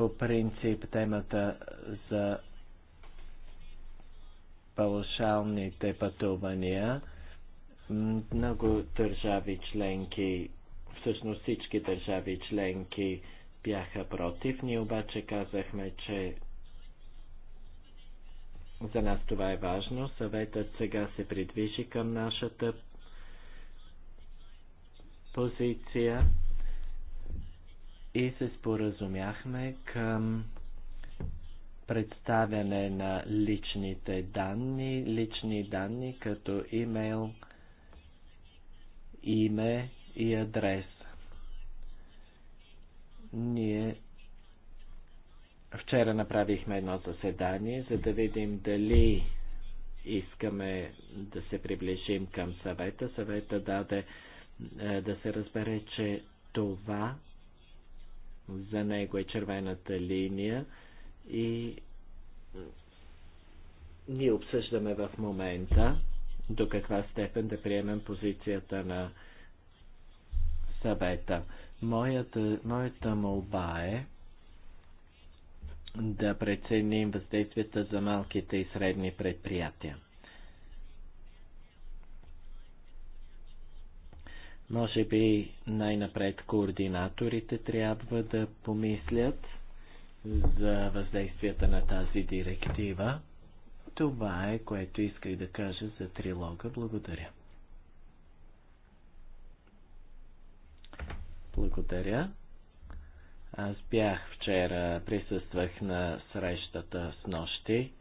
по принцип темата за паушалните пътувания. Много държави членки, всъщност всички държави членки бяха против. Ние обаче казахме, че за нас това е важно. Съветът сега се придвижи към нашата позиция и се споразумяхме към представяне на личните данни, лични данни като имейл, име и адрес. Ние вчера направихме едно заседание, за да видим дали искаме да се приближим към съвета. Съвета даде е, да се разбере, че това за него е червената линия и ние обсъждаме в момента до каква степен да приемем позицията на съвета. Моята, моята молба е да преценим въздействията за малките и средни предприятия. Може би най-напред координаторите трябва да помислят за въздействията на тази директива. Това е, което исках да кажа за трилога. Благодаря. Благодаря. Аз бях вчера, присъствах на срещата с нощи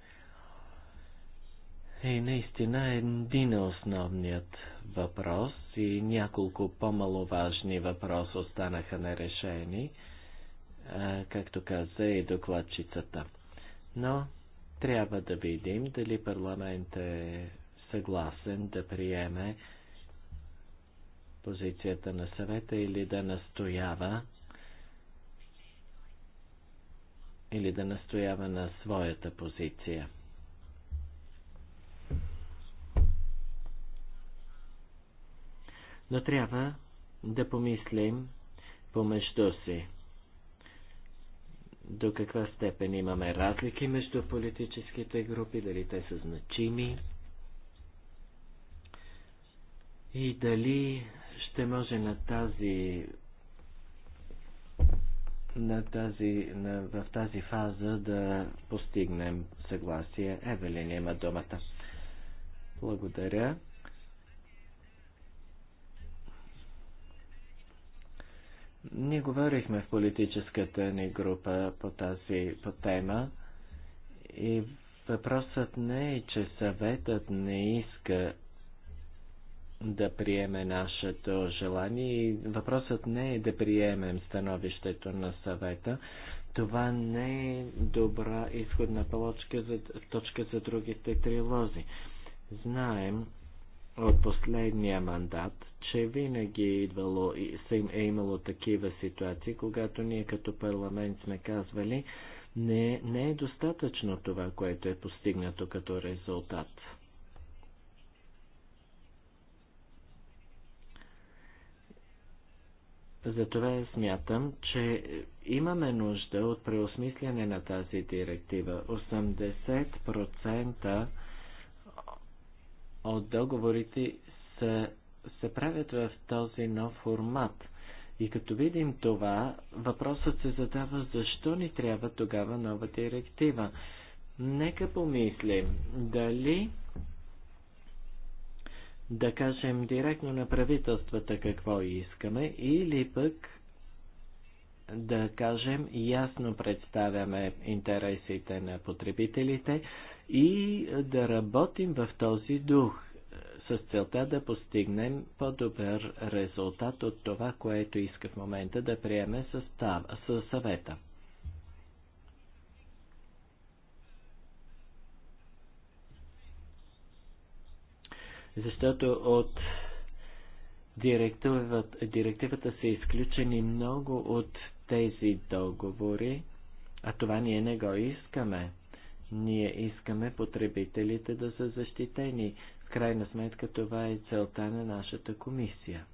е наистина един е основният въпрос и няколко по-маловажни въпроса останаха нерешени, както каза и докладчицата. Но трябва да видим дали парламент е съгласен да приеме позицията на съвета или да настоява или да настоява на своята позиция. Но трябва да помислим помежду си до каква степен имаме разлики между политическите групи, дали те са значими и дали ще може на тази на тази, на, в тази фаза да постигнем съгласие. Евелин има думата. Благодаря. Ние говорихме в политическата ни група по тази по тема и въпросът не е, че съветът не иска да приеме нашето желание. Въпросът не е да приемем становището на съвета. Това не е добра изходна полочка за, точка за другите трилози. Знаем, от последния мандат, че винаги е, идвало, е имало такива ситуации, когато ние като парламент сме казвали, не, не е достатъчно това, което е постигнато като резултат. Затова смятам, че имаме нужда от преосмисляне на тази директива. 80% от договорите се, се правят в този нов формат. И като видим това, въпросът се задава защо ни трябва тогава нова директива. Нека помислим дали да кажем директно на правителствата какво искаме или пък да кажем ясно представяме интересите на потребителите и да работим в този дух с целта да постигнем по-добър резултат от това, което иска в момента да приеме със съвета. Защото от директивата, директивата са изключени много от тези договори, а това ние не го искаме. Ние искаме потребителите да са защитени. В крайна сметка това е целта на нашата комисия.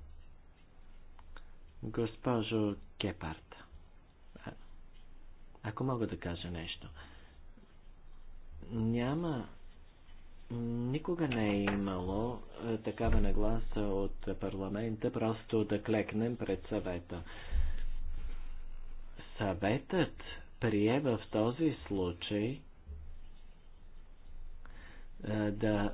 Госпожо Кепарт, а, ако мога да кажа нещо, няма, никога не е имало е, такава нагласа от парламента просто да клекнем пред съвета. Съветът прие в този случай е, да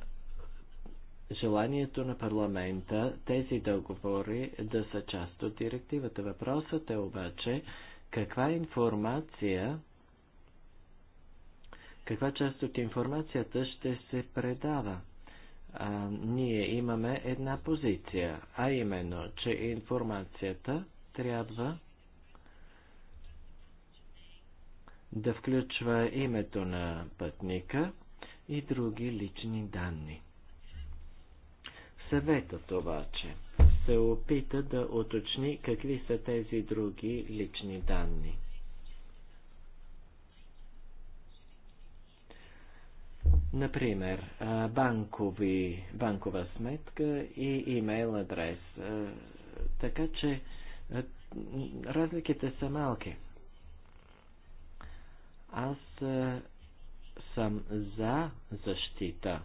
желанието на парламента тези договори да са част от директивата. Въпросът е обаче каква информация, каква част от информацията ще се предава. А, ние имаме една позиция, а именно, че информацията трябва да включва името на пътника, и други лични данни. Съветът обаче се опита да уточни какви са тези други лични данни. Например, банкови, банкова сметка и имейл адрес. Така че разликите са малки. Аз съм за защита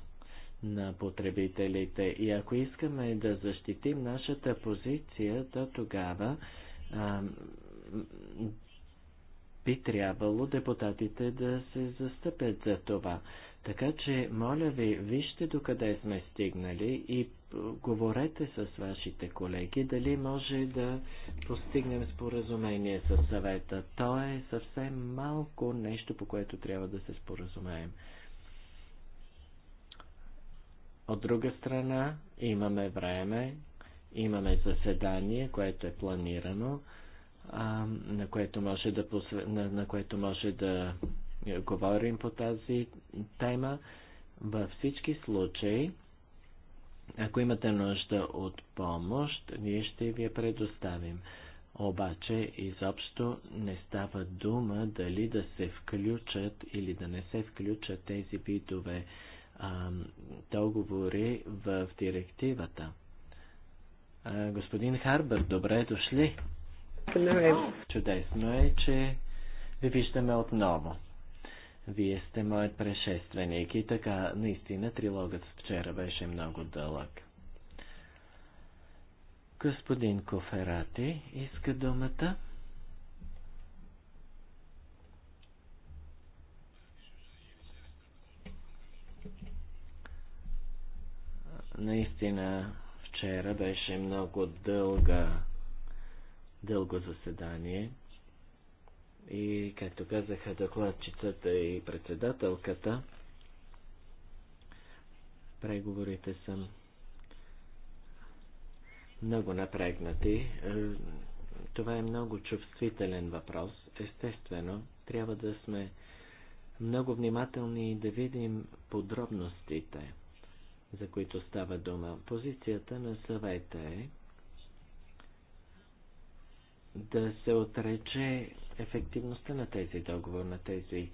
на потребителите и ако искаме да защитим нашата позиция, то тогава а, би трябвало депутатите да се застъпят за това. Така че, моля ви, вижте докъде сме стигнали и говорете с вашите колеги дали може да постигнем споразумение с съвета. То е съвсем малко нещо, по което трябва да се споразумеем. От друга страна, имаме време, имаме заседание, което е планирано, а, на, което може да посв... на, на което може да говорим по тази тема. Във всички случаи, ако имате нужда от помощ, ние ще ви я предоставим. Обаче изобщо не става дума дали да се включат или да не се включат тези видове а, договори в директивата. А, господин Харбър, добре дошли! Чудесно е, че ви виждаме отново. Вие сте моят предшественик и така, наистина, трилогът вчера беше много дълъг. Господин Коферати иска думата. Наистина, вчера беше много дълга, дълго заседание. И както казаха докладчицата и председателката, преговорите са много напрегнати. Е, това е много чувствителен въпрос. Естествено, трябва да сме много внимателни и да видим подробностите, за които става дума. Позицията на съвета е да се отрече ефективността на тези договор, на тези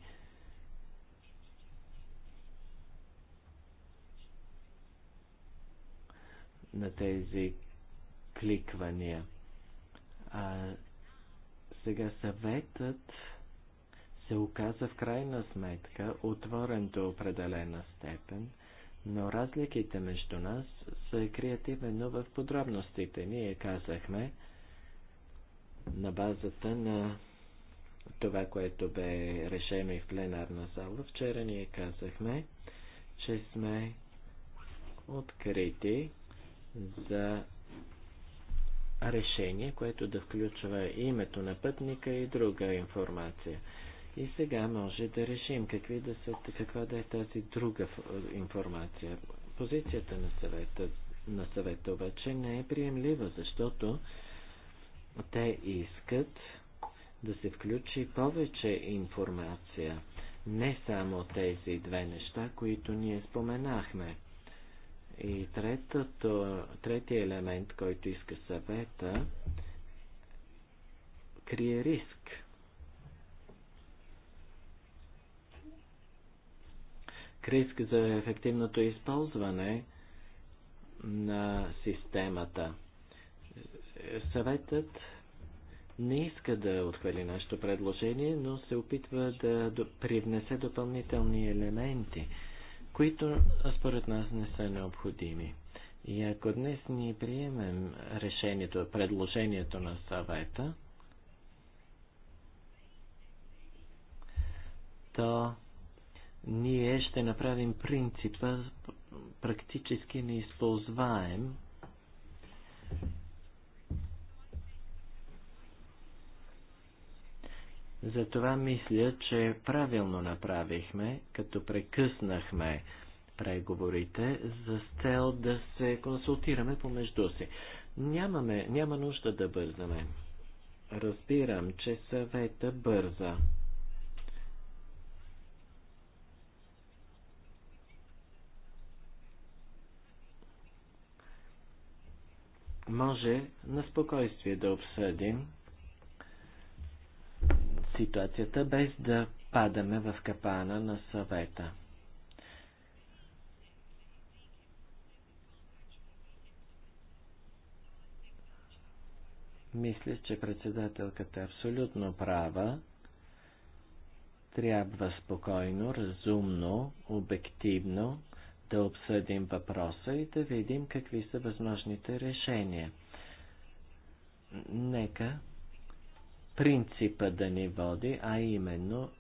на тези кликвания. А сега съветът се оказа в крайна сметка отворен до определена степен, но разликите между нас са крият именно в подробностите. Ние казахме на базата на това, което бе решено и в пленарна зала. Вчера ние казахме, че сме открити за решение, което да включва името на пътника и друга информация. И сега може да решим какви да са, каква да е тази друга информация. Позицията на съвета, на съвета обаче не е приемлива, защото те искат да се включи повече информация, не само тези две неща, които ние споменахме. И третото, третия елемент, който иска съвета, крие риск. Риск за ефективното използване на системата. Съветът не иска да отхвърли нашето предложение, но се опитва да привнесе допълнителни елементи, които според нас не са необходими. И ако днес ни приемем решението, предложението на съвета, то ние ще направим принципа практически неизползваем Затова мисля, че правилно направихме, като прекъснахме преговорите за цел да се консултираме помежду си. Нямаме, няма нужда да бързаме. Разбирам, че съвета бърза. Може на спокойствие да обсъдим ситуацията, без да падаме в капана на съвета. Мисля, че председателката е абсолютно права. Трябва спокойно, разумно, обективно да обсъдим въпроса и да видим какви са възможните решения. Нека принципа да ни води, а именно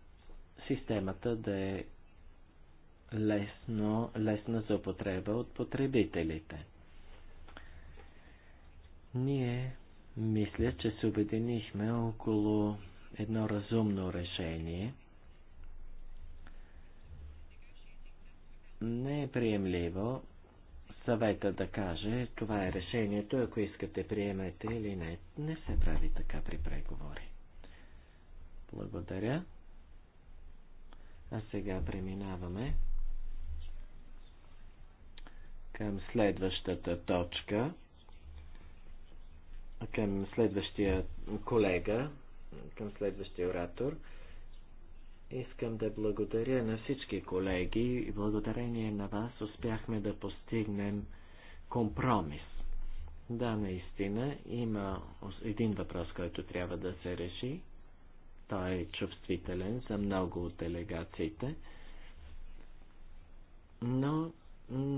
системата да е лесно, лесна за употреба от потребителите. Ние мисля, че се обединихме около едно разумно решение. Не е приемливо съвета да каже, това е решението, ако искате приемете или не. Не се прави така при преговори. Благодаря. А сега преминаваме към следващата точка, към следващия колега, към следващия оратор. Искам да благодаря на всички колеги и благодарение на вас успяхме да постигнем компромис. Да, наистина има един въпрос, който трябва да се реши. Той е чувствителен за много от делегациите. Но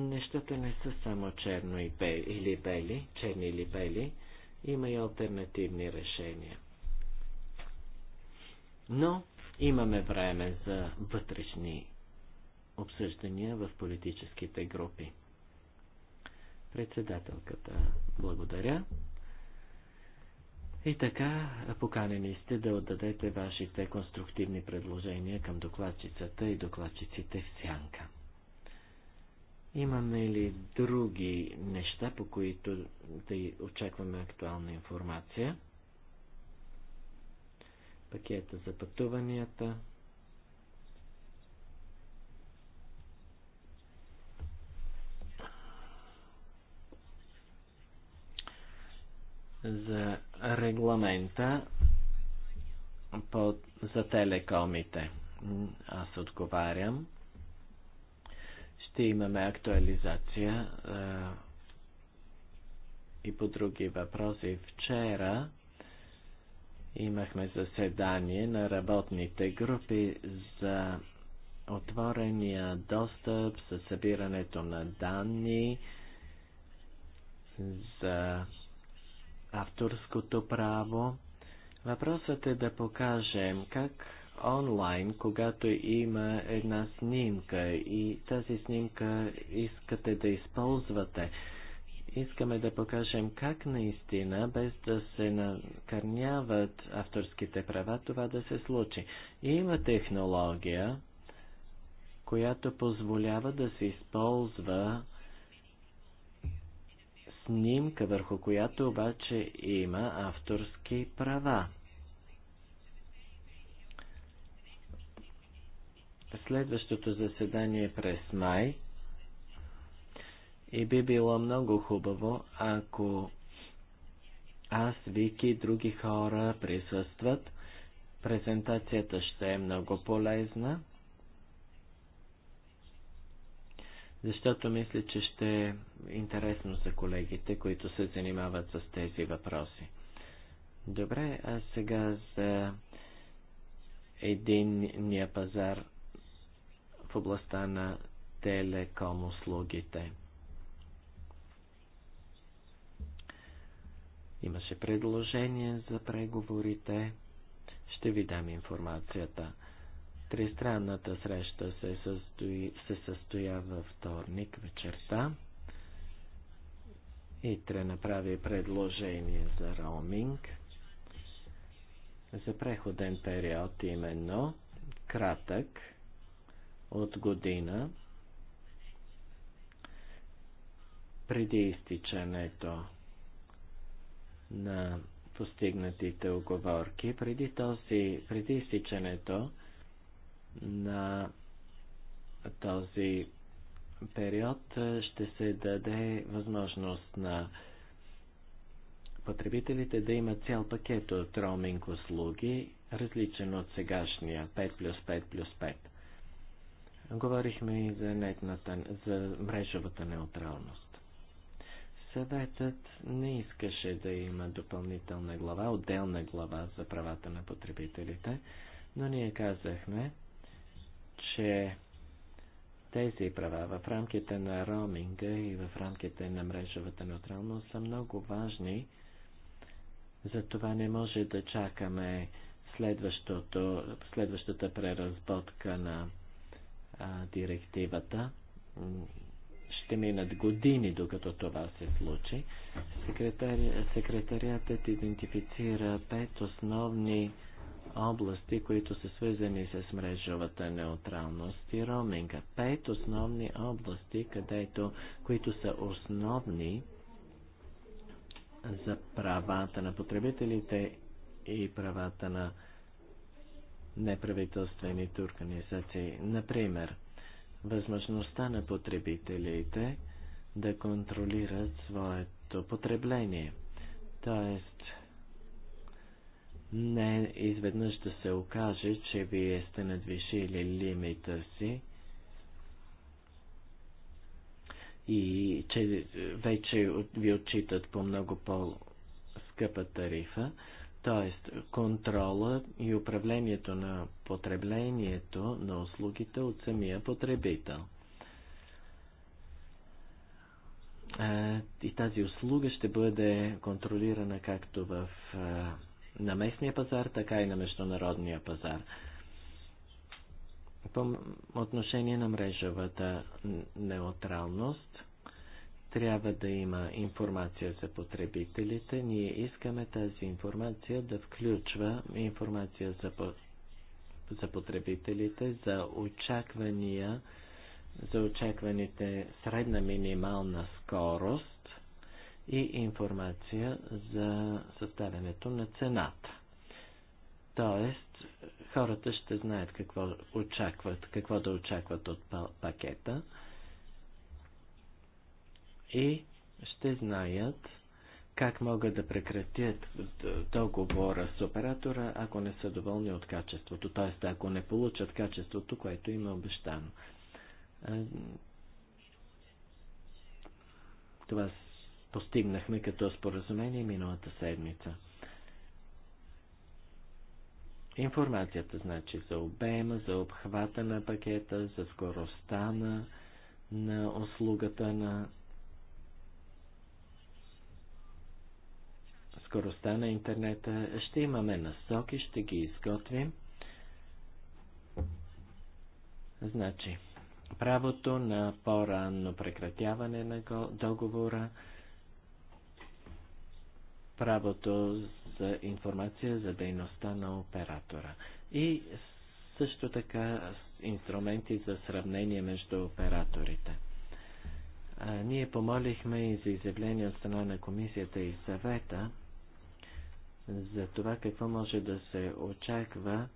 нещата не са само черно и бе, или бели, черни или бели. Има и альтернативни решения. Но Имаме време за вътрешни обсъждания в политическите групи. Председателката, благодаря. И така, поканени сте да отдадете вашите конструктивни предложения към докладчицата и докладчиците в сянка. Имаме ли други неща, по които да очакваме актуална информация? пакета за пътуванията. за регламента по, за телекомите. Аз отговарям. Ще имаме актуализация е, и по други въпроси. Вчера имахме заседание на работните групи за отворения достъп, за събирането на данни, за авторското право. Въпросът е да покажем как онлайн, когато има една снимка и тази снимка искате да използвате искаме да покажем как наистина, без да се накърняват авторските права, това да се случи. И има технология, която позволява да се използва снимка, върху която обаче има авторски права. Следващото заседание е през май и би било много хубаво, ако аз, Вики и други хора присъстват. Презентацията ще е много полезна, защото мисля, че ще е интересно за колегите, които се занимават с тези въпроси. Добре, а сега за единния пазар в областта на телеком услугите. Имаше предложение за преговорите. Ще ви дам информацията. Тристранната среща се, състои, се състоя във вторник вечерта. Итре направи предложение за роуминг, за преходен период именно, кратък, от година, преди изтичането на постигнатите оговорки. Преди, този, преди изтичането на този период ще се даде възможност на потребителите да имат цял пакет от роуминг услуги, различен от сегашния 5 плюс 5 плюс 5. Говорихме и за, нетната, за мрежовата неутралност. Съветът не искаше да има допълнителна глава, отделна глава за правата на потребителите, но ние казахме, че тези права в рамките на роуминга и в рамките на мрежовата неутралност са много важни. Затова не може да чакаме следващата преразботка на а, директивата ще минат години, докато това се случи. Секретари... Секретариатът идентифицира пет основни области, които са свързани с мрежовата неутралност и роуминга. Пет основни области, където, които са основни за правата на потребителите и правата на неправителствените организации. Например, възможността на потребителите да контролират своето потребление. Тоест, не изведнъж да се окаже, че вие сте надвишили лимита си и че вече ви отчитат по много по-скъпа тарифа, т.е. контрола и управлението на потреблението на услугите от самия потребител. Е, и тази услуга ще бъде контролирана както в, е, на местния пазар, така и на международния пазар. По отношение на мрежовата неутралност – трябва да има информация за потребителите. Ние искаме тази информация да включва информация за, по... за потребителите, за очаквания, за очакваните средна минимална скорост и информация за съставянето на цената. Тоест, хората ще знаят какво очакват, какво да очакват от пакета и ще знаят как могат да прекратят договора с оператора, ако не са доволни от качеството, т.е. ако не получат качеството, което им е обещано. Това постигнахме като споразумение миналата седмица. Информацията значи за обема, за обхвата на пакета, за скоростта на, на услугата на скоростта на интернета. Ще имаме насоки, ще ги изготвим. Значи, правото на по-ранно прекратяване на договора, правото за информация за дейността на оператора и също така инструменти за сравнение между операторите. А, ние помолихме и за изявление от страна на комисията и съвета за това какво може да се очаква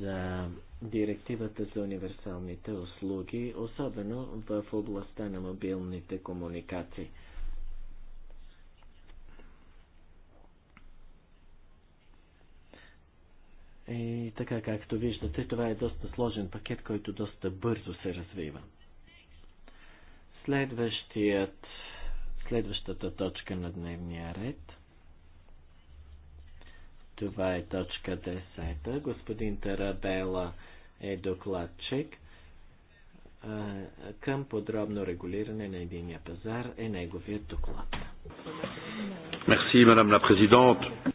за директивата за универсалните услуги, особено в областта на мобилните комуникации. И така, както виждате, това е доста сложен пакет, който доста бързо се развива. Следващият, следващата точка на дневния ред – това е точка 10. Господин Тарабела е докладчик. Към подробно регулиране на единия пазар е неговият доклад. Мерси, мадам ла президент.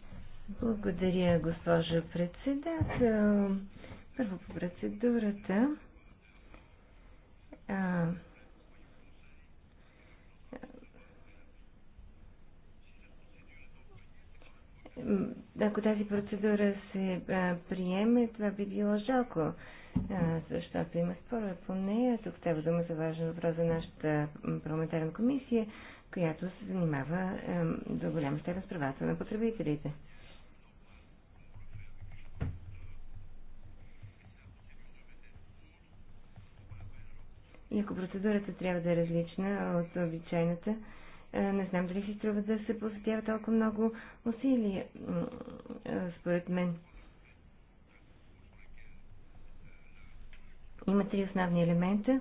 Благодаря, госпожа председател. Първо по процедурата. ако тази процедура се а, приеме, това би било жалко, а, защото има спорове по нея. Тук става дума за важен въпрос за нашата парламентарна комисия, която се занимава а, до голяма степен с правата на потребителите. И ако процедурата трябва да е различна от обичайната, а, е, не знам дали си струва да се посветява толкова много усилия, е, според мен. Има три основни елемента,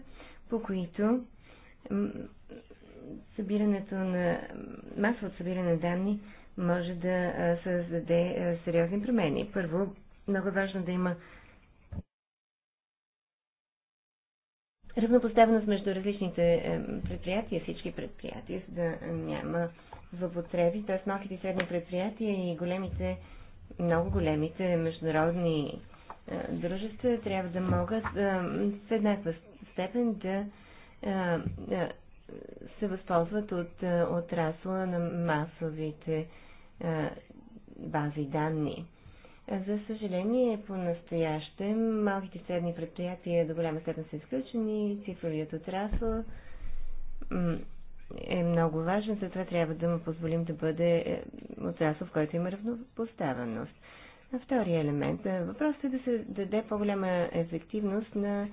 по които събирането на, масовото събиране на данни може да е, създаде сериозни промени. Първо, много важно да има равнопоставеност между различните е, предприятия, всички предприятия, за да няма въпотреби, т.е. малките и средни предприятия и големите, много големите международни е, дружества трябва да могат е, в еднаква степен да се възползват от отрасла на масовите бази данни. За съжаление, по-настоящем малките средни предприятия до голяма степен са изключени, цифровият отрасъл е много важен, затова трябва да му позволим да бъде е, отрасъл, в който има равнопоставеност. А втория елемент. Е, въпросът е да се даде по-голяма ефективност на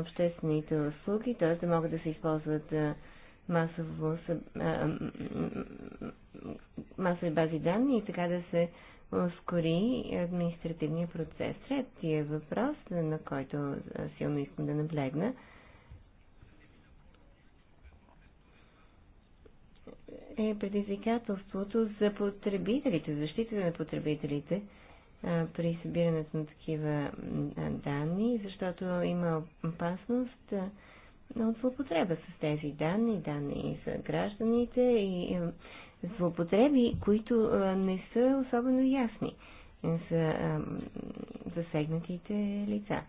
обществените услуги, т.е. да могат да се използват е, масово, масови бази данни и така да се ускори административния процес. Третия въпрос, на който силно искам да наблегна, е предизвикателството за потребителите, защитата на потребителите а, при събирането на такива а, данни, защото има опасност а, от злоупотреба с тези данни, данни за гражданите и злоупотреби, които не са особено ясни за засегнатите лица.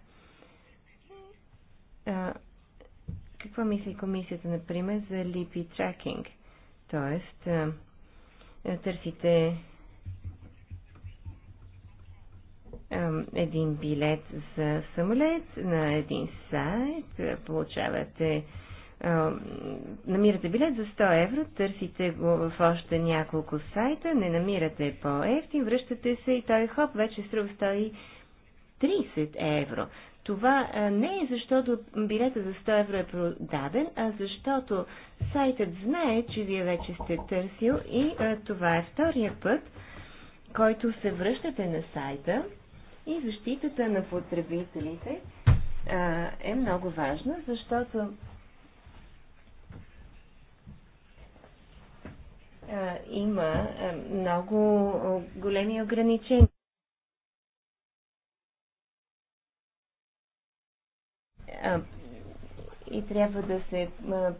Какво мисли комисията, например, за липи тракинг? Тоест, търсите един билет за самолет на един сайт, получавате намирате билет за 100 евро, търсите го в още няколко сайта, не намирате по-ефтин, връщате се и той хоп, вече струва 130 евро. Това не е защото билета за 100 евро е продаден, а защото сайтът знае, че вие вече сте търсил и това е втория път, който се връщате на сайта и защитата на потребителите е много важна, защото а, има а, много големи ограничения. А, и трябва да се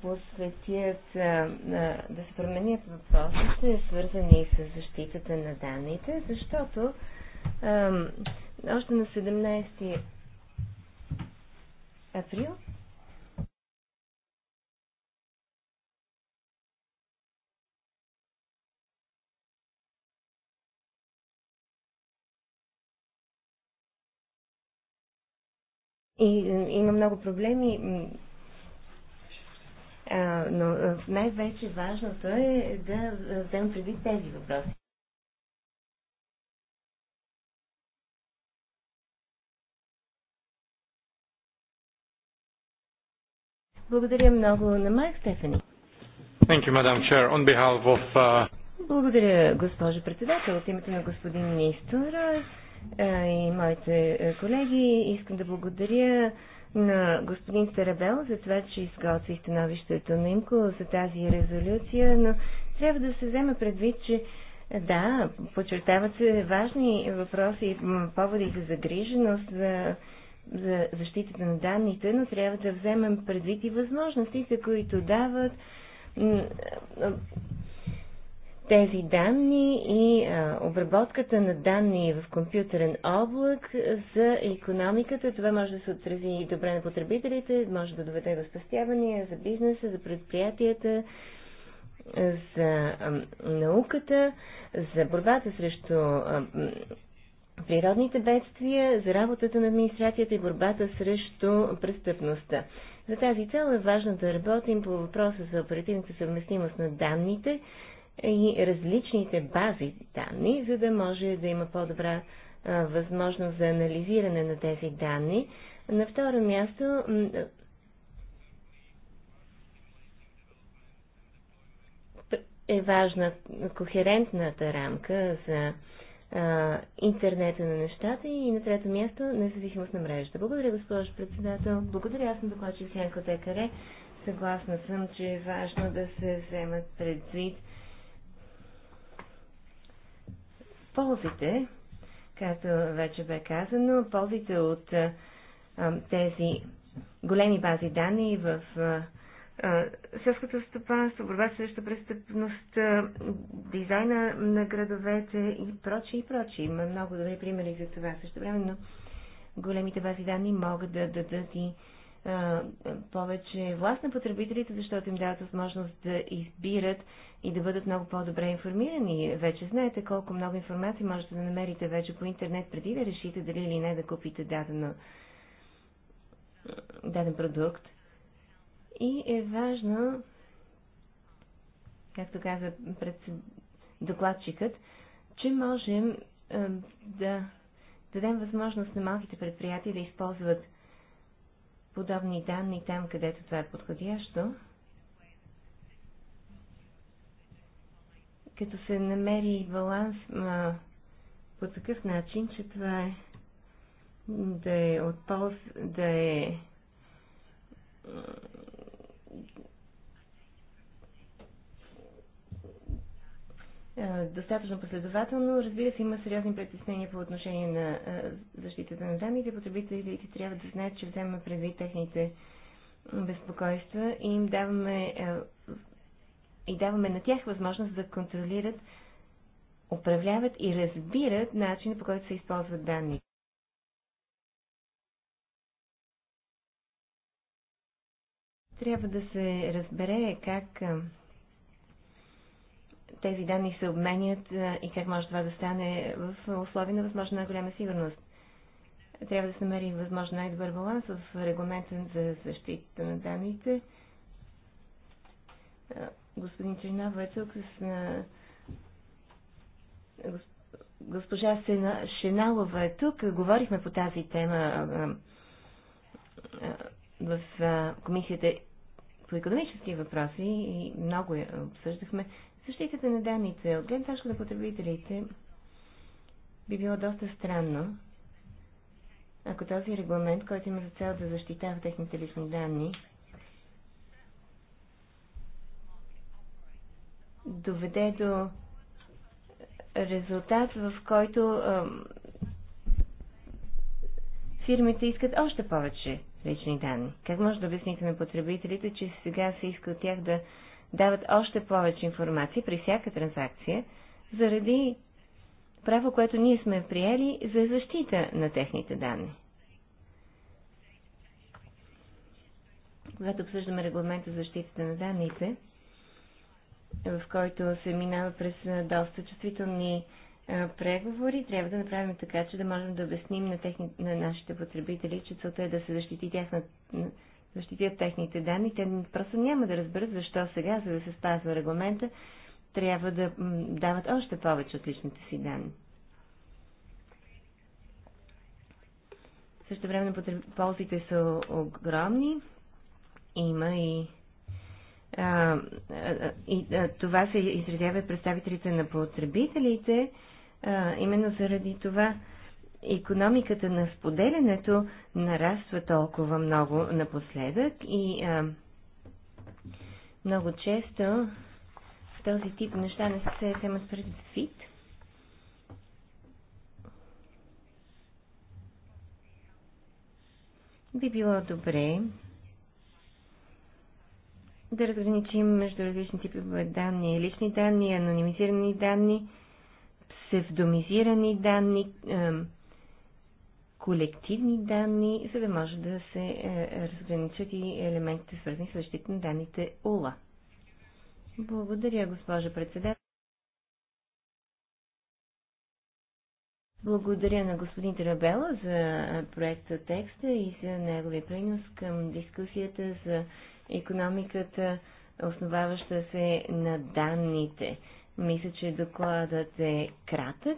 посветят, да се променят въпросите, свързани с защитата на данните, защото още на 17 април И има много проблеми, но най-вече важното е да вземем предвид тези въпроси. Благодаря много на майк Стефани. Thank you, Madam Chair. On behalf of, uh... Благодаря, госпожо председател. От името на господин министър е, и моите е, колеги. Искам да благодаря на господин Старабел за това, че изготви становището на ИМКО за тази резолюция, но трябва да се вземе предвид, че е, да, подчертават се важни въпроси, поводи за загриженост, за, за защитата на данните, но трябва да вземем предвид и възможностите, които дават тези данни и а, обработката на данни в компютърен облак за економиката. Това може да се отрази добре на потребителите, може да доведе до спестявания за бизнеса, за предприятията, за а, науката, за борбата срещу а, природните бедствия, за работата на администрацията и борбата срещу престъпността. За тази цел е важно да работим по въпроса за оперативната съвместимост на данните, и различните бази данни, за да може да има по-добра възможност за анализиране на тези данни. На второ място, е важна кохерентната рамка за а, интернета на нещата и на трето място независимост на мрежата. Благодаря, госпожо председател. Благодаря, аз съм докладчик Сянко Текаре. Съгласна съм, че е важно да се вземат предвид ползите, както вече бе казано, ползите от а, тези големи бази данни в селското стопанство, борба срещу престъпност, дизайна на градовете и прочи, и прочи. Има много добри примери за това. Също време, но големите бази данни могат да дадат и повече власт на потребителите, защото им дават възможност да избират и да бъдат много по-добре информирани. Вече знаете колко много информация можете да намерите вече по интернет, преди да решите дали или не да купите дадено, даден продукт. И е важно, както каза пред докладчикът, че можем да дадем възможност на малките предприятия да използват подобни данни там, където това е подходящо, като се намери баланс а, по такъв начин, че това е да е от полз, да е Е, достатъчно последователно. Разбира се, има сериозни притеснения по отношение на е, защитата на данните. Потребителите трябва да знаят, че вземаме предвид техните безпокойства и им даваме е, и даваме на тях възможност да контролират, управляват и разбират начина по който се използват данни. Трябва да се разбере как тези данни се обменят и как може това да стане в условия на възможно най-голяма сигурност. Трябва да се намери възможно най-добър баланс в регламента за защита на данните. Господин Чернов е тук с госпожа Сена, Шеналова е тук. Говорихме по тази тема в комисията по економически въпроси и много я обсъждахме. Защитата на данните от гледна точка на потребителите би било доста странно, ако този регламент, който има за цел да защитава техните лични данни, доведе до резултат, в който фирмите искат още повече лични данни. Как може да обясните на потребителите, че сега се иска от тях да дават още повече информация при всяка транзакция, заради право, което ние сме приели за защита на техните данни. Когато обсъждаме регламента за защитата на данните, в който се минава през доста чувствителни преговори, трябва да направим така, че да можем да обясним на, техни, на нашите потребители, че целта е да се защити тяхната защитят техните данни, те просто няма да разберат защо сега, за да се спазва регламента, трябва да дават още повече от личните си данни. Също време ползите са огромни. Има и а, и а, това се изразява представителите на потребителите, а, именно заради това економиката на споделянето нараства толкова много напоследък и а, много често този тип неща не се вземат предвид. Би било добре да разграничим между различни типове данни, лични данни, анонимизирани данни, псевдомизирани данни, колективни данни, за да може да се е, разграничат и елементите, свързани с защита на данните ОЛА. Благодаря, госпожа председател. Благодаря на господин Трабела за проекта текста и за неговия принос към дискусията за економиката, основаваща се на данните. Мисля, че докладът е кратък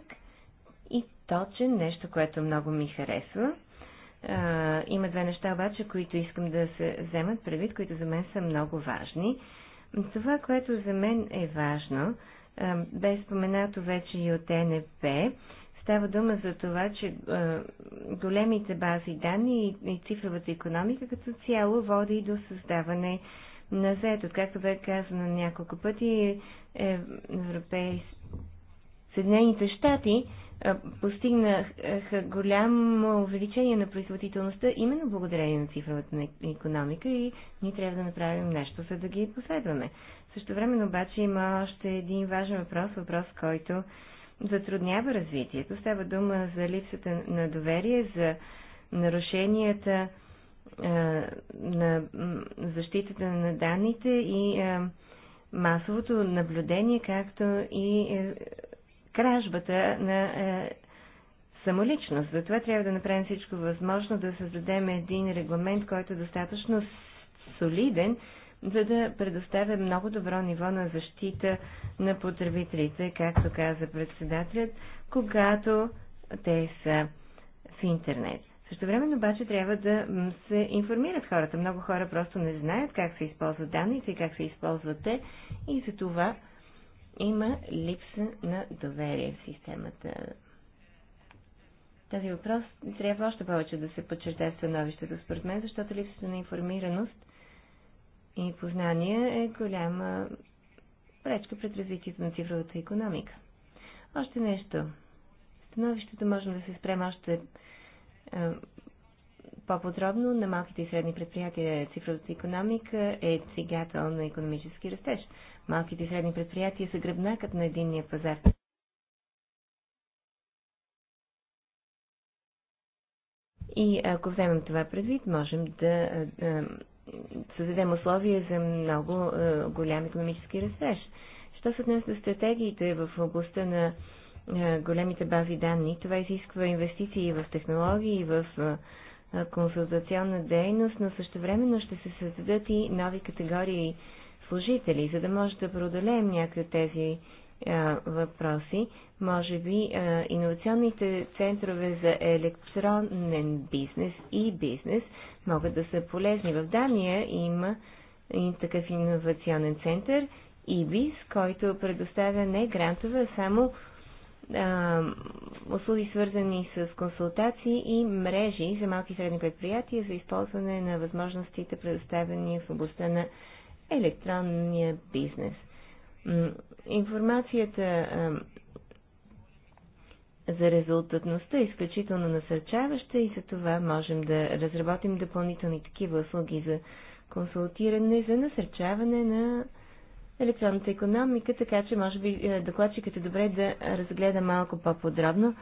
точен, нещо, което много ми харесва. А, има две неща обаче, които искам да се вземат предвид, които за мен са много важни. Това, което за мен е важно, а, бе споменато вече и от НП, става дума за това, че а, големите бази данни и, и цифровата економика като цяло води и до създаване на заето. Както бе казано няколко пъти, е, европейски Съединените щати постигнаха голямо увеличение на производителността именно благодарение на цифровата економика и ние трябва да направим нещо, за да ги последваме. Също време обаче има още един важен въпрос, въпрос, който затруднява развитието. Става дума за липсата на доверие, за нарушенията на защитата на данните и масовото наблюдение, както и е, кражбата на е, самоличност. Затова трябва да направим всичко възможно да създадем един регламент, който е достатъчно солиден, за да предоставя много добро ниво на защита на потребителите, както каза председателят, когато те са в интернет. Също време обаче трябва да се информират хората. Много хора просто не знаят как се използват данните и как се използват те и за това има липса на доверие в системата. Тази въпрос трябва още повече да се подчертае в становището, според мен, защото липсата на информираност и познание е голяма пречка пред развитието на цифровата економика. Още нещо. Становището можем да се спрем още по-подробно на малките и средни предприятия цифровата економика е цигател на економически растеж. Малките и средни предприятия са гръбнакът на единния пазар. И ако вземем това предвид, можем да създадем условия за много голям економически растеж. Що се отнася до стратегиите в областта на големите бази данни, това изисква инвестиции в технологии, в консултационна дейност, но същевременно ще се създадат и нови категории служители, за да може да преодолеем някои от тези а, въпроси. Може би а, иновационните центрове за електронен бизнес и бизнес могат да са полезни. В Дания има и такъв иновационен център, ИБИС, който предоставя не грантове, а само а, услуги свързани с консултации и мрежи за малки и средни предприятия за използване на възможностите, предоставени в областта на електронния бизнес. Информацията а, за резултатността е изключително насърчаваща и за това можем да разработим допълнителни такива услуги за консултиране, за насърчаване на електронната економика, така че може би е, докладчикът е добре да разгледа малко по-подробно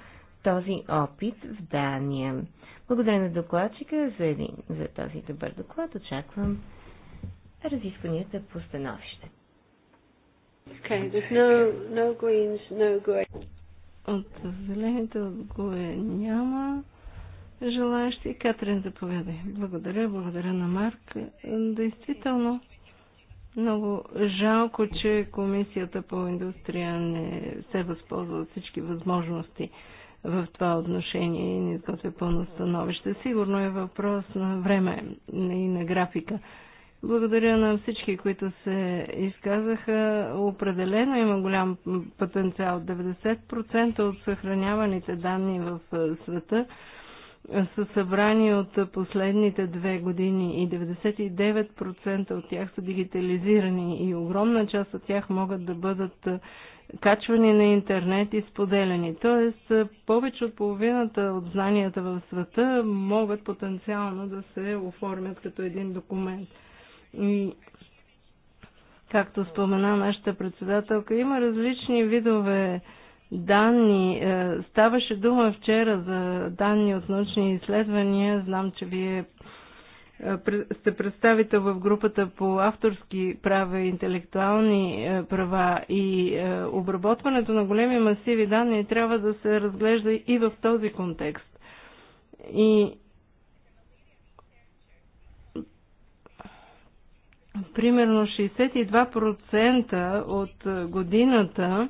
този опит в Дания. Благодаря на докладчика за, един, за този добър доклад. Очаквам разискванията по становище. Okay, no, no greens, no От зелените от няма желаящи. Катрин, заповядай. Благодаря, благодаря на Марк. Действително, много жалко, че Комисията по индустрия не се възползва от всички възможности в това отношение и не изготвя пълно становище. Сигурно е въпрос на време и на графика. Благодаря на всички, които се изказаха. Определено има голям потенциал. 90% от съхраняваните данни в е, света са събрани от последните две години и 99% от тях са дигитализирани и огромна част от тях могат да бъдат качвани на интернет и споделени. Тоест, повече от половината от знанията в света могат потенциално да се оформят като един документ. И както спомена нашата председателка, има различни видове данни. Е, ставаше дума вчера за данни от научни изследвания. Знам, че вие е, сте представител в групата по авторски права и интелектуални е, права и обработването на големи масиви данни трябва да се разглежда и в този контекст. И примерно 62% от годината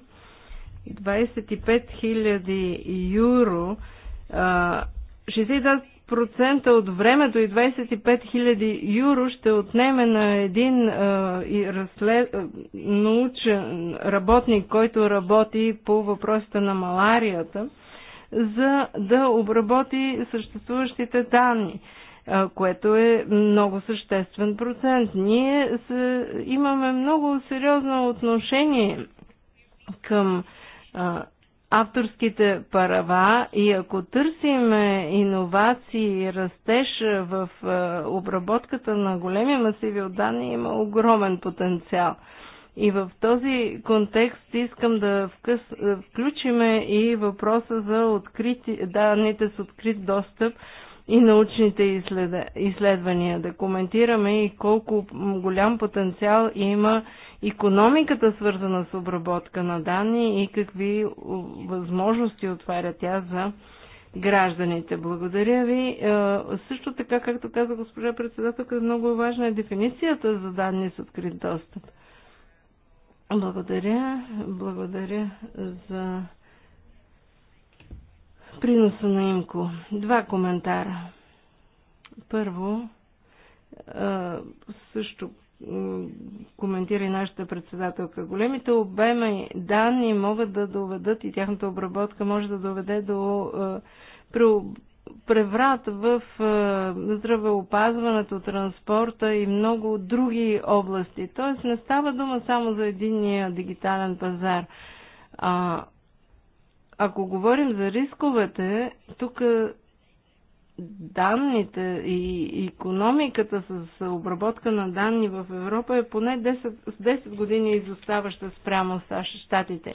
25 000 юро, 60% от времето и 25 000 юро ще отнеме на един разслед... научен работник, който работи по въпросите на маларията, за да обработи съществуващите данни което е много съществен процент. Ние имаме много сериозно отношение към авторските права и ако търсим е, иновации и растеж е, в е, обработката на големи масиви от данни, има огромен потенциал. И в този контекст искам да вкъс, включиме и въпроса за открити, данните с открит достъп и научните изследвания. Да коментираме и колко голям потенциал има економиката, свързана с обработка на данни и какви възможности отваря тя за гражданите. Благодаря ви. Е, също така, както каза госпожа председателка, много важна е дефиницията за данни с открит достъп. Благодаря. Благодаря за приноса на Имко. Два коментара. Първо, е, също коментира и нашата председателка. Големите обеми данни могат да доведат и тяхната обработка може да доведе до е, преврат в е, здравеопазването, транспорта и много други области. Тоест не става дума само за единния дигитален пазар. А, ако говорим за рисковете, тук данните и економиката с обработка на данни в Европа е поне 10, с 10 години изоставаща спрямо САЩ щатите.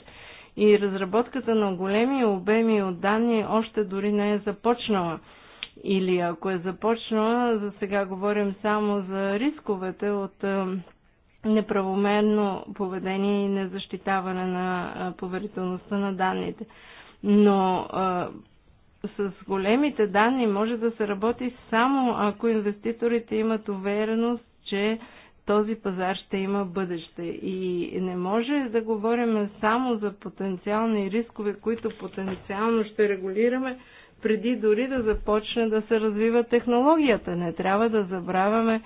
И разработката на големи обеми от данни още дори не е започнала. Или ако е започнала, за сега говорим само за рисковете от е, неправомерно поведение и незащитаване на е, поверителността на данните. Но е, с големите данни може да се работи само ако инвеститорите имат увереност, че този пазар ще има бъдеще. И не може да говорим само за потенциални рискове, които потенциално ще регулираме, преди дори да започне да се развива технологията. Не трябва да забравяме,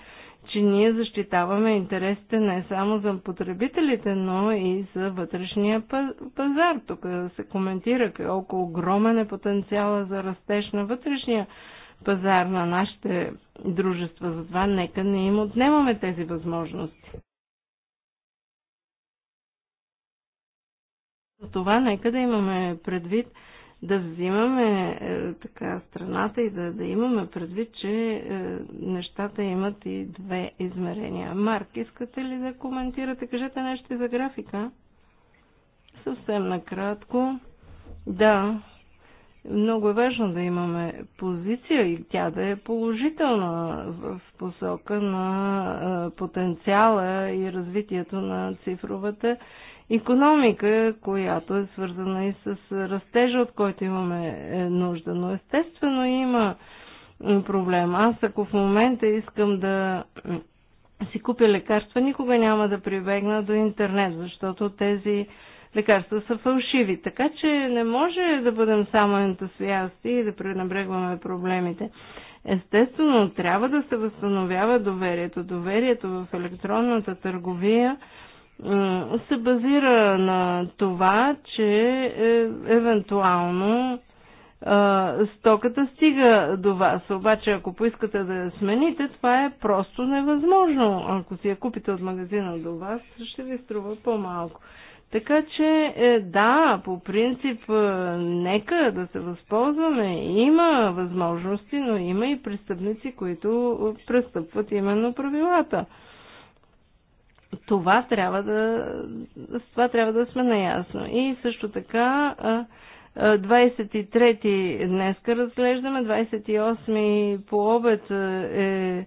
че ние защитаваме интересите не само за потребителите, но и за вътрешния пазар. Тук се коментира колко огромен е потенциала за растеж на вътрешния пазар на нашите дружества. Затова нека не им отнемаме тези възможности. За това нека да имаме предвид, да взимаме е, така страната и да, да имаме предвид, че е, нещата имат и две измерения. Марк, искате ли да коментирате? Кажете нещо за графика. Съвсем накратко. Да, много е важно да имаме позиция и тя да е положителна в посока на е, потенциала и развитието на цифровата економика, която е свързана и с растежа, от който имаме е, нужда. Но естествено има проблем. Аз ако в момента искам да си купя лекарства, никога няма да прибегна до интернет, защото тези лекарства са фалшиви. Така че не може да бъдем само ентусиасти и да пренебрегваме проблемите. Естествено, трябва да се възстановява доверието. Доверието в електронната търговия се базира на това, че е, евентуално стоката стига до вас. Обаче, ако поискате да я смените, това е просто невъзможно. Ако си я купите от магазина до вас, ще ви струва по-малко. Така че, е, да, по принцип, е, нека да се възползваме. Има възможности, но има и престъпници, които е, престъпват именно правилата това трябва да, с това трябва да сме наясно. И също така, 23-ти днеска разглеждаме, 28-ми по обед е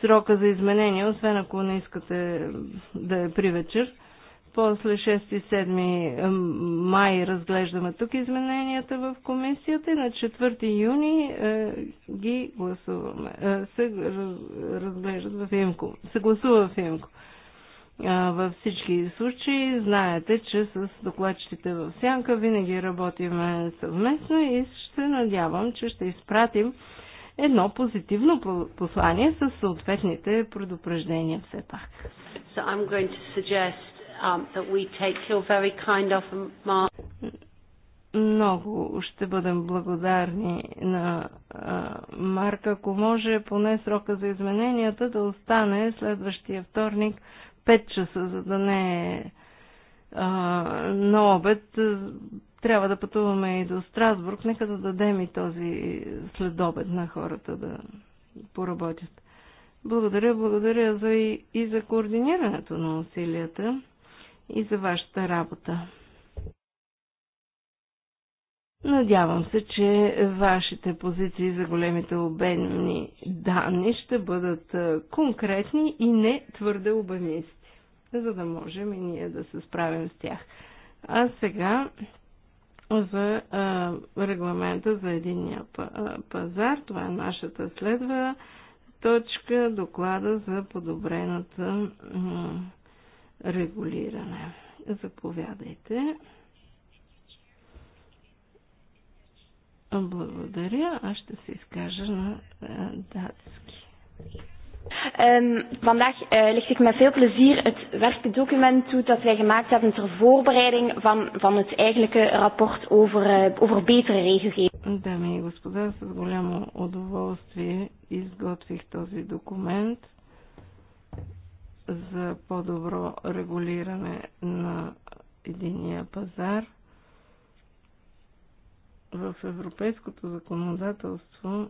срока за изменение, освен ако не искате да е при вечер. После 6-7 май разглеждаме тук измененията в комисията и на 4 юни е, ги гласуваме. Е, се разглеждат в ИМКО. Се гласува в ИМКО. Във всички случаи знаете, че с докладчите в Сянка винаги работиме съвместно и ще надявам, че ще изпратим едно позитивно послание с съответните предупреждения все пак. So I'm going to suggest um, that we take very kind Mark. Много ще бъдем благодарни на а, Марк, ако може поне срока за измененията да остане следващия вторник 5 часа, за да не е на обед. Трябва да пътуваме и до Страсбург. Нека да дадем и този следобед на хората да поработят. Благодаря, благодаря за и, и за координирането на усилията и за вашата работа. Надявам се, че вашите позиции за големите обемни данни ще бъдат конкретни и не твърде обемисти за да можем и ние да се справим с тях. А сега за а, регламента за единния пазар. Това е нашата следва точка, доклада за подобрената регулиране. Заповядайте. Благодаря. Аз ще се изкажа на датски. Um, vandaag uh, licht ik met veel plezier het werkdocument toe dat wij gemaakt hebben ter voorbereiding van, van het eigenlijke rapport over, uh, over betere regelgeving. Дами и господа, с голямо удоволствие изготвих този документ за по-добро регулиране на единия пазар. В европейското законодателство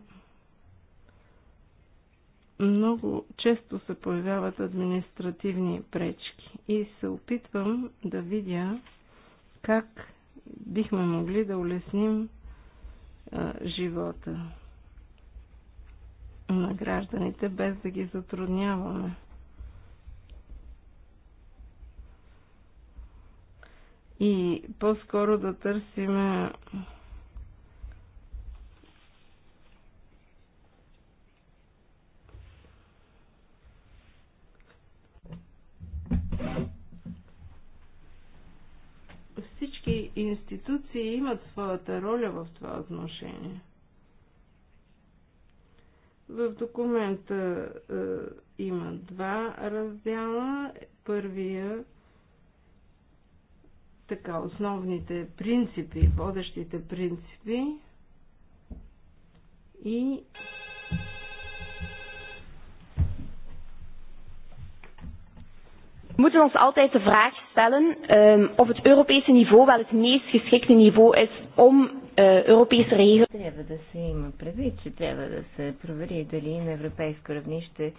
много често се появяват административни пречки и се опитвам да видя как бихме могли да улесним а, живота на гражданите, без да ги затрудняваме. И по-скоро да търсиме. всички институции имат своята роля в това отношение. В документа е, има два раздела. Първия така, основните принципи, водещите принципи и moeten we ons altijd de vraag stellen um, of het Europese niveau wel het meest geschikte niveau is om uh, Europese regels. Трябва да се има предвид, че трябва да се провери дали на европейско равнище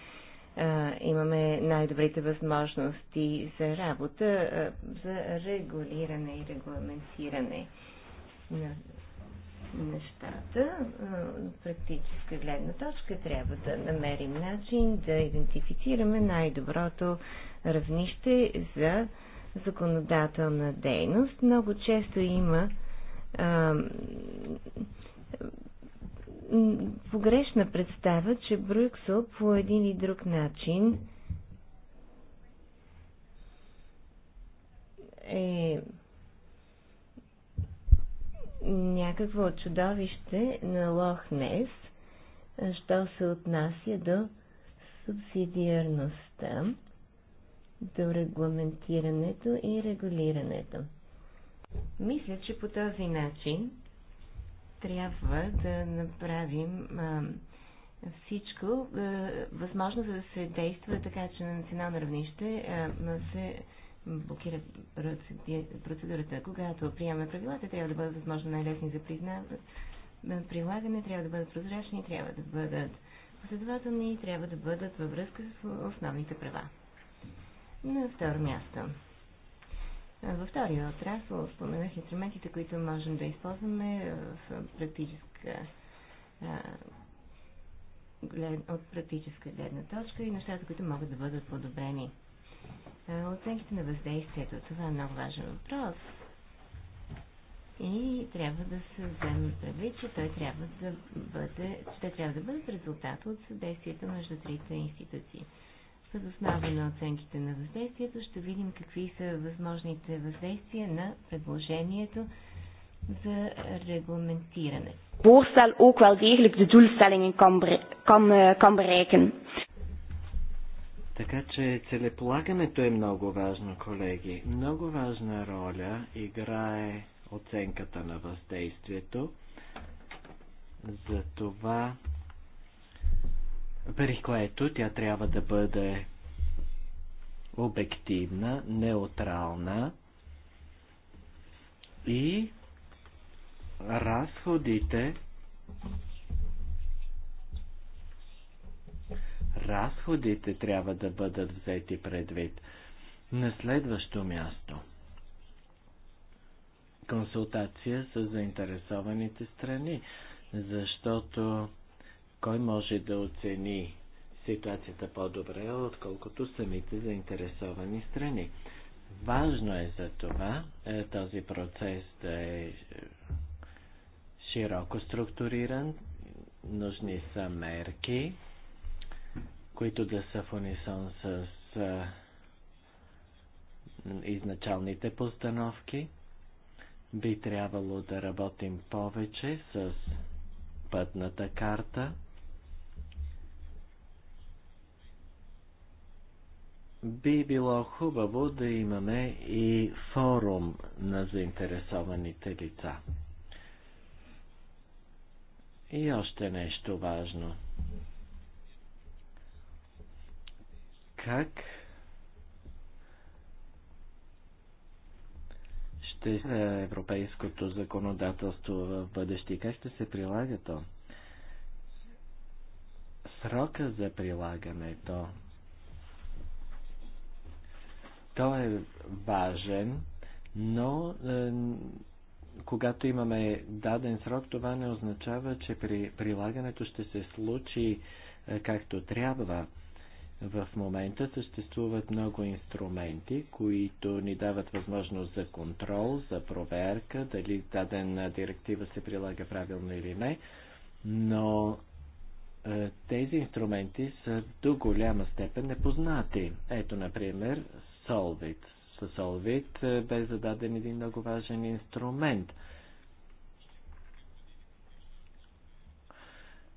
а, имаме най-добрите възможности за работа, за регулиране и регламентиране на нещата. От практическа гледна точка трябва да намерим начин да идентифицираме най-доброто равнище за законодателна дейност. Много често има а, погрешна представа, че Брюксел по един и друг начин е някакво чудовище на Лохнес, що се отнася до субсидиарността до регламентирането и регулирането. Мисля, че по този начин трябва да направим а, всичко а, възможно, за да се действа така, че на национално равнище а, се блокира процедурата. Когато приемаме правилата, трябва да бъдат възможно най-лесни за прилагане, трябва да бъдат прозрачни, трябва да бъдат последователни и трябва да бъдат във връзка с основните права. На второ място. Във втория отрасъл споменах инструментите, които можем да използваме е, в практическа, от практическа гледна точка и нещата, които могат да бъдат подобрени. Оценките на въздействието, това е много важен въпрос. И трябва да се вземе предвид, че той трябва да бъде, че те трябва да бъдат резултат от съдействието между трите институции. Въз основа на оценките на въздействието ще видим какви са възможните въздействия на предложението за регламентиране. Voorstel ook wel degelijk de doelstellingen kan, kan, eh, kan bereiken. Така че целеполагането е много важно, колеги. Много важна роля играе оценката на въздействието. За това при което тя трябва да бъде обективна, неутрална и разходите разходите трябва да бъдат взети предвид. На следващо място консултация с заинтересованите страни, защото кой може да оцени ситуацията по-добре, отколкото самите заинтересовани страни? Важно е за това е, този процес да е, е широко структуриран, нужни са мерки, които да са в унисон с е, изначалните постановки. Би трябвало да работим повече с пътната карта. би било хубаво да имаме и форум на заинтересованите лица. И още нещо важно. Как ще се европейското законодателство в бъдеще? Как ще се прилага то? Срока за прилагането той е важен, но е, когато имаме даден срок, това не означава, че при прилагането ще се случи е, както трябва. В момента съществуват много инструменти, които ни дават възможност за контрол, за проверка, дали дадена е, директива се прилага правилно или не, но е, тези инструменти са до голяма степен непознати. Ето, например, Solvit. Със Solvit е, бе зададен един много важен инструмент.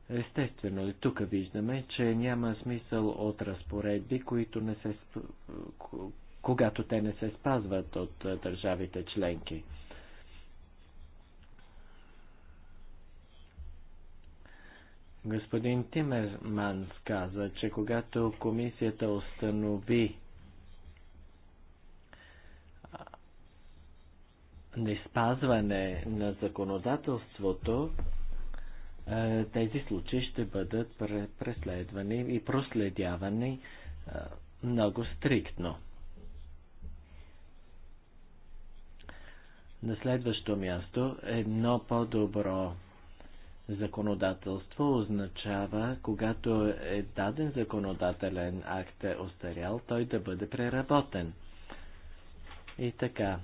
Естествено, и тук виждаме, че няма смисъл от разпоредби, които не се, когато те не се спазват от е, държавите членки. Господин Тимерман каза, че когато комисията установи неспазване на законодателството, е, тези случаи ще бъдат преследвани и проследявани е, много стриктно. На следващо място, едно по-добро законодателство означава, когато е даден законодателен акт е остарял, той да бъде преработен. И така,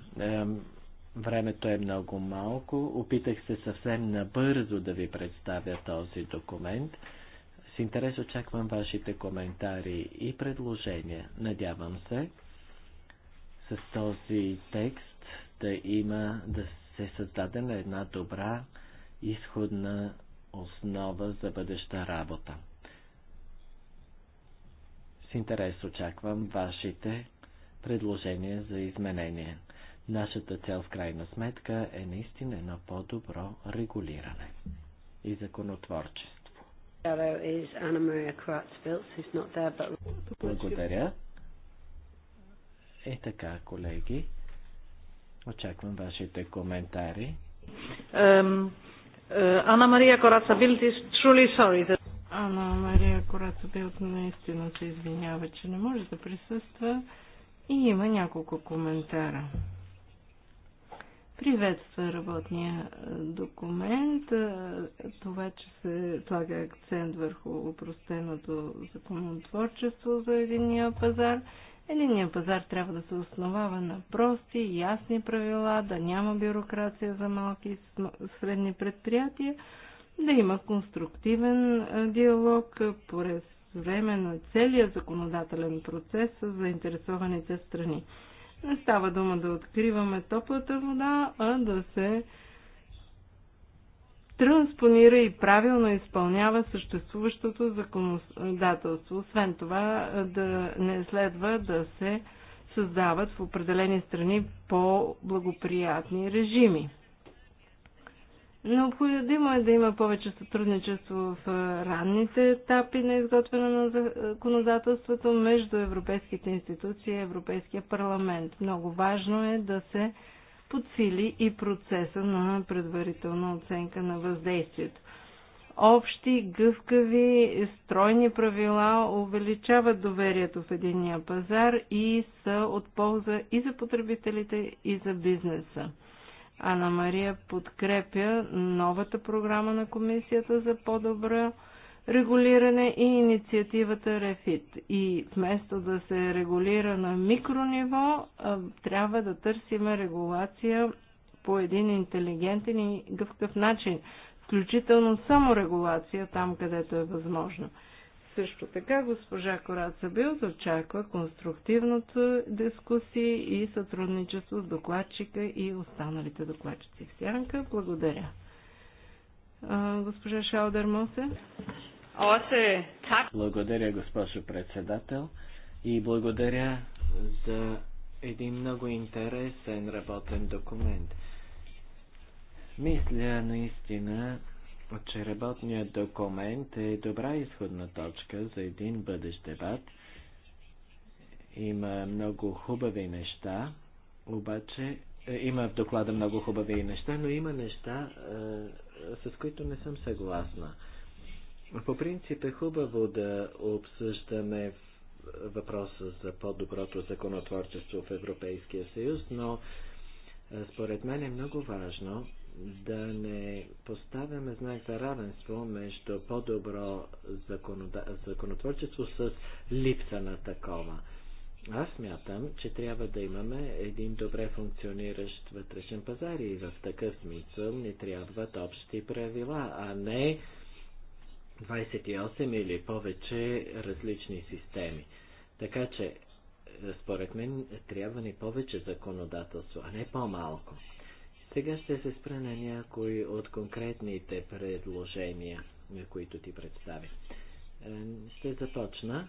Времето е много малко. Опитах се съвсем набързо да ви представя този документ. С интерес очаквам вашите коментари и предложения. Надявам се с този текст да има, да се създаде на една добра изходна основа за бъдеща работа. С интерес очаквам вашите предложения за изменения. Нашата цел в крайна сметка е наистина едно по-добро регулиране и законотворчество. Благодаря. Е така, колеги. Очаквам вашите коментари. Е, Ана Мария Корацабилт truly sorry. Ана Мария Кораца Корацабилт наистина се извинява, че не може да присъства и има няколко коментара приветства работния документ, това, че се слага акцент върху упростеното законотворчество за единия пазар. Единия пазар трябва да се основава на прости, ясни правила, да няма бюрокрация за малки и средни предприятия, да има конструктивен диалог през време на целия законодателен процес с заинтересованите страни. Не става дума да откриваме топлата вода, а да се транспонира и правилно изпълнява съществуващото законодателство. Освен това, да не следва да се създават в определени страни по-благоприятни режими. Необходимо е да има повече сътрудничество в ранните етапи на изготвяне на законодателството между европейските институции и Европейския парламент. Много важно е да се подсили и процеса на предварителна оценка на въздействието. Общи, гъвкави, стройни правила увеличават доверието в единия пазар и са от полза и за потребителите, и за бизнеса. Ана Мария подкрепя новата програма на Комисията за по-добра регулиране и инициативата Рефит. И вместо да се регулира на микрониво, трябва да търсим регулация по един интелигентен и гъвкав начин, включително саморегулация там, където е възможно. Също така госпожа Кораца Билз очаква конструктивното дискусии и сътрудничество с докладчика и останалите докладчици в Сянка. Благодаря. Госпожа Шаудер Мосе. Благодаря, госпожо председател. И благодаря за един много интересен работен документ. Мисля наистина, че работният документ е добра изходна точка за един бъдещ дебат. Има много хубави неща, обаче е, има в доклада много хубави неща, но има неща, е, с които не съм съгласна. По принцип е хубаво да обсъждаме въпроса за по-доброто законотворчество в Европейския съюз, но е, според мен е много важно да не поставяме знак за равенство между по-добро законода... законотворчество с липса на такова. Аз мятам, че трябва да имаме един добре функциониращ вътрешен пазар и в такъв смисъл ни трябват общи правила, а не 28 или повече различни системи. Така че, според мен, трябва ни повече законодателство, а не по-малко. Сега ще се спра на някои от конкретните предложения, които ти представи. Е, ще започна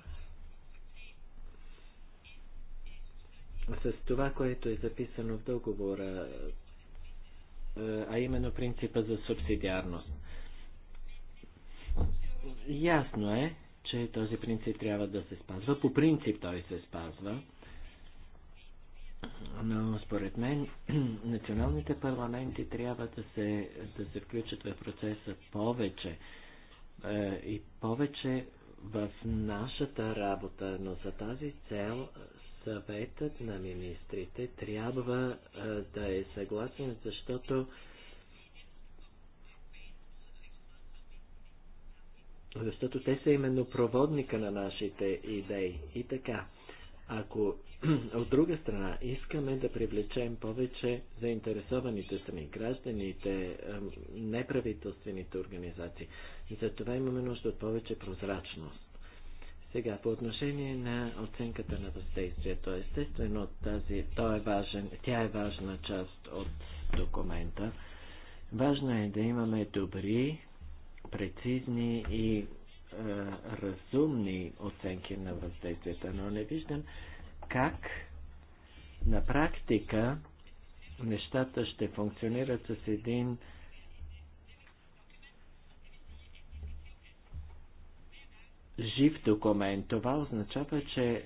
с това, което е записано в договора, е, а именно принципа за субсидиарност. Ясно е, че този принцип трябва да се спазва. По принцип той се спазва. Но според мен (clears throat) националните парламенти трябва да се, да се включат в процеса повече е, и повече в нашата работа, но за тази цел съветът на министрите трябва е, да е съгласен, защото защото те са именно проводника на нашите идеи. И така, ако от друга страна, искаме да привлечем повече заинтересованите страни, гражданите, неправителствените организации. И за това имаме нужда от повече прозрачност. Сега, по отношение на оценката на въздействието, естествено тази, то е важен, тя е важна част от документа. Важно е да имаме добри, прецизни и е, разумни оценки на въздействията, но не виждам как на практика нещата ще функционират с един жив документ. Това означава, че е,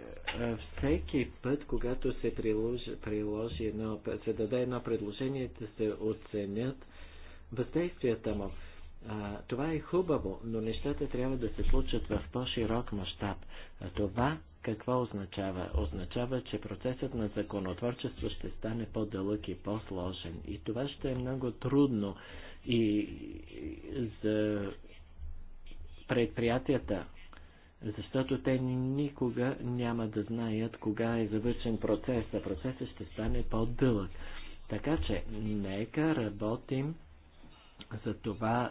всеки път, когато се приложи, приложи едно, се даде едно предложение да се оценят въздействията му. А, това е хубаво, но нещата трябва да се случат в по-широк мащаб. А това какво означава? Означава, че процесът на законотворчество ще стане по-дълъг и по-сложен. И това ще е много трудно и за предприятията, защото те никога няма да знаят кога е завършен процес, а Процесът ще стане по-дълъг. Така че, нека работим за това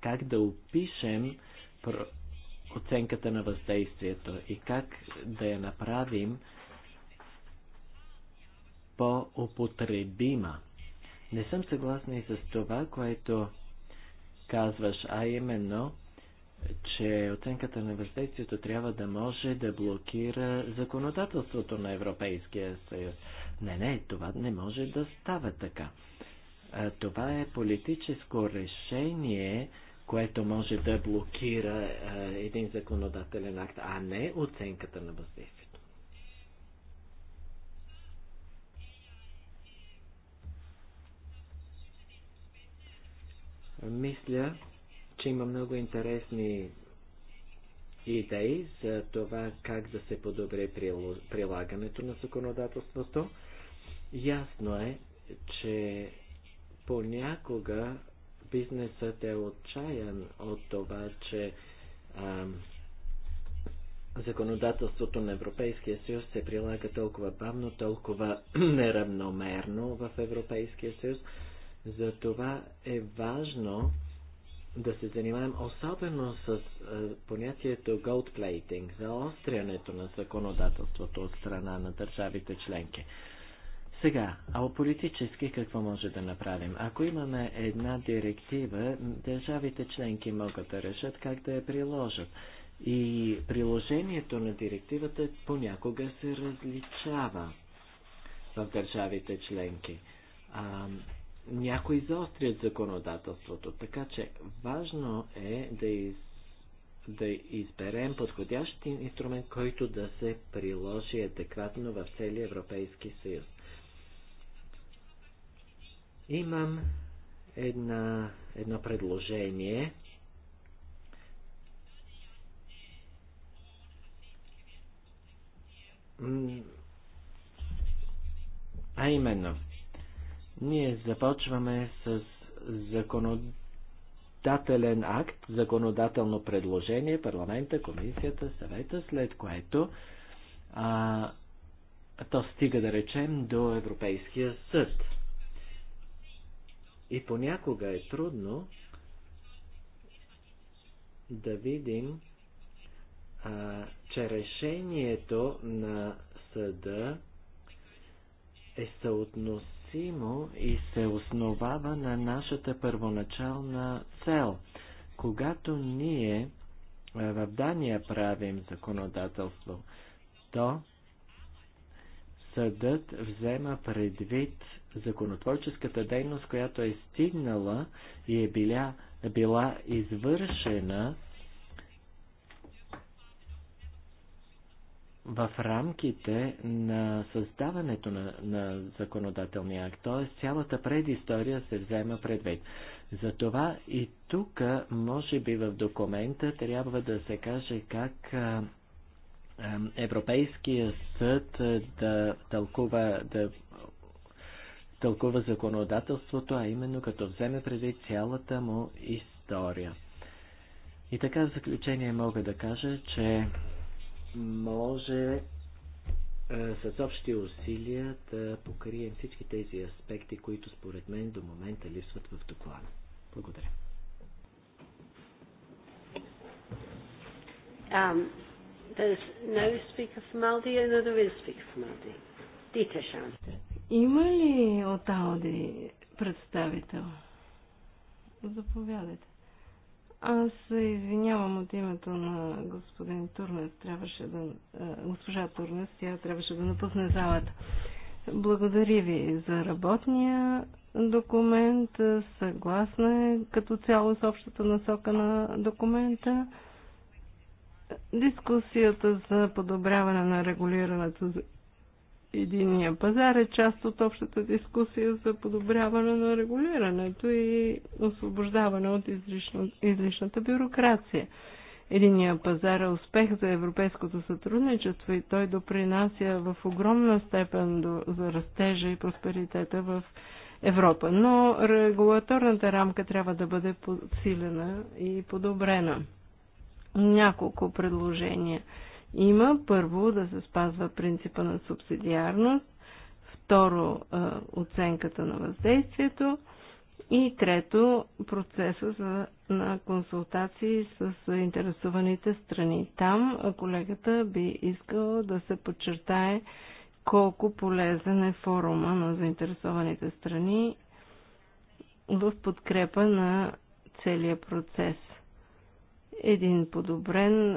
как да опишем оценката на въздействието и как да я направим по-употребима. Не съм съгласна и с това, което казваш, а именно, че оценката на въздействието трябва да може да блокира законодателството на Европейския съюз. Не, не, това не може да става така. Това е политическо решение, което може да блокира е, един законодателен акт, а не оценката на въздействието. Мисля, че има много интересни идеи за това как да се подобри прилагането на законодателството. Ясно е, че понякога бизнесът е отчаян от това, че а, законодателството на Европейския съюз се прилага толкова бавно, толкова (clears throat) неравномерно в Европейския съюз. Затова е важно да се занимаем особено с понятието gold plating, заострянето на законодателството от страна на държавите членки. Сега, а политически какво може да направим? Ако имаме една директива, държавите членки могат да решат как да я приложат. И приложението на директивата понякога се различава в държавите членки. А, някои заострят законодателството, така че важно е да, из, да изберем подходящ инструмент, който да се приложи адекватно в целия Европейски съюз. Имам една, едно предложение. А именно, ние започваме с законодателен акт, законодателно предложение, парламента, комисията, съвета, след което а, то стига да речем до Европейския съд. И понякога е трудно да видим, а, че решението на съда е съотносимо и се основава на нашата първоначална цел. Когато ние в Дания правим законодателство, то съдът взема предвид законотворческата дейност, която е стигнала и е била, била извършена в рамките на създаването на, на законодателния акт, т.е. цялата предистория се взема предвид. Затова и тук, може би в документа, трябва да се каже как Европейския съд да тълкува, да тълкува законодателството, а именно като вземе преди цялата му история. И така в заключение мога да кажа, че може е, с общи усилия да покрием всички тези аспекти, които според мен до момента липсват в доклада. Благодаря. Um, there's no speaker from Aldi, there is speaker from Aldi. Dieter Schanster. Има ли от Ауди представител? Заповядайте. Аз се извинявам от името на господин Турнес. Трябваше да, е, госпожа Турнес, тя трябваше да напусне залата. Благодаря ви за работния документ. Съгласна е като цяло с общата насока на документа. Дискусията за подобряване на регулирането единия пазар е част от общата дискусия за подобряване на регулирането и освобождаване от излишна, излишната бюрокрация. Единия пазар е успех за европейското сътрудничество и той допринася в огромна степен до, за растежа и просперитета в Европа. Но регулаторната рамка трябва да бъде подсилена и подобрена. Няколко предложения – има първо да се спазва принципа на субсидиарност, второ оценката на въздействието и трето процеса за, на консултации с интересуваните страни. Там колегата би искал да се подчертае колко полезен е форума на заинтересованите страни в подкрепа на целия процес един подобрен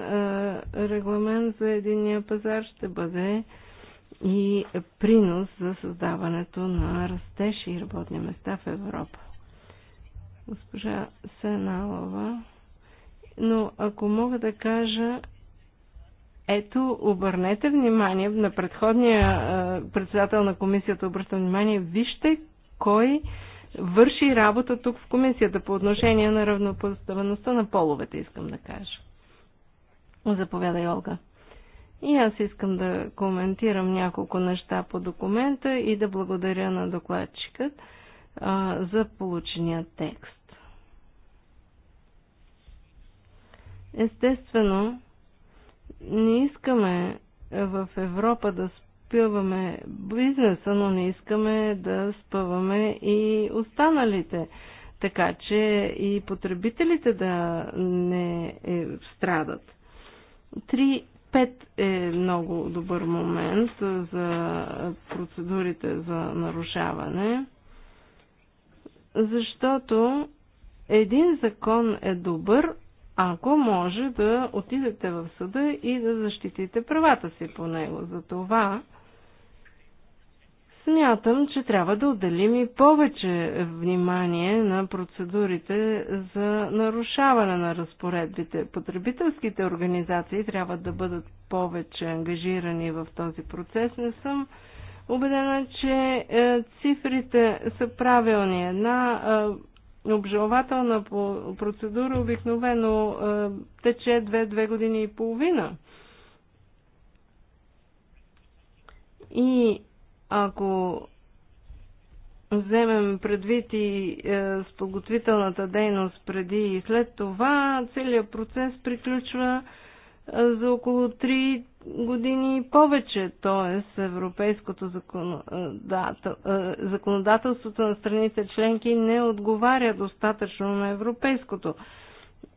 регламент за единния пазар ще бъде и принос за създаването на растеж и работни места в Европа. Госпожа Сеналова, но ако мога да кажа, ето, обърнете внимание, на предходния председател на комисията обръща внимание, вижте кой върши работа тук в комисията по отношение на равнопоставеността на половете, искам да кажа. Заповядай, Олга. И аз искам да коментирам няколко неща по документа и да благодаря на докладчикът а, за получения текст. Естествено, не искаме в Европа да разпилваме бизнеса, но не искаме да спъваме и останалите. Така че и потребителите да не е, страдат. 3 5 е много добър момент за процедурите за нарушаване, защото един закон е добър, ако може да отидете в съда и да защитите правата си по него. За това Смятам, че трябва да отделим и повече внимание на процедурите за нарушаване на разпоредбите. Потребителските организации трябва да бъдат повече ангажирани в този процес. Не съм убедена, че е, цифрите са правилни. Една е, обжалвателна процедура обикновено е, тече 2-2 години и половина. И ако вземем предвид и е, споготвителната дейност преди и след това, целият процес приключва е, за около 3 години и повече, т.е. европейското законодател... е, законодателството на страните членки не отговаря достатъчно на европейското.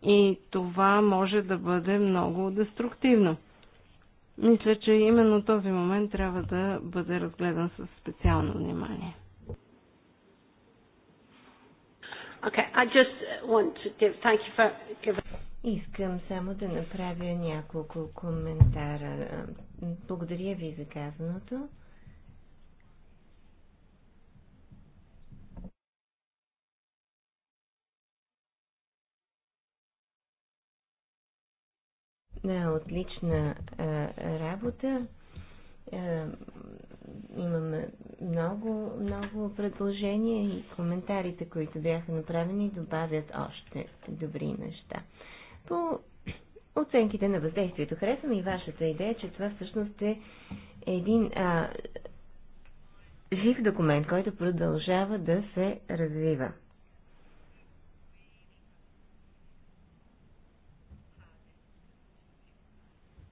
И това може да бъде много деструктивно. Мисля, че именно този момент трябва да бъде разгледан с специално внимание. Okay, I just want to give, thank you for Искам само да направя няколко коментара. Благодаря ви за казаното. отлична работа. Имаме много, много предложения и коментарите, които бяха направени, добавят още добри неща. По оценките на въздействието харесвам и вашата идея, че това всъщност е един а, жив документ, който продължава да се развива.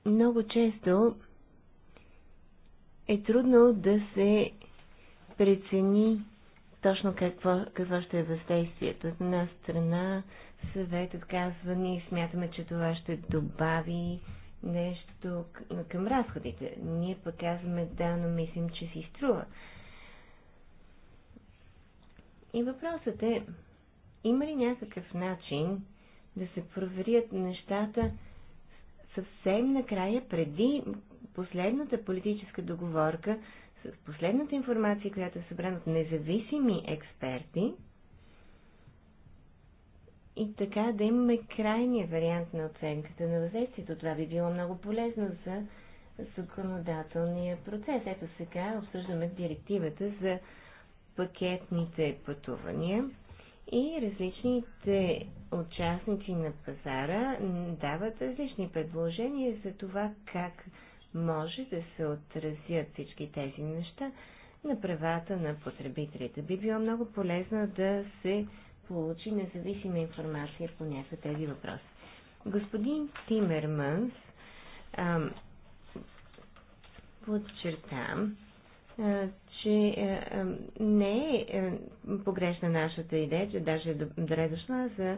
много често е трудно да се прецени точно какво, какво ще е въздействието. От една страна съветът казва, ние смятаме, че това ще добави нещо към разходите. Ние пък казваме, да, но мислим, че си струва. И въпросът е, има ли някакъв начин да се проверят нещата съвсем накрая, преди последната политическа договорка, с последната информация, която е събрана от независими експерти, и така да имаме крайния вариант на оценката на въздействието. Това би било много полезно за законодателния процес. Ето сега обсъждаме директивата за пакетните пътувания и различните участници на пазара дават различни предложения за това как може да се отразят всички тези неща на правата на потребителите. Би било много полезно да се получи независима информация по някакви тези въпроси. Господин Тимерманс подчертам, е, че е, е, не е погрешна нашата идея, че даже е добре дошла за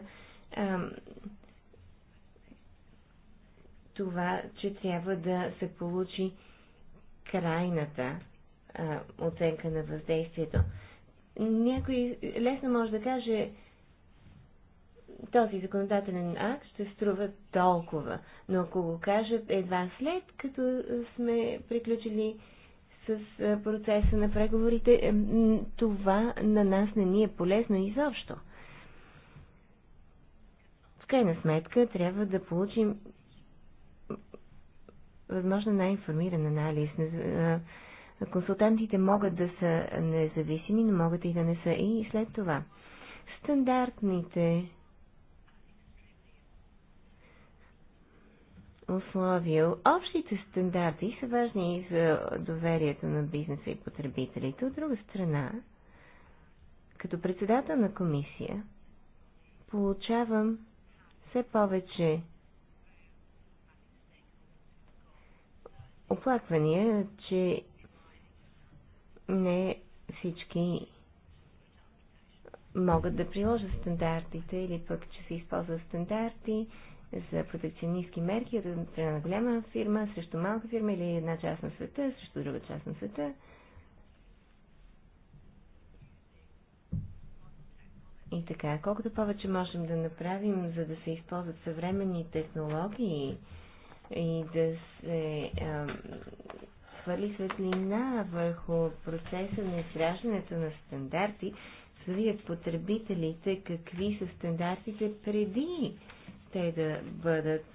това, че трябва да се получи крайната оценка на въздействието. Някой лесно може да каже, този законодателен акт ще струва толкова, но ако го кажат едва след, като сме приключили с е, процеса на преговорите, това на нас не ни е полезно изобщо. В крайна сметка трябва да получим възможно най-информиран анализ. Е, консултантите могат да са независими, но могат и да не са. И след това стандартните условия. Общите стандарти са важни и за доверието на бизнеса и потребителите. От друга страна, като председател на комисия, получавам все повече оплаквания, че не всички могат да приложат стандартите или пък, че се използват стандарти, за протекционистки мерки от страна на голяма фирма срещу малка фирма или една част на света срещу друга част на света. И така, колкото повече можем да направим, за да се използват съвременни технологии и да се а, хвърли светлина върху процеса на изграждането на стандарти, за да видят потребителите какви са стандартите преди те да бъдат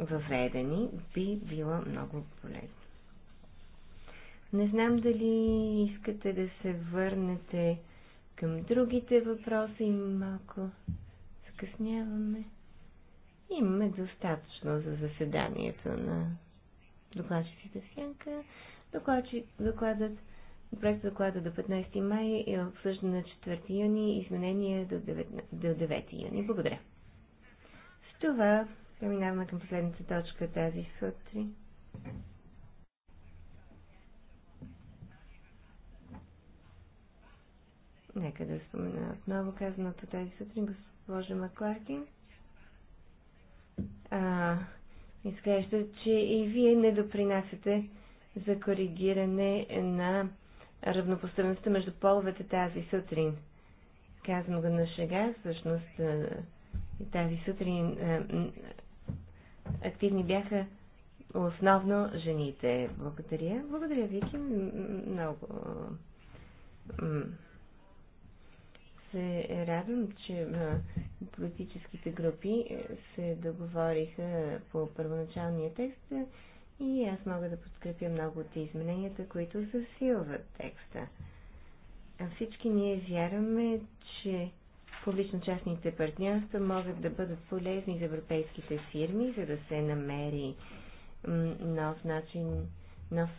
въведени, би било много полезно. Не знам дали искате да се върнете към другите въпроси. Малко скъсняваме. Имаме достатъчно за заседанието на докладчиците в Сянка. докладът Проект за доклада до 15 май е обсъждан на 4 юни, изменение до 9, до 9 юни. Благодаря. С това преминаваме към последната точка тази сутрин. Нека да спомена отново казаното тази сутрин, госпожа Макларкин. А, изглежда, че и вие не допринасяте за коригиране на равнопоставеността между половете тази сутрин. Казвам го на шега, всъщност е, тази сутрин е, активни бяха основно жените. Благодаря. Благодаря, Вики. Много се радвам, че е, политическите групи се договориха по първоначалния текст и аз мога да подкрепя много от измененията, които засилват текста. А Всички ние вярваме, че публично-частните партньорства могат да бъдат полезни за европейските фирми, за да се намери нов начин, нов,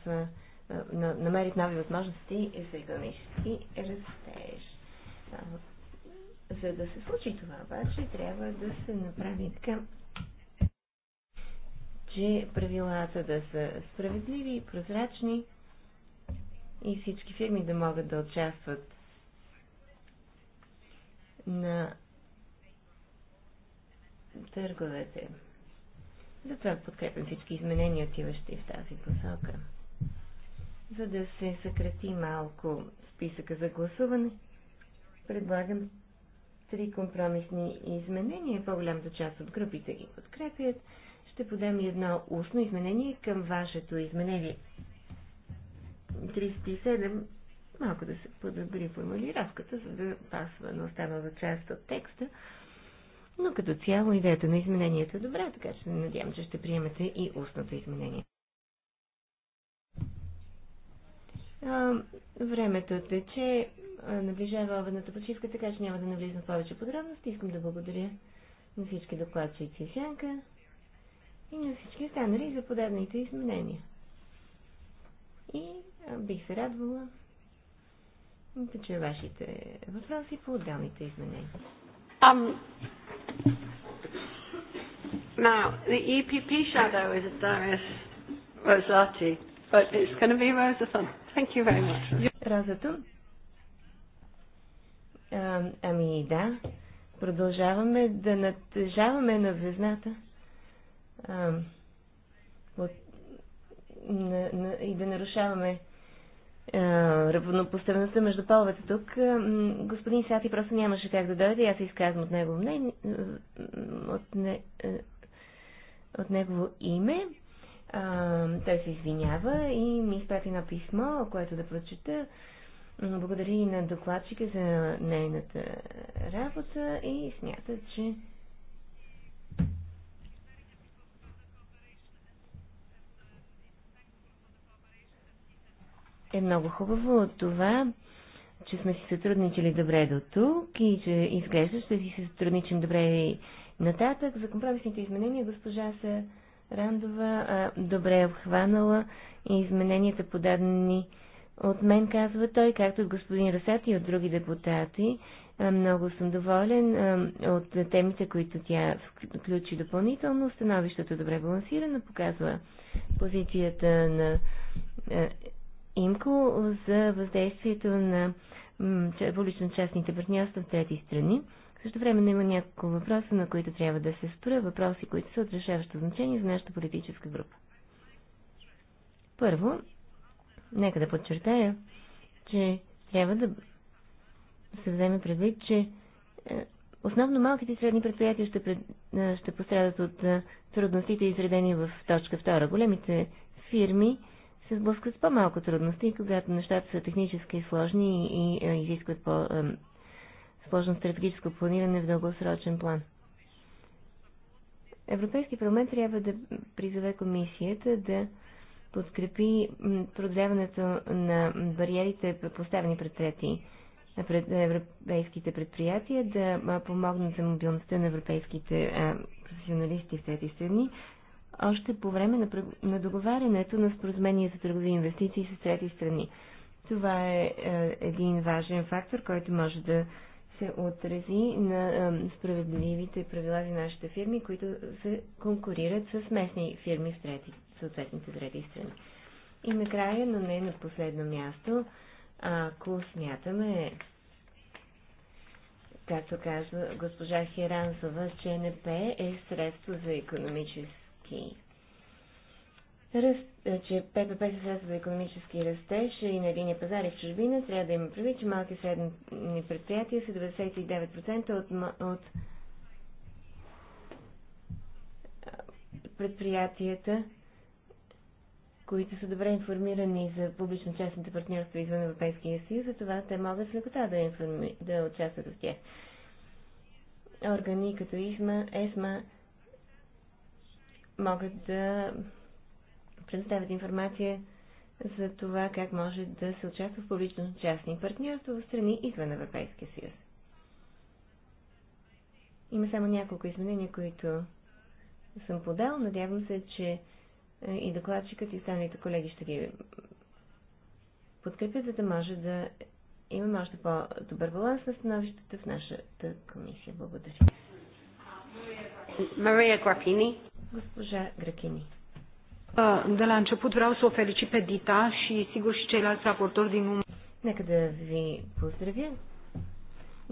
намерят нови възможности за економически растеж. За да се случи това обаче, трябва да се направи така, че правилата да са справедливи, прозрачни и всички фирми да могат да участват на търговете. Затова подкрепям всички изменения, отиващи в тази посока. За да се съкрати малко списъка за гласуване, предлагам три компромисни изменения. По-голямата част от групите ги подкрепят ще подам и едно устно изменение към вашето изменение. 37 малко да се подобри формулировката, за да пасва на останала част от текста. Но като цяло идеята на изменението е добра, така че надявам, че ще приемете и устното изменение. А, времето тече, наближава обедната почивка, така че няма да навлизам повече подробности. Искам да благодаря на всички докладчици и сянка и на всички останали за подадените изменения. И бих се радвала да чуя вашите въпроси по отделните изменения. Um, now, the EPP shadow is Darius Rosati, but it's going to be Rosa Thun. Thank you very much. Роза Тун? Um, ами да, продължаваме да натежаваме на везната а, от, на, на, и да нарушаваме равнопоставеността между половете тук. Господин Сати просто нямаше как да дойде аз се изказвам от негово, мнение, от не, от негово име. А, той се извинява и ми изпрати едно писмо, което да прочета. Благодаря и на докладчика за нейната работа и смята, че е много хубаво от това, че сме си сътрудничили добре до тук и че изглежда ще си сътрудничим добре и нататък. За компромисните изменения госпожа се Рандова а, добре е обхванала и измененията подадени от мен, казва той, както от господин Расат и от други депутати. А, много съм доволен а, от темите, които тя включи допълнително. Становището е добре балансирано показва позицията на ИМКО за въздействието на публично-частните партньорства в трети страни. Също време има няколко въпроса, на които трябва да се спра, въпроси, които са от решаващо значение за нашата политическа група. Първо, нека да подчертая, че трябва да се вземе предвид, че е, основно малките и средни предприятия ще, пред, е, ще пострадат от е, трудностите, изредени в точка втора. Големите фирми се сблъскват с по-малко трудности, когато нещата са технически сложни и изискват по-сложно стратегическо планиране в дългосрочен план. Европейски парламент трябва да призове комисията да подкрепи продължаването на бариерите, поставени пред трети пред европейските предприятия, да помогнат за мобилността на европейските професионалисти в тези страни, още по време на, на договарянето на споразумение за търгови инвестиции с трети страни. Това е, е, един важен фактор, който може да се отрази на справедливите правила за нашите фирми, които се конкурират с местни фирми в трети, съответните трети страни. И накрая, но не на последно място, ако смятаме, както казва госпожа Херанзова, че НП е средство за економически партии. Е, че ППП се средства за економически растеж и на единия пазар и в чужбина, трябва да има предвид, че малки и средни предприятия са 99% от, от предприятията, които са добре информирани за публично-частните партньорства извън Европейския съюз, за това те могат с лекота да, информи... да участват в тях. Органи като ИСМА, ЕСМА могат да предоставят информация за това как може да се участва в публично-частни партньорства в страни извън Европейския съюз. Има само няколко изменения, които съм подал. Надявам се, че е, и докладчикът и останалите колеги ще ги подкрепят, за да може да имаме още по-добър баланс на становищата в нашата комисия. Благодаря. Мария Грапини. Госпожа Гракини. De la început vreau să o felicit pe Dita și sigur și ceilalți raportori din umbră. Нека да ви поздравя,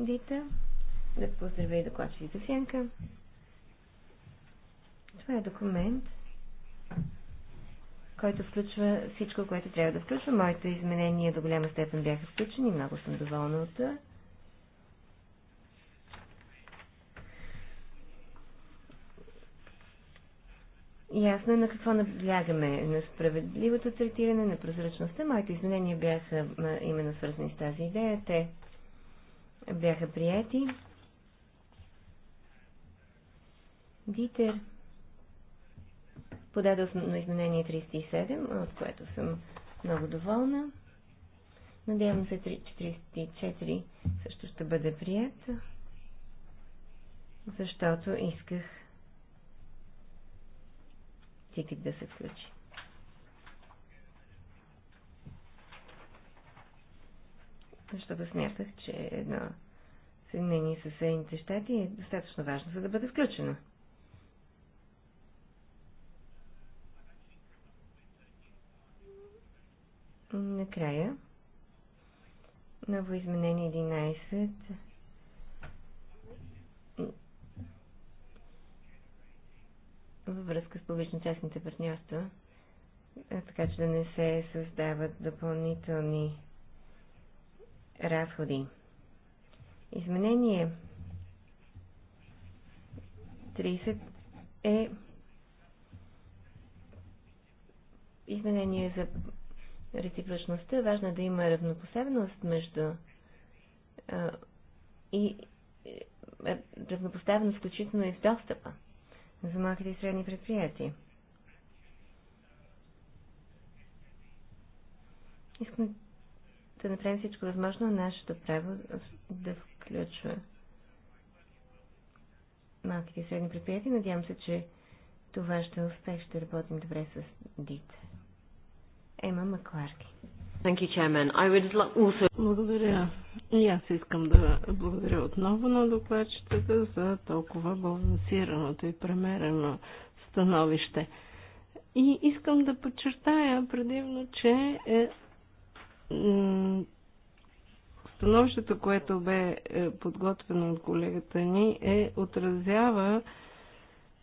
Дита, да поздравя и докладчиците Сянка. Това е документ, който включва всичко, което трябва да включва. Моите изменения до голяма степен бяха включени, много съм доволна от това. Ясно е на какво наблягаме. На справедливото третиране, на прозрачността. Моите изменения бяха именно свързани с тази идея. Те бяха прияти. Дитер подаде на изменение 37, от което съм много доволна. Надявам се 44 също ще бъде прият, защото исках ТИТИП да се включи. Защото смятах, че едно съединение с Съединените щати е достатъчно важно, за да бъде включено. Накрая, ново изменение 11 във връзка с публично-частните партньорства, така че да не се създават допълнителни разходи. Изменение 30 е изменение за реципрочността. Важно е да има равнопоставеност между а, и равнопоставеност включително и в достъпа за малките и средни предприятия. Искам да направим всичко възможно нашето право да включва малките и средни предприятия. Надявам се, че това ще е успех. Ще работим добре с ДИТ. Ема Макларки. Thank you, Chairman. I would also... Благодаря. И аз искам да благодаря отново на докладчетата за толкова балансираното и премерено становище. И искам да подчертая предимно, че е, становището, което бе е, подготвено от колегата ни, е отразява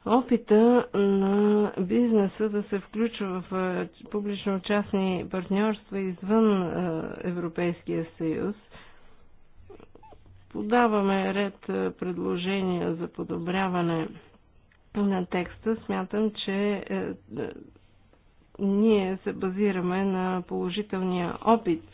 Опита на бизнеса да се включва в публично-частни партньорства извън Европейския съюз. Подаваме ред предложения за подобряване на текста. Смятам, че ние се базираме на положителния опит –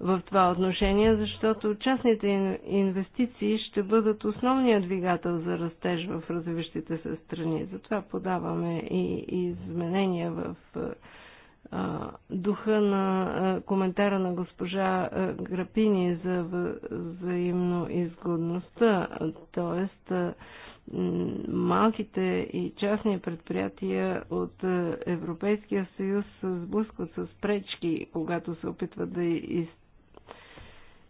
в това отношение, защото частните инвестиции ще бъдат основният двигател за растеж в развиващите се страни. Затова подаваме и изменения в духа на коментара на госпожа Грапини за взаимно изгодността, т.е. малките и частни предприятия от Европейския съюз се сблъскват с пречки, когато се опитват да изтърват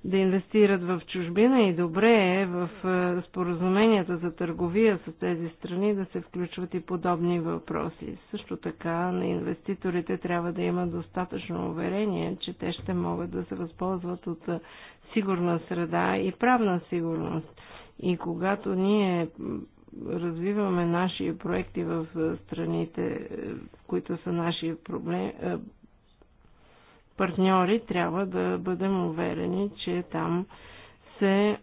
да инвестират в чужбина и добре е в е, споразуменията за търговия с тези страни да се включват и подобни въпроси. Също така на инвеститорите трябва да има достатъчно уверение, че те ще могат да се възползват от е, сигурна среда и правна сигурност. И когато ние развиваме наши проекти в е, страните, които са наши проблеми, партньори, трябва да бъдем уверени, че там се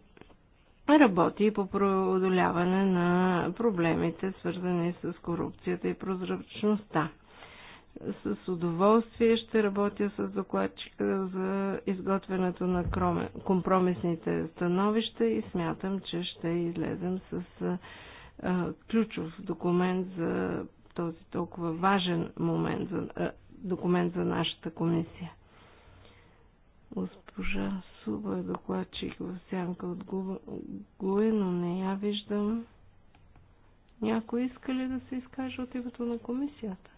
работи по преодоляване на проблемите, свързани с корупцията и прозрачността. С удоволствие ще работя с докладчика за изготвянето на компромисните становища и смятам, че ще излезем с ключов документ за този толкова важен момент, документ за нашата комисия. Госпожа Суба е докладчик в сянка от Гуи, но не я виждам. Някой иска ли да се изкаже от името на комисията?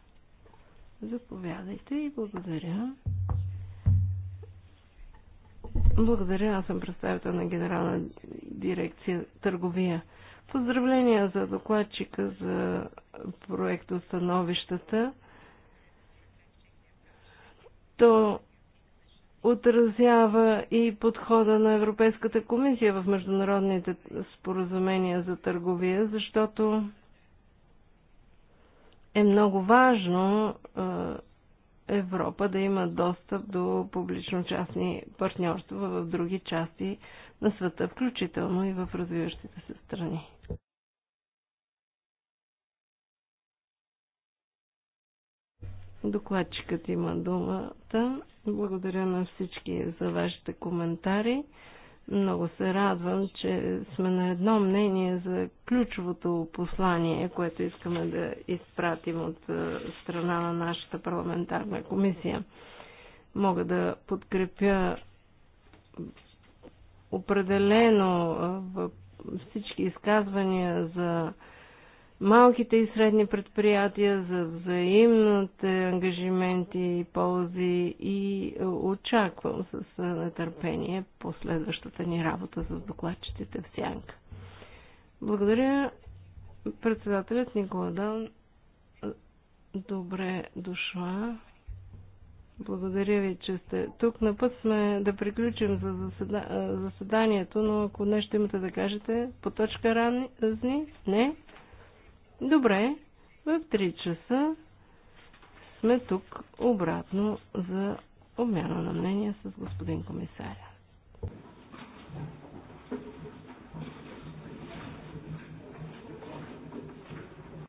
Заповядайте и благодаря. Благодаря, аз съм представител на Генерална дирекция търговия. Поздравления за докладчика за проекта становищата. То отразява и подхода на Европейската комисия в международните споразумения за търговия, защото е много важно Европа да има достъп до публично-частни партньорства в други части на света, включително и в развиващите се страни. Докладчикът има думата. Благодаря на всички за вашите коментари. Много се радвам, че сме на едно мнение за ключовото послание, което искаме да изпратим от страна на нашата парламентарна комисия. Мога да подкрепя определено всички изказвания за малките и средни предприятия, за взаимните ангажименти и ползи и е, очаквам с е, нетърпение последващата ни работа с докладчиците в Сянка. Благодаря председателят Никола Дан. Е, добре дошла. Благодаря ви, че сте тук. На път сме да приключим за заседа... заседанието, но ако нещо имате да кажете по точка ранни, не, Добре, в 3 часа сме тук обратно за обмяна на мнения с господин комисаря.